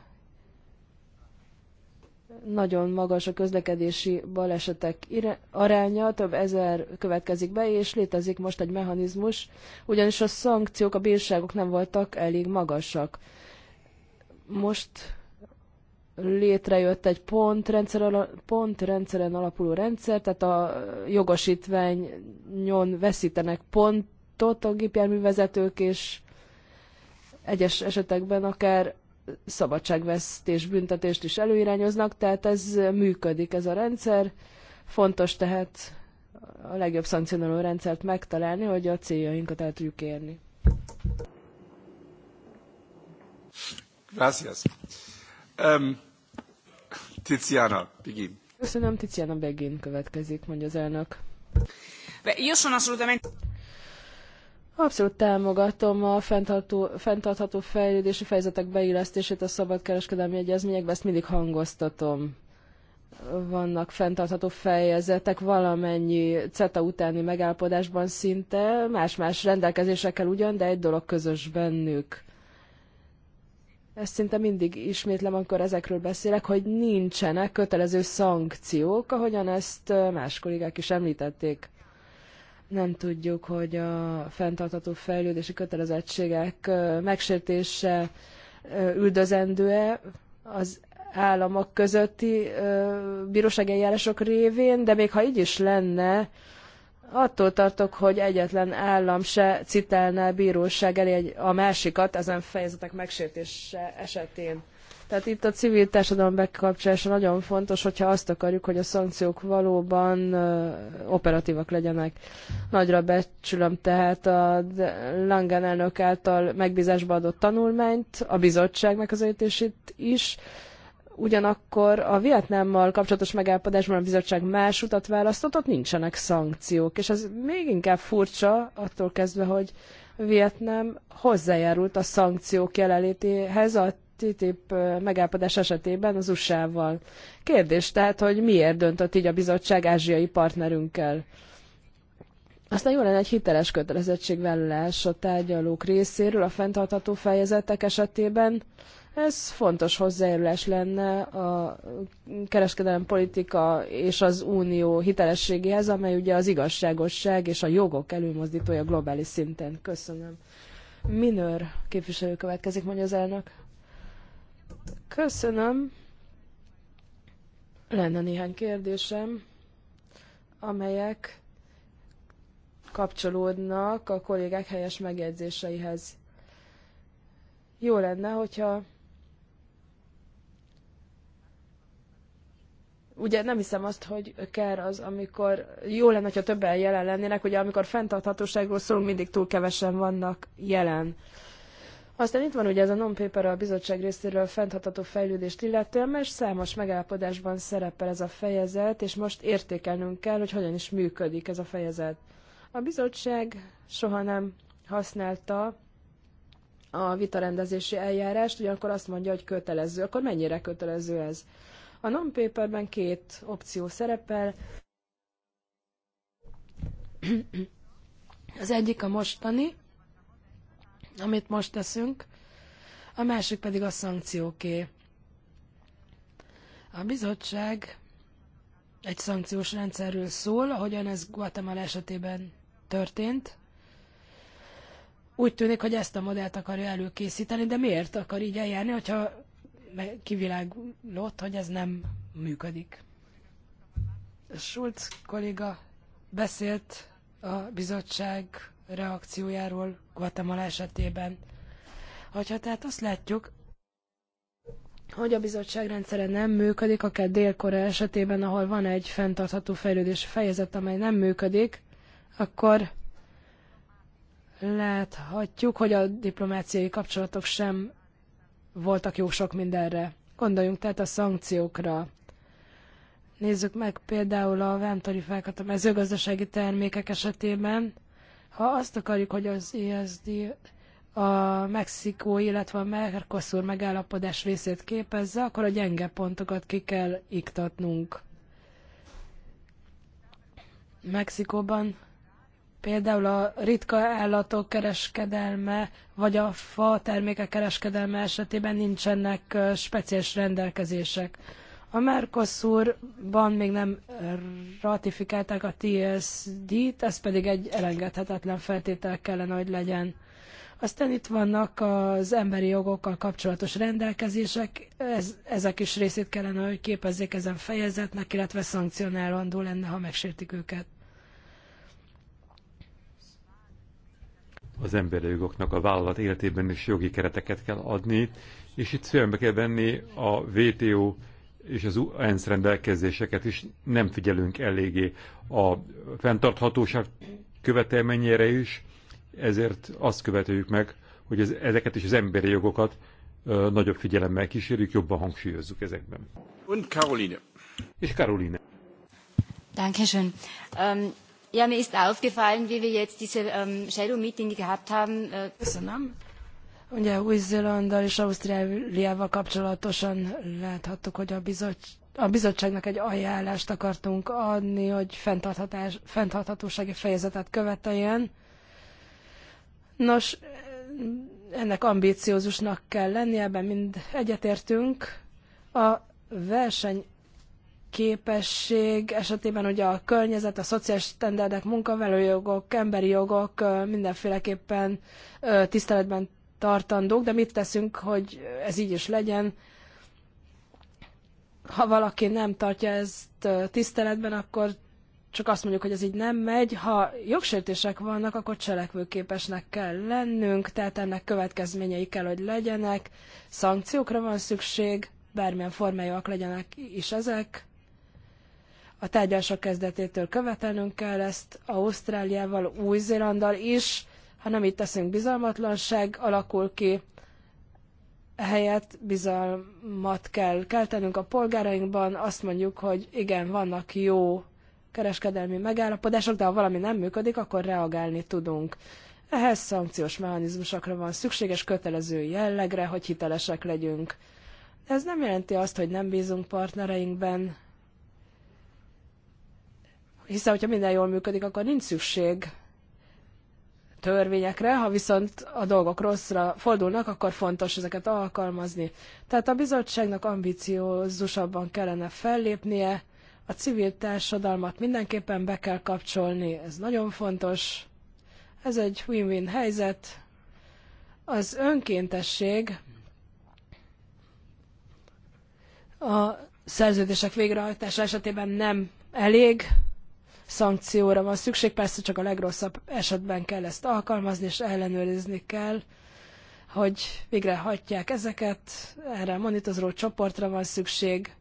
nagyon magas a közlekedési balesetek aránya, több ezer következik be, és létezik most egy mechanizmus, ugyanis a szankciók, a bírságok nem voltak elég magasak. Most létrejött egy pontrendszer, pontrendszeren alapuló rendszer, tehát a jogosítványon veszítenek pontot a gépjárművezetők, és egyes esetekben akár szabadságvesztés büntetést is előirányoznak, tehát ez működik, ez a rendszer. Fontos tehát a legjobb szankcionáló rendszert megtalálni, hogy a céljainkat el tudjuk érni. Gracias. Um, Tiziana Begin. Köszönöm, Tiziana Begin következik, mondja az elnök. Io sono assolutamente... Abszolút támogatom a fenntartó, fenntartható fejlődési fejezetek beillesztését a szabadkereskedelmi egyezményekbe, ezt mindig hangoztatom. Vannak fenntartható fejezetek valamennyi CETA utáni megállapodásban szinte, más-más rendelkezésekkel ugyan, de egy dolog közös bennük – ezt szinte mindig ismétlem, amikor ezekről beszélek, hogy nincsenek kötelező szankciók, ahogyan ezt más kollégák is említették. Nem tudjuk, hogy a fenntartható fejlődési kötelezettségek megsértése üldözendő-e az államok közötti bírósági eljárások révén, de még ha így is lenne, attól tartok, hogy egyetlen állam se citálná a bíróság elé a másikat ezen fejezetek megsértése esetén. Tehát itt a civil társadalom bekapcsolása nagyon fontos, hogyha azt akarjuk, hogy a szankciók valóban operatívak legyenek. Nagyra becsülöm tehát a Langen elnök által megbízásba adott tanulmányt, a bizottság megközelítését is, Ugyanakkor a Vietnámmal kapcsolatos megállapodásban a bizottság más utat választott, ott nincsenek szankciók, és ez még inkább furcsa attól kezdve, hogy Vietnám hozzájárult a szankciók jelenlétéhez a TTIP megállapodás esetében az USA-val. Kérdés tehát, hogy miért döntött így a bizottság ázsiai partnerünkkel? Aztán jó lenne egy hiteles kötelezettségvállalás a tárgyalók részéről a fenntartható fejezetek esetében, ez fontos hozzájárulás lenne a kereskedelem politika és az unió hitelességéhez, amely ugye az igazságosság és a jogok előmozdítója globális szinten. Köszönöm. Minőr képviselő következik, mondja az elnök. Köszönöm. Lenne néhány kérdésem, amelyek kapcsolódnak a kollégák helyes megjegyzéseihez. Jó lenne, hogyha ugye nem hiszem azt, hogy kell az, amikor jó lenne, ha többen jelen lennének, ugye amikor fenntarthatóságról szól, mindig túl kevesen vannak jelen. Aztán itt van ugye ez a non-paper a bizottság részéről a fenntartható fejlődést illetően, mert számos megállapodásban szerepel ez a fejezet, és most értékelnünk kell, hogy hogyan is működik ez a fejezet. A bizottság soha nem használta a vitarendezési eljárást, ugyanakkor azt mondja, hogy kötelező. Akkor mennyire kötelező ez? A non-paperben két opció szerepel. Az egyik a mostani, amit most teszünk, a másik pedig a szankcióké. A bizottság egy szankciós rendszerről szól, ahogyan ez Guatemala esetében történt. Úgy tűnik, hogy ezt a modellt akarja előkészíteni, de miért akar így eljárni, hogyha kivilágulott, hogy ez nem működik. Schulz kolléga beszélt a bizottság reakciójáról Guatemala esetében. Hogyha tehát azt látjuk, hogy a bizottság rendszere nem működik, akár Dél-Korea esetében, ahol van egy fenntartható fejlődés fejezet, amely nem működik, akkor láthatjuk, hogy a diplomáciai kapcsolatok sem voltak jó sok mindenre. Gondoljunk tehát a szankciókra. Nézzük meg például a vámtarifákat a mezőgazdasági termékek esetében. Ha azt akarjuk, hogy az ISD e a Mexikó, illetve a Mercosur megállapodás részét képezze, akkor a gyenge pontokat ki kell iktatnunk. Mexikóban például a ritka állatok kereskedelme, vagy a fa termékek kereskedelme esetében nincsenek speciális rendelkezések. A Mercosurban még nem ratifikálták a TSD-t, ez pedig egy elengedhetetlen feltétel kellene, hogy legyen. Aztán itt vannak az emberi jogokkal kapcsolatos rendelkezések, ez, ezek is részét kellene, hogy képezzék ezen fejezetnek, illetve szankcionálandó lenne, ha megsértik őket. az emberi jogoknak a vállalat életében is jogi kereteket kell adni, és itt figyelembe kell venni a WTO és az ENSZ rendelkezéseket is nem figyelünk eléggé a fenntarthatóság követelményére is, ezért azt követeljük meg, hogy ez, ezeket is az emberi jogokat ö, nagyobb figyelemmel kísérjük, jobban hangsúlyozzuk ezekben. Und Caroline. És Caroline. Dankeschön. Um, Ja, mir ist aufgefallen, wie wir jetzt diese ähm, Shadow Meeting gehabt haben. Äh, Köszönöm. Ugye Új-Zélanddal és Ausztráliával kapcsolatosan láthattuk, hogy a, bizottság, a bizottságnak egy ajánlást akartunk adni, hogy fenntarthatósági fejezetet követeljen. Nos, ennek ambíciózusnak kell lennie, ebben mind egyetértünk. A verseny képesség esetében ugye a környezet, a szociális standardek, munkavállalójogok, emberi jogok mindenféleképpen tiszteletben tartandók, de mit teszünk, hogy ez így is legyen? Ha valaki nem tartja ezt tiszteletben, akkor csak azt mondjuk, hogy ez így nem megy. Ha jogsértések vannak, akkor cselekvőképesnek kell lennünk, tehát ennek következményei kell, hogy legyenek, szankciókra van szükség, bármilyen formájúak legyenek is ezek a tárgyalások kezdetétől követelnünk kell ezt Ausztráliával, Új-Zélanddal is, ha nem itt teszünk bizalmatlanság, alakul ki, helyett bizalmat kell keltenünk a polgárainkban, azt mondjuk, hogy igen, vannak jó kereskedelmi megállapodások, de ha valami nem működik, akkor reagálni tudunk. Ehhez szankciós mechanizmusokra van szükséges kötelező jellegre, hogy hitelesek legyünk. Ez nem jelenti azt, hogy nem bízunk partnereinkben, hiszen, hogyha minden jól működik, akkor nincs szükség törvényekre, ha viszont a dolgok rosszra fordulnak, akkor fontos ezeket alkalmazni. Tehát a bizottságnak ambiciózusabban kellene fellépnie, a civil társadalmat mindenképpen be kell kapcsolni, ez nagyon fontos. Ez egy win-win helyzet. Az önkéntesség a szerződések végrehajtása esetében nem elég, szankcióra van szükség, persze csak a legrosszabb esetben kell ezt alkalmazni, és ellenőrizni kell, hogy végrehajtják ezeket, erre a monitorozó csoportra van szükség,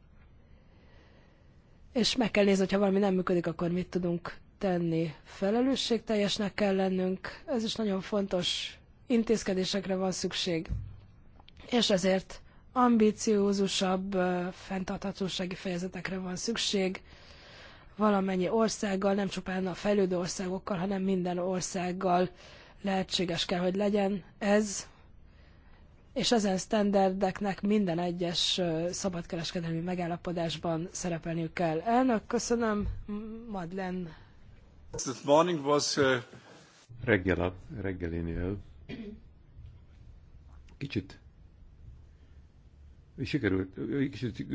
és meg kell nézni, ha valami nem működik, akkor mit tudunk tenni. Felelősségteljesnek kell lennünk, ez is nagyon fontos intézkedésekre van szükség. És ezért ambíciózusabb fenntarthatósági fejezetekre van szükség, valamennyi országgal, nem csupán a fejlődő országokkal, hanem minden országgal lehetséges kell, hogy legyen ez, és ezen standardeknek minden egyes szabadkereskedelmi megállapodásban szerepelniük kell. Elnök, köszönöm, Madlen. This morning was, uh... Reggel a reggelinél kicsit sikerült, egy kicsit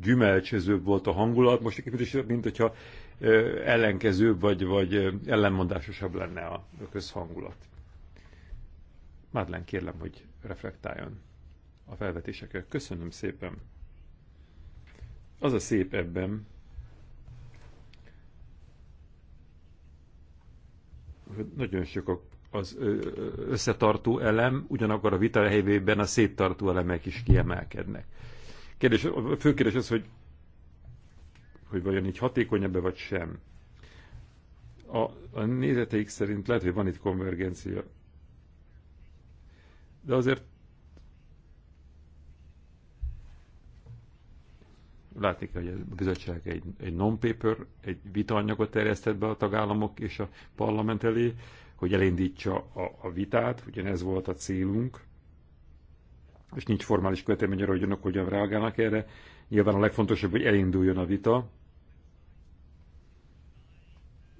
gyümölcsözőbb volt a hangulat, most egy kicsit, mint hogyha ellenkezőbb vagy, vagy ellenmondásosabb lenne a közhangulat. Madlen, kérlem, hogy reflektáljon a felvetésekre. Köszönöm szépen. Az a szép ebben, hogy nagyon sok az összetartó elem, ugyanakkor a vita helyében a széttartó elemek is kiemelkednek. Kérdés, a fő kérdés az, hogy, hogy vajon így hatékonyabb-e vagy sem. A, a nézeteik szerint lehet, hogy van itt konvergencia. De azért látni kell, hogy a bizottság egy, egy non-paper, egy vitaanyagot terjesztett be a tagállamok és a parlament elé, hogy elindítsa a, a vitát, ugyanez volt a célunk, és nincs formális követelmény arra, hogy önök hogyan reagálnak erre. Nyilván a legfontosabb, hogy elinduljon a vita,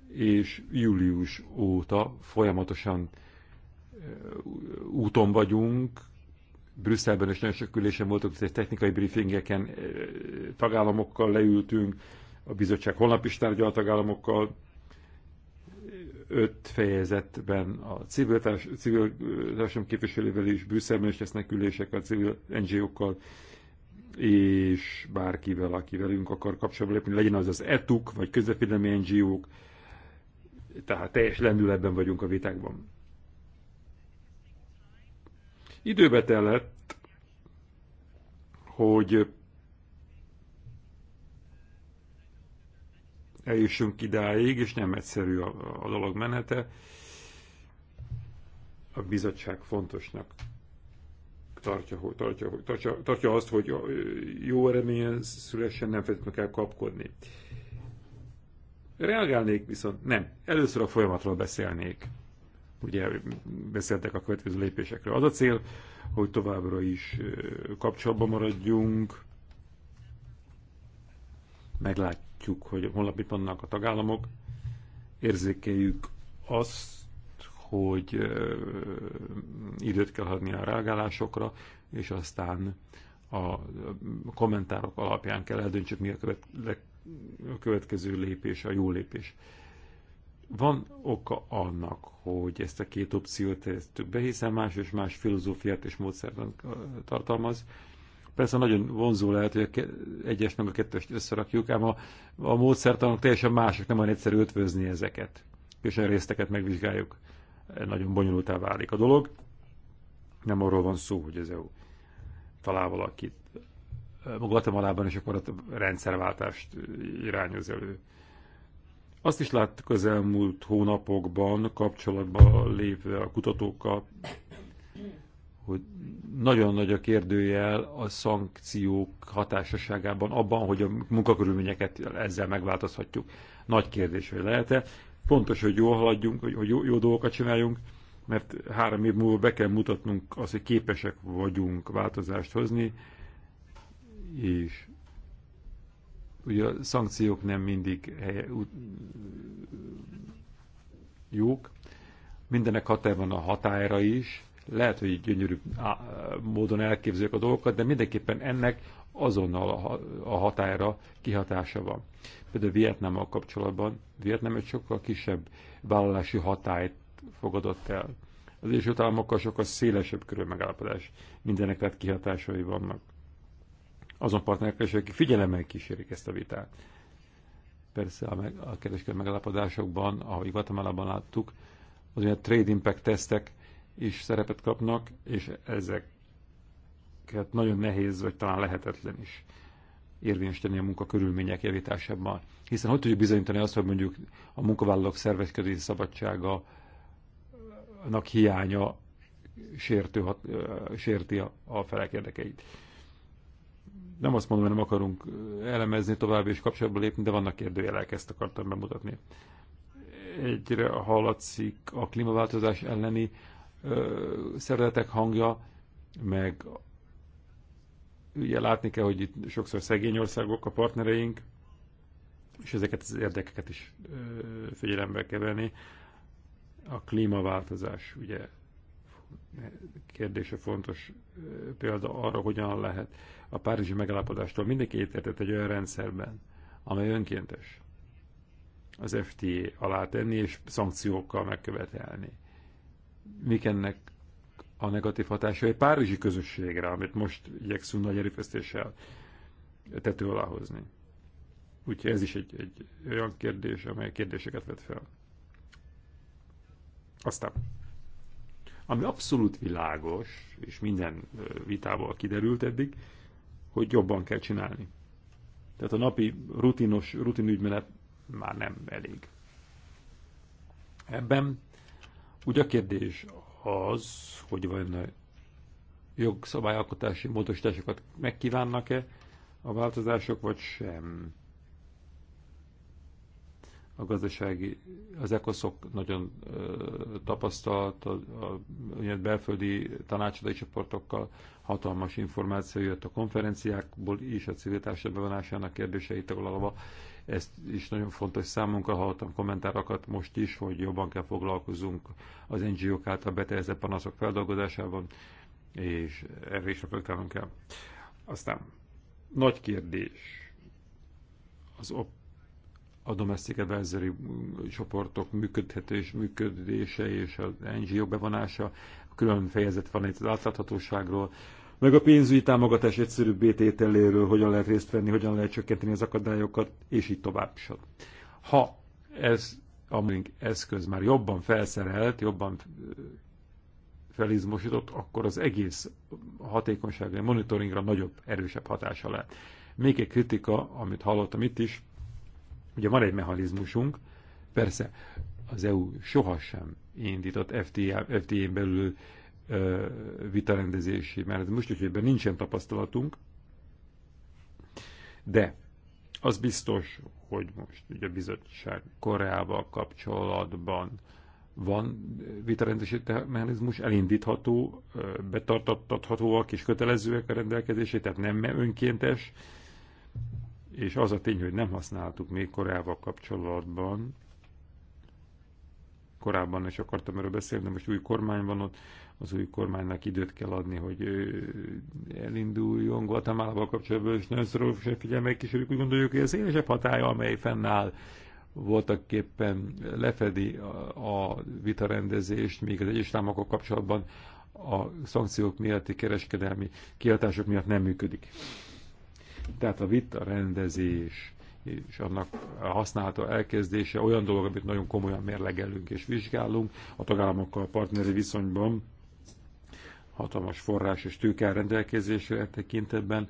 és július óta folyamatosan úton vagyunk, Brüsszelben is nagyon sok ülésen voltak egy technikai briefingeken tagállamokkal leültünk, a bizottság holnap is tárgyal a tagállamokkal, öt fejezetben a civil, társ, civil társadalom képviselővel is Brüsszelben is lesznek ülések a civil NGO-kkal, és bárkivel, aki velünk akar kapcsolatban lépni, legyen az az ETUK, vagy közvetvédelmi NGO-k, tehát teljes lendületben vagyunk a vitákban. Időbe tellett, hogy eljussunk idáig, és nem egyszerű a, a dolog menete. A bizottság fontosnak tartja, tartja, tartja, tartja azt, hogy jó eredményen szülessen, nem feltétlenül kell kapkodni. Reagálnék viszont nem. Először a folyamatról beszélnék. Ugye beszéltek a következő lépésekről. Az a cél, hogy továbbra is kapcsolatban maradjunk, meglátjuk látjuk, hogy holnap itt vannak a tagállamok, érzékeljük azt, hogy időt kell adni a reagálásokra, és aztán a kommentárok alapján kell eldöntsük, mi a, követ, a következő lépés, a jó lépés. Van oka annak, hogy ezt a két opciót tesztük be, hiszen más és más filozófiát és módszertan tartalmaz, Persze nagyon vonzó lehet, hogy a egyes meg a kettőst összerakjuk, ám a, a módszertanok teljesen mások, nem olyan egyszerű ötvözni ezeket, és a részteket megvizsgáljuk. Nagyon bonyolultá válik a dolog. Nem arról van szó, hogy ez EU talál valakit Guatemalában, és akkor a rendszerváltást irányoz elő. Azt is láttuk az elmúlt hónapokban kapcsolatban lépve a kutatókkal, hogy nagyon nagy a kérdőjel a szankciók hatásosságában abban, hogy a munkakörülményeket ezzel megváltozhatjuk. Nagy kérdés, hogy lehet-e. Fontos, hogy jól haladjunk, hogy jó, jó dolgokat csináljunk, mert három év múlva be kell mutatnunk azt, hogy képesek vagyunk változást hozni, és ugye a szankciók nem mindig helye, jók. Mindenek határ van a határa is, lehet, hogy gyönyörű módon elképzeljük a dolgokat, de mindenképpen ennek azonnal a határa kihatása van. Például Vietnámmal kapcsolatban Vietnám egy sokkal kisebb vállalási hatályt fogadott el. Az Egyesült Államokkal sokkal szélesebb körül megállapodás. Mindenek lett kihatásai vannak. Azon partnerek is, akik figyelemmel kísérik ezt a vitát. Persze a, meg, a kereskedelmi megállapodásokban, ahogy Guatemala-ban láttuk, az olyan trade impact tesztek is szerepet kapnak, és ezeket nagyon nehéz, vagy talán lehetetlen is érvényesíteni a munka körülmények javításában. Hiszen hogy tudjuk bizonyítani azt, hogy mondjuk a munkavállalók szervezkedési szabadsága hiánya sértő, hat, sérti a, a felek érdekeit. Nem azt mondom, hogy nem akarunk elemezni tovább és kapcsolatba lépni, de vannak kérdőjelek, ezt akartam bemutatni. Egyre hallatszik a klímaváltozás elleni szervezetek hangja, meg ugye látni kell, hogy itt sokszor szegény országok a partnereink, és ezeket az érdekeket is figyelembe kell venni. A klímaváltozás ugye kérdése fontos példa arra, hogyan lehet a Párizsi megállapodástól mindenki értetett egy olyan rendszerben, amely önkéntes az FTA alá tenni és szankciókkal megkövetelni mik ennek a negatív hatásai egy párizsi közösségre, amit most igyekszünk nagy erőfeszítéssel tető alá hozni. Úgyhogy ez is egy, egy olyan kérdés, amely kérdéseket vet fel. Aztán, ami abszolút világos, és minden vitából kiderült eddig, hogy jobban kell csinálni. Tehát a napi rutinos, rutinügymenet már nem elég. Ebben Ugye a kérdés az, hogy vajon a -e jogszabályalkotási módosításokat megkívánnak-e a változások, vagy sem. A gazdasági, az ECOSZOK nagyon ö, tapasztalt, a, a, a belföldi tanácsadói csoportokkal hatalmas információ jött a konferenciákból is, a civil társadalmi bevonásának kérdéseit ahol ezt is nagyon fontos számunkra, hallottam kommentárokat most is, hogy jobban kell foglalkozunk az NGO-k által betelezett panaszok feldolgozásában, és erre is reflektálnunk kell. Aztán nagy kérdés az op a domestic advisory csoportok működhetés, és működése és az NGO bevonása. Külön fejezet van itt az átláthatóságról, meg a pénzügyi támogatás egyszerűbb bétételéről, hogyan lehet részt venni, hogyan lehet csökkenteni az akadályokat, és így tovább. Ha ez a eszköz már jobban felszerelt, jobban felizmosított, akkor az egész hatékonyságra, monitoringra nagyobb, erősebb hatása lehet. Még egy kritika, amit hallottam itt is, ugye van egy mechanizmusunk, persze az EU sohasem indított FTA-n belül vitarendezési, mert most is ebben nincsen tapasztalatunk, de az biztos, hogy most ugye a bizottság Koreával kapcsolatban van vitarendezési mechanizmus, elindítható, betartathatóak és kötelezőek a rendelkezésé, tehát nem önkéntes, és az a tény, hogy nem használtuk még Koreával kapcsolatban, korábban is akartam erről beszélni, de most új kormány van ott, az új kormánynak időt kell adni, hogy elinduljon. Guatemala-val kapcsolatban is nagyon szoros figyelmek kísérjük, úgy gondoljuk, hogy az élesebb hatája, amely fennáll, voltak éppen lefedi a, vitarendezést, míg az egyes államokkal kapcsolatban a szankciók miatti kereskedelmi kiadások miatt nem működik. Tehát a vitarendezés és annak használata elkezdése olyan dolog, amit nagyon komolyan mérlegelünk és vizsgálunk a tagállamokkal partneri viszonyban, hatalmas forrás és tőke rendelkezésre e tekintetben.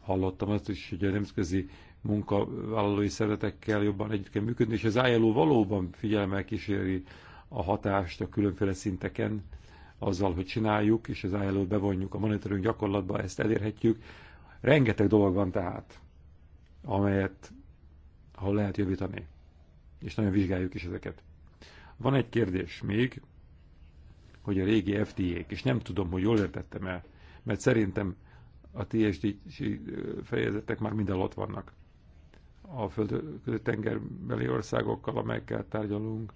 Hallottam azt is, hogy a nemzetközi munkavállalói szeretekkel jobban együtt kell működni, és az ILO valóban figyelemmel kíséri a hatást a különféle szinteken azzal, hogy csináljuk, és az ilo bevonjuk a monitoring gyakorlatba, ezt elérhetjük. Rengeteg dolog van tehát, amelyet, ahol lehet javítani, és nagyon vizsgáljuk is ezeket. Van egy kérdés még, hogy a régi fda k és nem tudom, hogy jól értettem el, mert szerintem a TSD fejezetek már mind ott vannak. A földtengerbeli országokkal, amelyekkel tárgyalunk,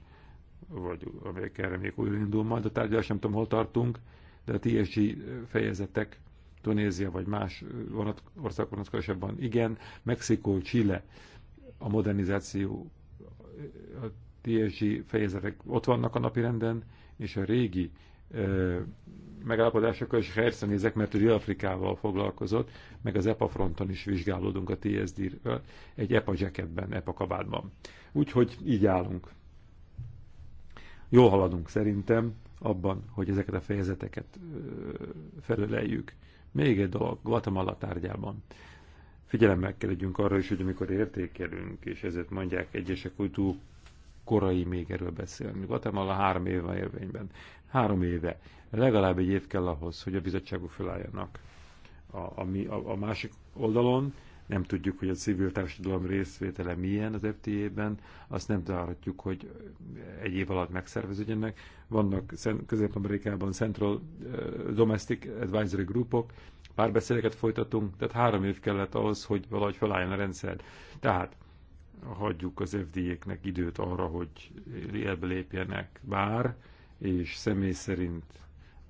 vagy amelyekkel még újra indul majd a tárgyalás, nem tudom, hol tartunk, de a TSD fejezetek Tunézia vagy más vonat, ország vonatkozásában igen, Mexikó, Chile, a modernizáció, a TSG fejezetek ott vannak a napirenden, és a régi ö, megállapodásokkal is herce nézek, mert Dél-Afrikával foglalkozott, meg az EPA fronton is vizsgálódunk a tsd egy EPA jacketben, EPA kabádban. Úgyhogy így állunk. Jól haladunk szerintem abban, hogy ezeket a fejezeteket felöleljük. Még egy dolog, Guatemala tárgyában figyelemmel kell legyünk arra is, hogy amikor értékelünk, és ezért mondják egyesek, hogy túl korai még erről beszélni. Guatemala három éve van érvényben. Három éve. Legalább egy év kell ahhoz, hogy a bizottságok felálljanak. A, a, a, a másik oldalon nem tudjuk, hogy a civil társadalom részvétele milyen az FTA-ben, azt nem várhatjuk, hogy egy év alatt megszerveződjenek. Vannak Közép-Amerikában Central eh, Domestic Advisory Groupok, párbeszédeket folytatunk, tehát három év kellett ahhoz, hogy valahogy felálljon a rendszer. Tehát hagyjuk az FDA-knek időt arra, hogy ebbe lépjenek, bár, és személy szerint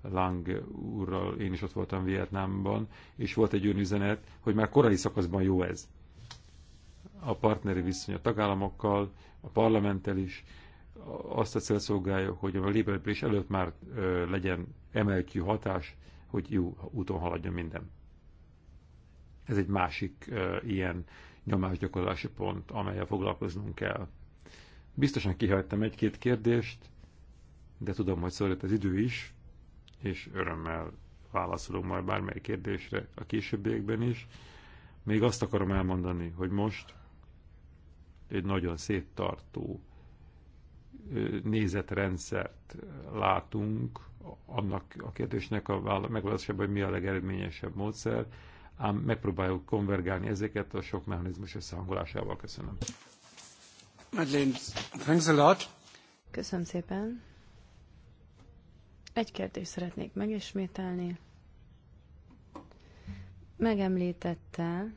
Lang úrral, én is ott voltam Vietnámban, és volt egy önüzenet, hogy már korai szakaszban jó ez. A partneri viszony a tagállamokkal, a parlamenttel is, azt a cél szolgálja, hogy a lépelepés előtt már ö, legyen emelkű hatás, hogy jó úton haladjon minden. Ez egy másik ö, ilyen nyomásgyakorlási pont, amelyel foglalkoznunk kell. Biztosan kihagytam egy-két kérdést, de tudom, hogy szólt az idő is, és örömmel válaszolunk majd bármely kérdésre a későbbiekben is. Még azt akarom elmondani, hogy most egy nagyon széttartó nézetrendszert látunk annak a kérdésnek a megválaszolásában, hogy mi a legeredményesebb módszer ám megpróbáljuk konvergálni ezeket a sok mechanizmus összehangolásával. Köszönöm. Madeleine, thanks a lot. Köszönöm szépen. Egy kérdést szeretnék megismételni. Megemlítette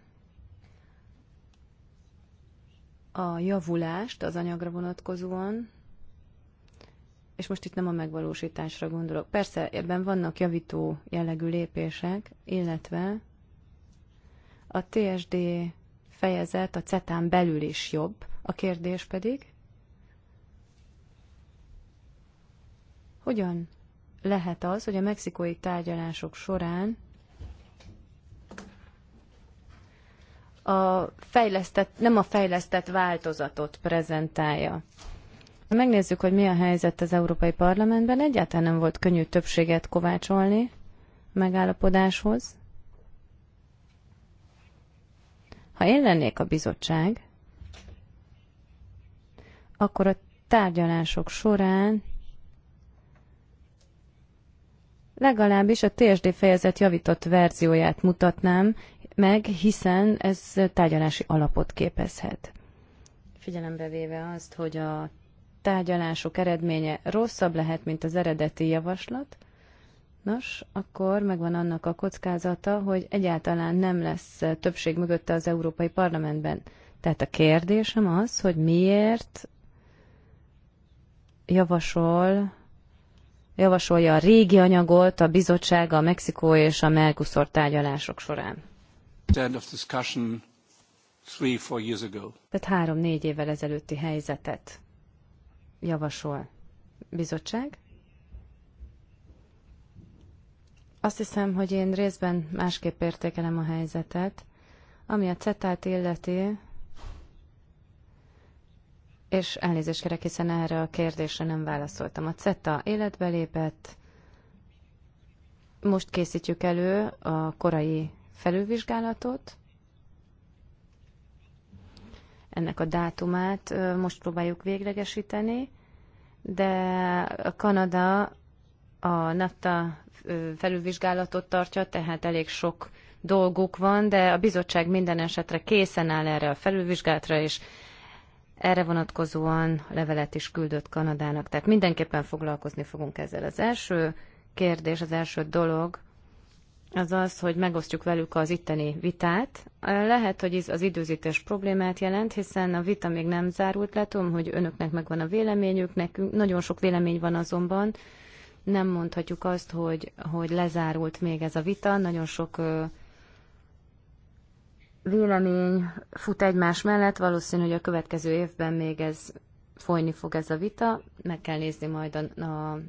a javulást az anyagra vonatkozóan, és most itt nem a megvalósításra gondolok. Persze ebben vannak javító jellegű lépések, illetve a TSD fejezet a CETÁN belül is jobb. A kérdés pedig, hogyan lehet az, hogy a mexikói tárgyalások során a fejlesztett, nem a fejlesztett változatot prezentálja. Megnézzük, hogy mi a helyzet az Európai Parlamentben. Egyáltalán nem volt könnyű többséget kovácsolni megállapodáshoz. Ha én lennék a bizottság, akkor a tárgyalások során legalábbis a TSD fejezet javított verzióját mutatnám meg, hiszen ez tárgyalási alapot képezhet. Figyelembe véve azt, hogy a tárgyalások eredménye rosszabb lehet, mint az eredeti javaslat, Nos, akkor megvan annak a kockázata, hogy egyáltalán nem lesz többség mögötte az Európai Parlamentben. Tehát a kérdésem az, hogy miért javasol, javasolja a régi anyagot a bizottság a Mexikó és a Mercosur tárgyalások során. Tehát három-négy évvel ezelőtti helyzetet javasol bizottság. Azt hiszem, hogy én részben másképp értékelem a helyzetet. Ami a cetát illeti, és elnézést kérek, hiszen erre a kérdésre nem válaszoltam. A CETA életbe lépett, most készítjük elő a korai felülvizsgálatot, ennek a dátumát most próbáljuk véglegesíteni, de Kanada a NAFTA felülvizsgálatot tartja, tehát elég sok dolguk van, de a bizottság minden esetre készen áll erre a felülvizsgálatra, és erre vonatkozóan levelet is küldött Kanadának. Tehát mindenképpen foglalkozni fogunk ezzel. Az első kérdés, az első dolog az az, hogy megosztjuk velük az itteni vitát. Lehet, hogy ez az időzítés problémát jelent, hiszen a vita még nem zárult, látom, hogy önöknek megvan a véleményük, nekünk nagyon sok vélemény van azonban, nem mondhatjuk azt, hogy, hogy lezárult még ez a vita, nagyon sok vélemény fut egymás mellett, valószínű, hogy a következő évben még ez folyni fog ez a vita, meg kell nézni majd a, a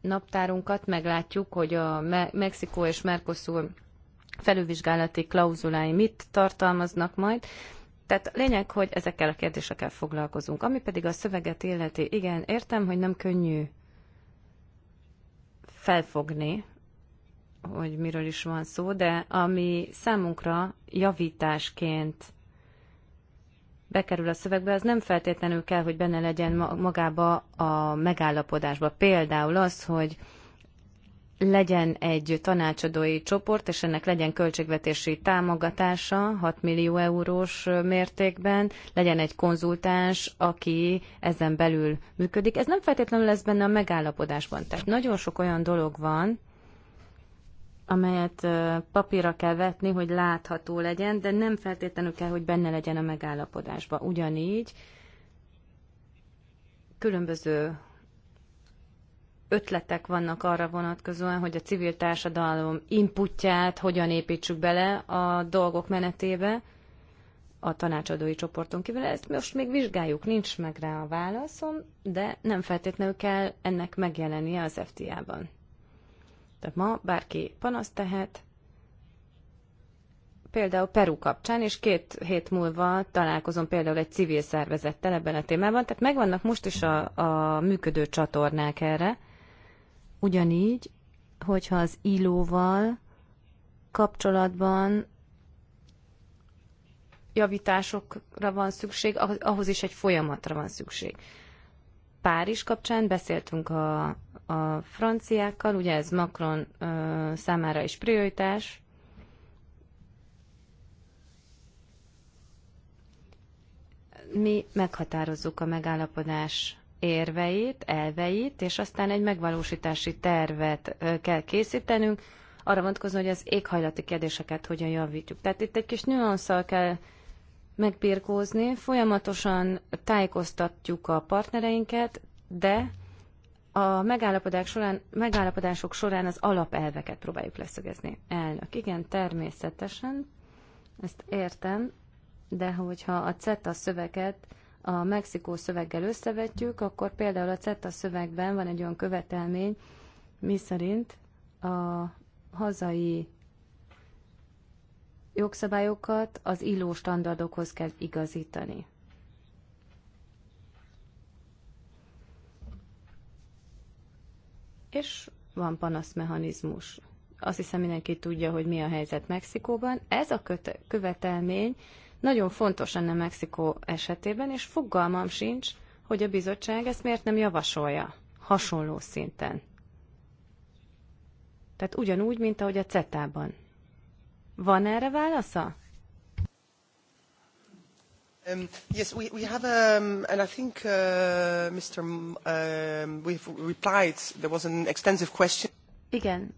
naptárunkat, meglátjuk, hogy a Me- Mexikó és Mercosur felülvizsgálati klauzulái mit tartalmaznak majd. Tehát lényeg, hogy ezekkel a kérdésekkel foglalkozunk. Ami pedig a szöveget illeti, igen, értem, hogy nem könnyű felfogni, hogy miről is van szó, de ami számunkra javításként bekerül a szövegbe, az nem feltétlenül kell, hogy benne legyen magába a megállapodásba. Például az, hogy legyen egy tanácsadói csoport, és ennek legyen költségvetési támogatása 6 millió eurós mértékben, legyen egy konzultáns, aki ezen belül működik. Ez nem feltétlenül lesz benne a megállapodásban. Tehát nagyon sok olyan dolog van, amelyet papírra kell vetni, hogy látható legyen, de nem feltétlenül kell, hogy benne legyen a megállapodásban. Ugyanígy különböző ötletek vannak arra vonatkozóan, hogy a civil társadalom inputját hogyan építsük bele a dolgok menetébe a tanácsadói csoporton kívül. Ezt most még vizsgáljuk, nincs meg rá a válaszom, de nem feltétlenül kell ennek megjelennie az FTA-ban. Tehát ma bárki panaszt tehet, például Peru kapcsán, és két hét múlva találkozom például egy civil szervezettel ebben a témában, tehát megvannak most is a, a működő csatornák erre, Ugyanígy, hogyha az ilóval kapcsolatban javításokra van szükség, ahhoz is egy folyamatra van szükség. Párizs kapcsán beszéltünk a, a franciákkal, ugye ez Macron ö, számára is prioritás. Mi meghatározzuk a megállapodás érveit, elveit, és aztán egy megvalósítási tervet kell készítenünk, arra vonatkozóan, hogy az éghajlati kérdéseket hogyan javítjuk. Tehát itt egy kis nüanszal kell megpirkózni, folyamatosan tájékoztatjuk a partnereinket, de a megállapodás során, megállapodások során az alapelveket próbáljuk leszögezni. Elnök, igen, természetesen, ezt értem, de hogyha a CETA szöveget a Mexikó szöveggel összevetjük, akkor például a CETA szövegben van egy olyan követelmény, miszerint a hazai jogszabályokat az illó standardokhoz kell igazítani. És van panaszmechanizmus. Azt hiszem mindenki tudja, hogy mi a helyzet Mexikóban. Ez a követelmény nagyon fontos lenne Mexikó esetében, és fogalmam sincs, hogy a bizottság ezt miért nem javasolja hasonló szinten. Tehát ugyanúgy, mint ahogy a CETA-ban. Van erre válasza? Um, yes, we, we have, um, and I think uh, Mr. um, we've replied. There was an extensive question. Igen.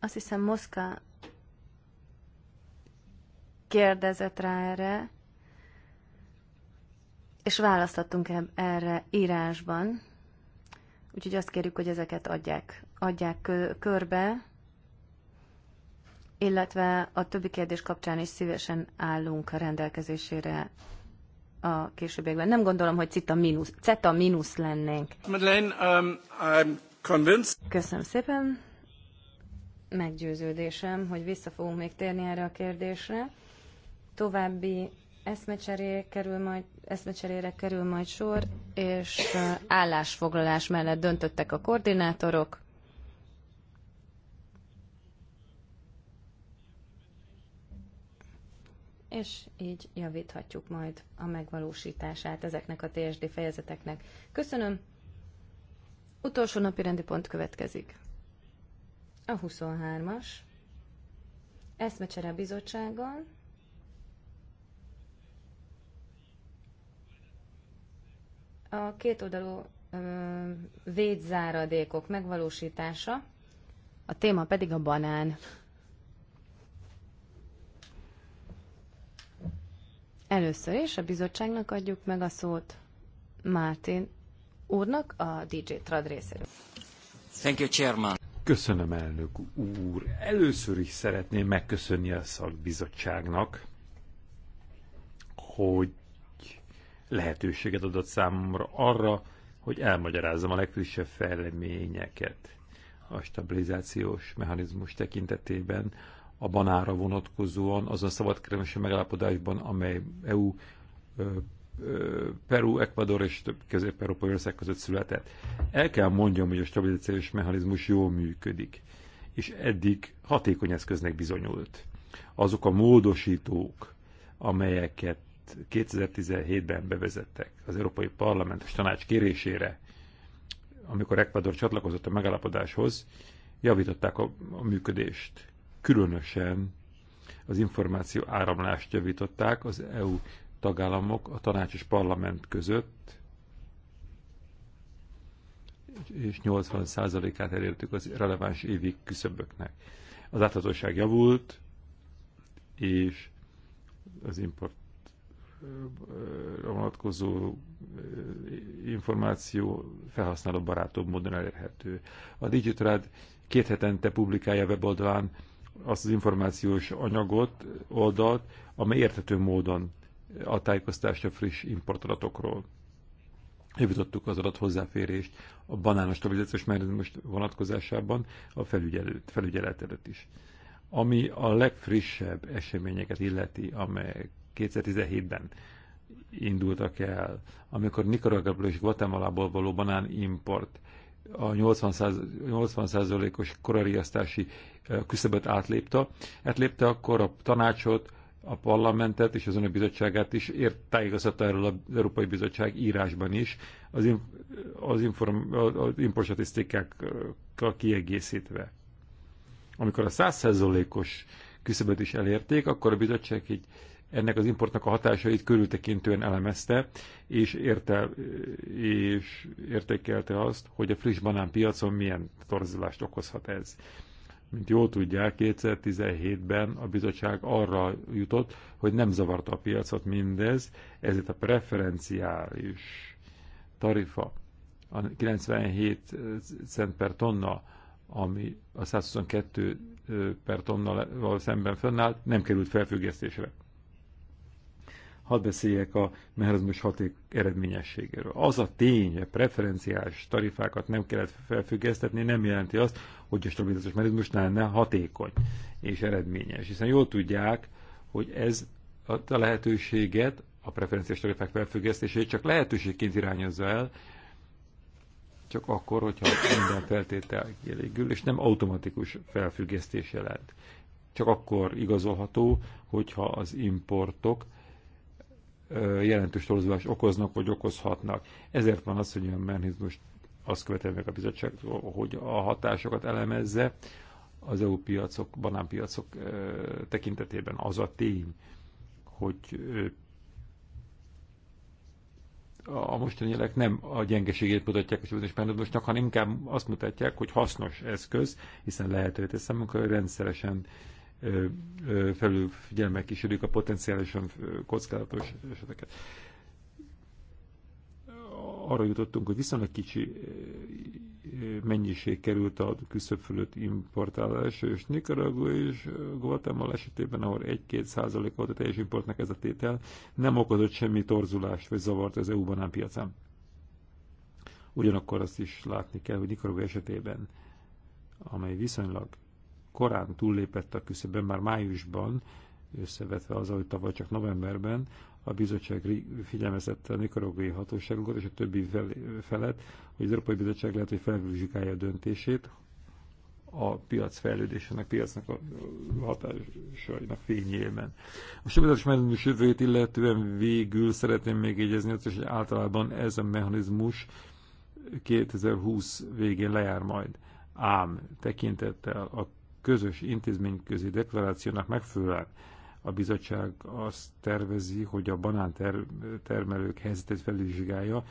Azt hiszem Moszka kérdezett rá erre, és választottunk erre írásban, úgyhogy azt kérjük, hogy ezeket adják, adják körbe, illetve a többi kérdés kapcsán is szívesen állunk a rendelkezésére a későbbiekben. Nem gondolom, hogy cita mínusz, ceta mínusz lennénk. Madeleine, um, I'm convinced. Köszönöm szépen. Meggyőződésem, hogy vissza fogunk még térni erre a kérdésre. További eszmecseré kerül majd, eszmecserére kerül majd sor, és állásfoglalás mellett döntöttek a koordinátorok. és így javíthatjuk majd a megvalósítását ezeknek a TSD fejezeteknek. Köszönöm. Utolsó napi rendi pont következik. A 23-as. Eszmecsere bizottsággal. A kétoldalú védzáradékok megvalósítása, a téma pedig a banán. Először is a bizottságnak adjuk meg a szót Mártin úrnak a DJ Trad részéről. Thank you, Chairman. Köszönöm, elnök úr. Először is szeretném megköszönni a szakbizottságnak, hogy lehetőséget adott számomra arra, hogy elmagyarázzam a legfrissebb fejleményeket a stabilizációs mechanizmus tekintetében, a banára vonatkozóan, azon szabadkereskedelmi megállapodásban, amely EU, ö, ö, Peru, Ecuador és több közép-európai ország között született. El kell mondjam, hogy a stabilizációs mechanizmus jól működik, és eddig hatékony eszköznek bizonyult. Azok a módosítók, amelyeket 2017-ben bevezettek az Európai Parlament és Tanács kérésére, amikor Ecuador csatlakozott a megállapodáshoz, javították a, a működést. Különösen az információ áramlást javították az EU tagállamok a tanács és parlament között, és 80%-át elértük az releváns évi küszöböknek. Az áthatóság javult, és az import a vonatkozó információ felhasználó barátabb módon elérhető. A Digitrad két hetente publikálja weboldalán azt az információs anyagot, oldalt, amely érthető módon a tájékoztatást a friss importadatokról. Jövítottuk az adat hozzáférést a banános stabilizációs most vonatkozásában a felügyelet, felügyelet előtt is. Ami a legfrissebb eseményeket illeti, amelyek 2017-ben indultak el, amikor Nicaraguából és Guatemalából való import, a 80%-os korariasztási küszöböt átlépte, átlépte, akkor a tanácsot, a parlamentet és az önök bizottságát is ért tájékoztatta erről az Európai Bizottság írásban is, az, in, az, inform, az importstatisztikákkal kiegészítve. Amikor a 100%-os küszöböt is elérték, akkor a bizottság egy ennek az importnak a hatásait körültekintően elemezte, és, érte, és értékelte azt, hogy a friss piacon milyen torzulást okozhat ez. Mint jól tudják, 2017-ben a bizottság arra jutott, hogy nem zavarta a piacot mindez, ezért a preferenciális tarifa, a 97 cent per tonna, ami a 122 per tonnal szemben fönnállt, nem került felfüggesztésre hadd beszéljek a mechanizmus haték eredményességéről. Az a tény, hogy preferenciás tarifákat nem kellett felfüggesztetni, nem jelenti azt, hogy a stabilizációs mechanizmusnál ne lenne hatékony és eredményes. Hiszen jól tudják, hogy ez a lehetőséget, a preferenciás tarifák felfüggesztését csak lehetőségként irányozza el, csak akkor, hogyha minden feltétel kielégül, és nem automatikus felfüggesztése lehet. Csak akkor igazolható, hogyha az importok jelentős torzulás okoznak, vagy okozhatnak. Ezért van az, hogy a mechanizmus azt követel meg a bizottság, hogy a hatásokat elemezze az EU piacok, banánpiacok tekintetében az a tény, hogy a mostani jelek nem a gyengeségét mutatják a csúszós mechanizmusnak, hanem inkább azt mutatják, hogy hasznos eszköz, hiszen lehetővé teszem, hogy rendszeresen felül figyelmek kísérjük a potenciálisan kockázatos eseteket. Arra jutottunk, hogy viszonylag kicsi mennyiség került a küszöb fölött importálás, és Nicaragua és Guatemala esetében, ahol 1-2 százalék volt a teljes importnak ez a tétel, nem okozott semmi torzulást vagy zavart az EU piacán Ugyanakkor azt is látni kell, hogy Nicaragua esetében, amely viszonylag korán túllépett a küszöbön, már májusban, összevetve az, hogy tavaly csak novemberben, a bizottság figyelmeztette a nikaragói hatóságokat és a többi felett, hogy az Európai Bizottság lehet, hogy felvizsgálja a döntését a piac fejlődésének, piacnak a hatásainak fényében. A stabilitás mechanizmus jövőjét illetően végül szeretném még jegyezni, hogy általában ez a mechanizmus 2020 végén lejár majd. Ám tekintettel a közös intézményközi deklarációnak megfelelően a bizottság azt tervezi, hogy a banántermelők helyzetét felvizsgálja,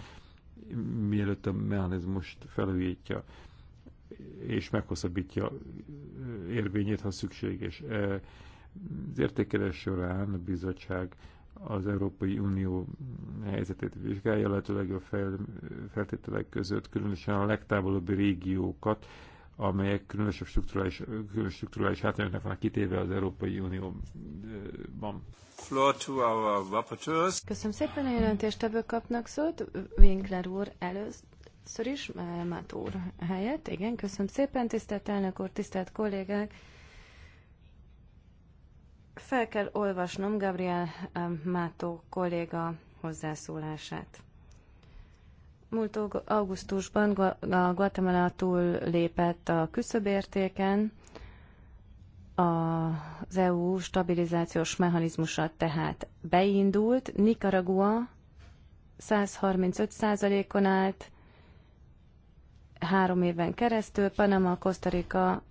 mielőtt a mechanizmust felújítja és meghosszabbítja érvényét, ha szükséges. Az értékelés során a bizottság az Európai Unió helyzetét vizsgálja, lehetőleg a feltételek között, különösen a legtávolabbi régiókat amelyek különösebb strukturális, különös strukturális hátrányoknak vannak kitéve az Európai Unióban. Köszönöm szépen a jelentést, kapnak szót. Winkler úr először is, eh, Mát úr helyett. Igen, köszönöm szépen, tisztelt elnök úr, tisztelt kollégák. Fel kell olvasnom Gabriel eh, Mátó kolléga hozzászólását. Múlt augusztusban a Guatemala túl lépett a küszöbértéken, az EU stabilizációs mechanizmusa tehát beindult, Nicaragua 135%-on állt három éven keresztül, Panama, Costa Rica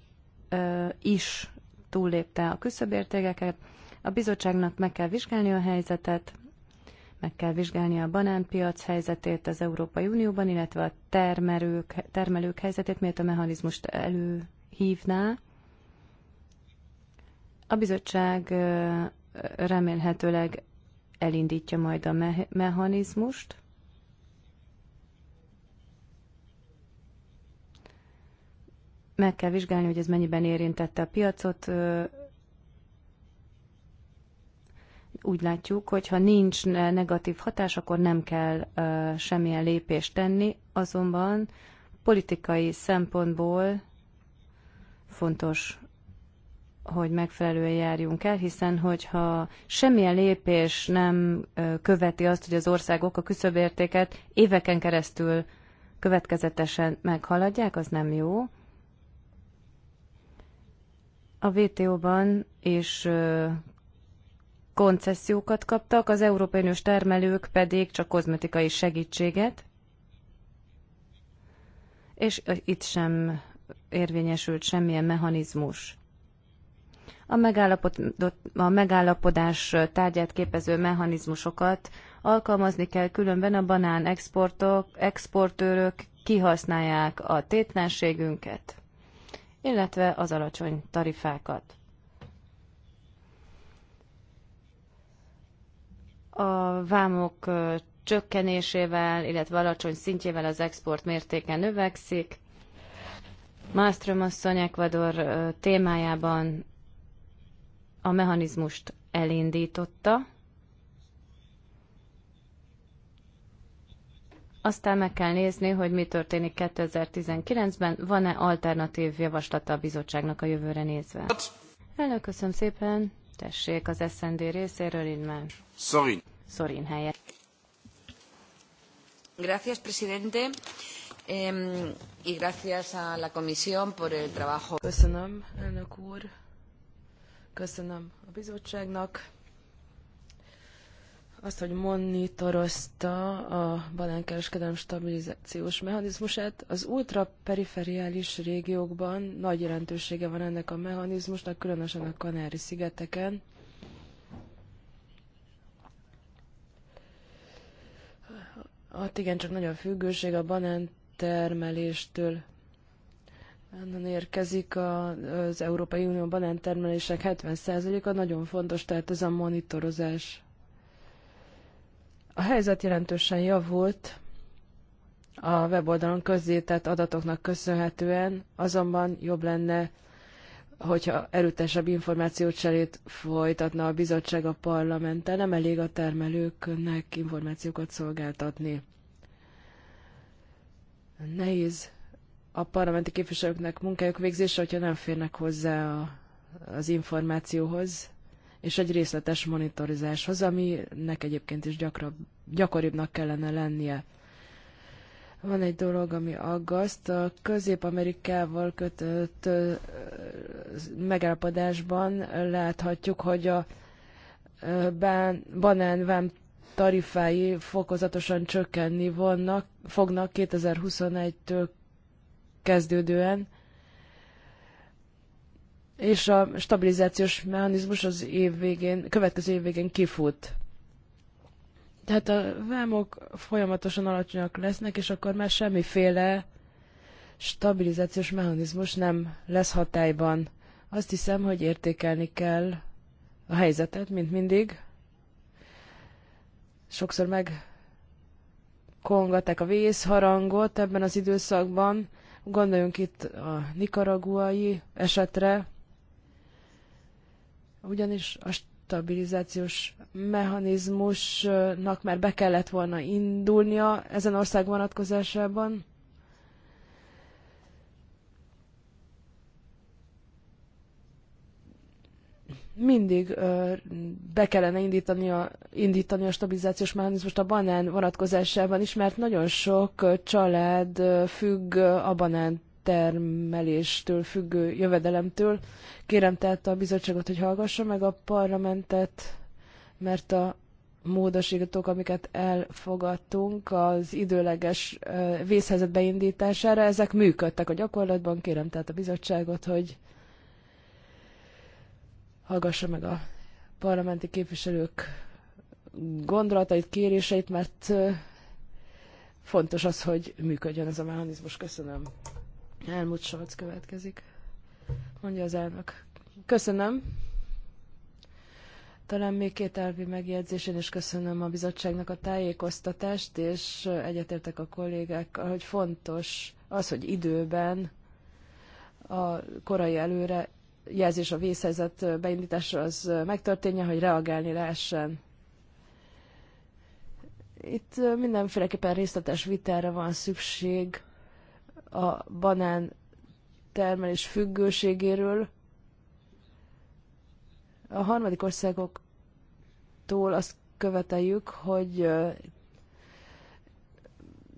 ö, is túllépte a küszöbértégeket. A bizottságnak meg kell vizsgálni a helyzetet, meg kell vizsgálni a banánpiac helyzetét az Európai Unióban, illetve a termelők, termelők helyzetét, miért a mechanizmust előhívná. A bizottság remélhetőleg elindítja majd a me- mechanizmust. Meg kell vizsgálni, hogy ez mennyiben érintette a piacot, úgy látjuk, hogy ha nincs negatív hatás, akkor nem kell semmilyen lépést tenni, azonban politikai szempontból fontos, hogy megfelelően járjunk el, hiszen hogyha semmilyen lépés nem követi azt, hogy az országok a küszöbértéket éveken keresztül következetesen meghaladják, az nem jó. A WTO-ban és koncesziókat kaptak, az Európai Uniós termelők pedig csak kozmetikai segítséget, és itt sem érvényesült semmilyen mechanizmus. A, a megállapodás tárgyát képező mechanizmusokat alkalmazni kell, különben a banán exportok, exportőrök kihasználják a tétlenségünket, illetve az alacsony tarifákat. a vámok csökkenésével, illetve alacsony szintjével az export mértéke növekszik. Mastrom asszony Ecuador témájában a mechanizmust elindította. Aztán meg kell nézni, hogy mi történik 2019-ben, van-e alternatív javaslata a bizottságnak a jövőre nézve. Elnök, köszönöm szépen! Tessék az SND részéről innen. Szorin. Szorin helye. Gracias, presidente. Eh, y gracias a la comisión por el trabajo. Köszönöm, elnök úr. Köszönöm a bizottságnak azt, hogy monitorozta a banánkereskedelem stabilizációs mechanizmusát. Az ultraperiferiális régiókban nagy jelentősége van ennek a mechanizmusnak, különösen a Kanári-szigeteken. Ott igen, nagy a függőség a termeléstől, Onnan érkezik az Európai Unió banántermelések 70%-a, nagyon fontos, tehát ez a monitorozás. A helyzet jelentősen javult a weboldalon közzétett adatoknak köszönhetően, azonban jobb lenne, hogyha erőtesebb információcserét folytatna a bizottság a parlamenten, nem elég a termelőknek információkat szolgáltatni. Nehéz a parlamenti képviselőknek munkájuk végzése, hogyha nem férnek hozzá a, az információhoz, és egy részletes monitorizáshoz, aminek egyébként is gyakrabb, gyakoribbnak kellene lennie. Van egy dolog, ami aggaszt. A Közép-Amerikával kötött megállapodásban láthatjuk, hogy a banánvám tarifái fokozatosan csökkenni vannak, fognak 2021-től kezdődően és a stabilizációs mechanizmus az év végén, következő év végén kifut. Tehát a vámok folyamatosan alacsonyak lesznek, és akkor már semmiféle stabilizációs mechanizmus nem lesz hatályban. Azt hiszem, hogy értékelni kell a helyzetet, mint mindig. Sokszor meg kongatek a vészharangot ebben az időszakban. Gondoljunk itt a nikaraguai esetre, ugyanis a stabilizációs mechanizmusnak már be kellett volna indulnia ezen ország vonatkozásában. mindig ö, be kellene indítani a, indítani a stabilizációs mechanizmust a banán vonatkozásában is, mert nagyon sok család függ a banán termeléstől függő jövedelemtől. Kérem tehát a bizottságot, hogy hallgassa meg a parlamentet, mert a módosítók, amiket elfogadtunk az időleges vészhelyzet beindítására, ezek működtek a gyakorlatban. Kérem tehát a bizottságot, hogy hallgassa meg a parlamenti képviselők gondolatait, kéréseit, mert fontos az, hogy működjön ez a mechanizmus. Köszönöm. Elmúlt Scholz következik, mondja az elnök. Köszönöm. Talán még két elvi megjegyzésen is köszönöm a bizottságnak a tájékoztatást, és egyetértek a kollégákkal, hogy fontos az, hogy időben a korai előre jelzés a vészhelyzet beindítása az megtörténje, hogy reagálni lehessen. Itt mindenféleképpen részletes vitára van szükség a banán termelés függőségéről. A harmadik országoktól azt követeljük, hogy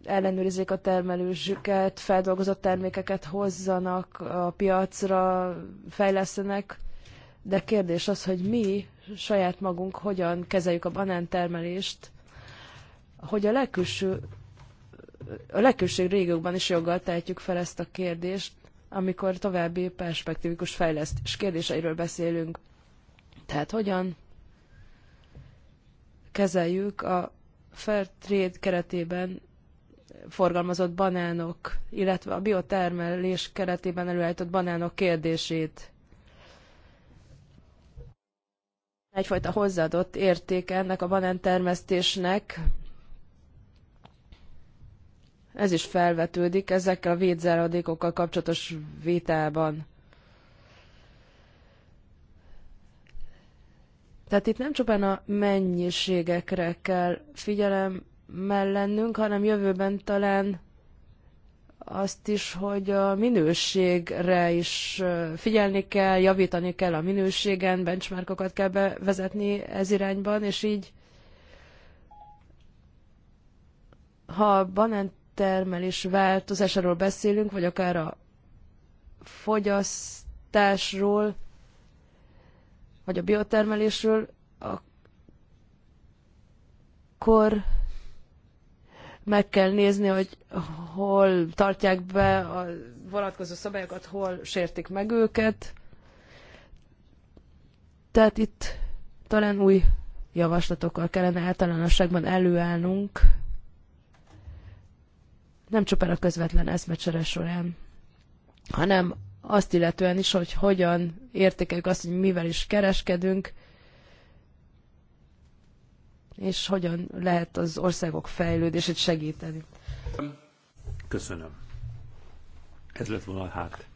ellenőrizzék a termelősüket, feldolgozott termékeket hozzanak a piacra, fejlesztenek, de kérdés az, hogy mi saját magunk hogyan kezeljük a banántermelést, hogy a legkülső a legkülség régiókban is joggal tehetjük fel ezt a kérdést, amikor további perspektívikus fejlesztés kérdéseiről beszélünk. Tehát hogyan kezeljük a fair trade keretében forgalmazott banánok, illetve a biotermelés keretében előállított banánok kérdését. Egyfajta hozzáadott érték ennek a banántermesztésnek, ez is felvetődik ezekkel a védzáradékokkal kapcsolatos vitában. Tehát itt nem csupán a mennyiségekre kell figyelem mellennünk, hanem jövőben talán azt is, hogy a minőségre is figyelni kell, javítani kell a minőségen, benchmarkokat kell bevezetni ez irányban, és így ha a termelés változásáról beszélünk, vagy akár a fogyasztásról, vagy a biotermelésről, akkor meg kell nézni, hogy hol tartják be a vonatkozó szabályokat, hol sértik meg őket. Tehát itt talán új javaslatokkal kellene általánosságban előállnunk, nem csupán a közvetlen eszmecsere során, hanem azt illetően is, hogy hogyan értékeljük azt, hogy mivel is kereskedünk, és hogyan lehet az országok fejlődését segíteni. Köszönöm. Ez lett volna hát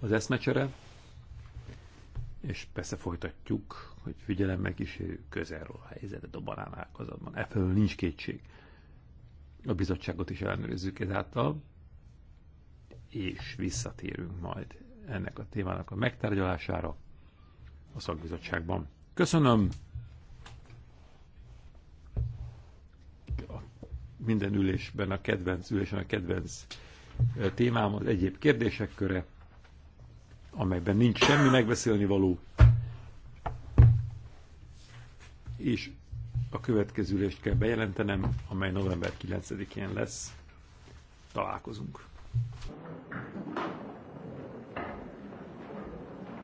az eszmecsere, és persze folytatjuk, hogy figyelemmel kísérjük közelről a helyzetet a banánálkozatban. Ebből nincs kétség a bizottságot is ellenőrizzük ezáltal, és visszatérünk majd ennek a témának a megtárgyalására a szakbizottságban. Köszönöm a minden ülésben a kedvenc, ülésen a kedvenc témám az egyéb kérdések köre, amelyben nincs semmi megbeszélni való, és a következő ülést kell bejelentenem, amely november 9-én lesz. Találkozunk.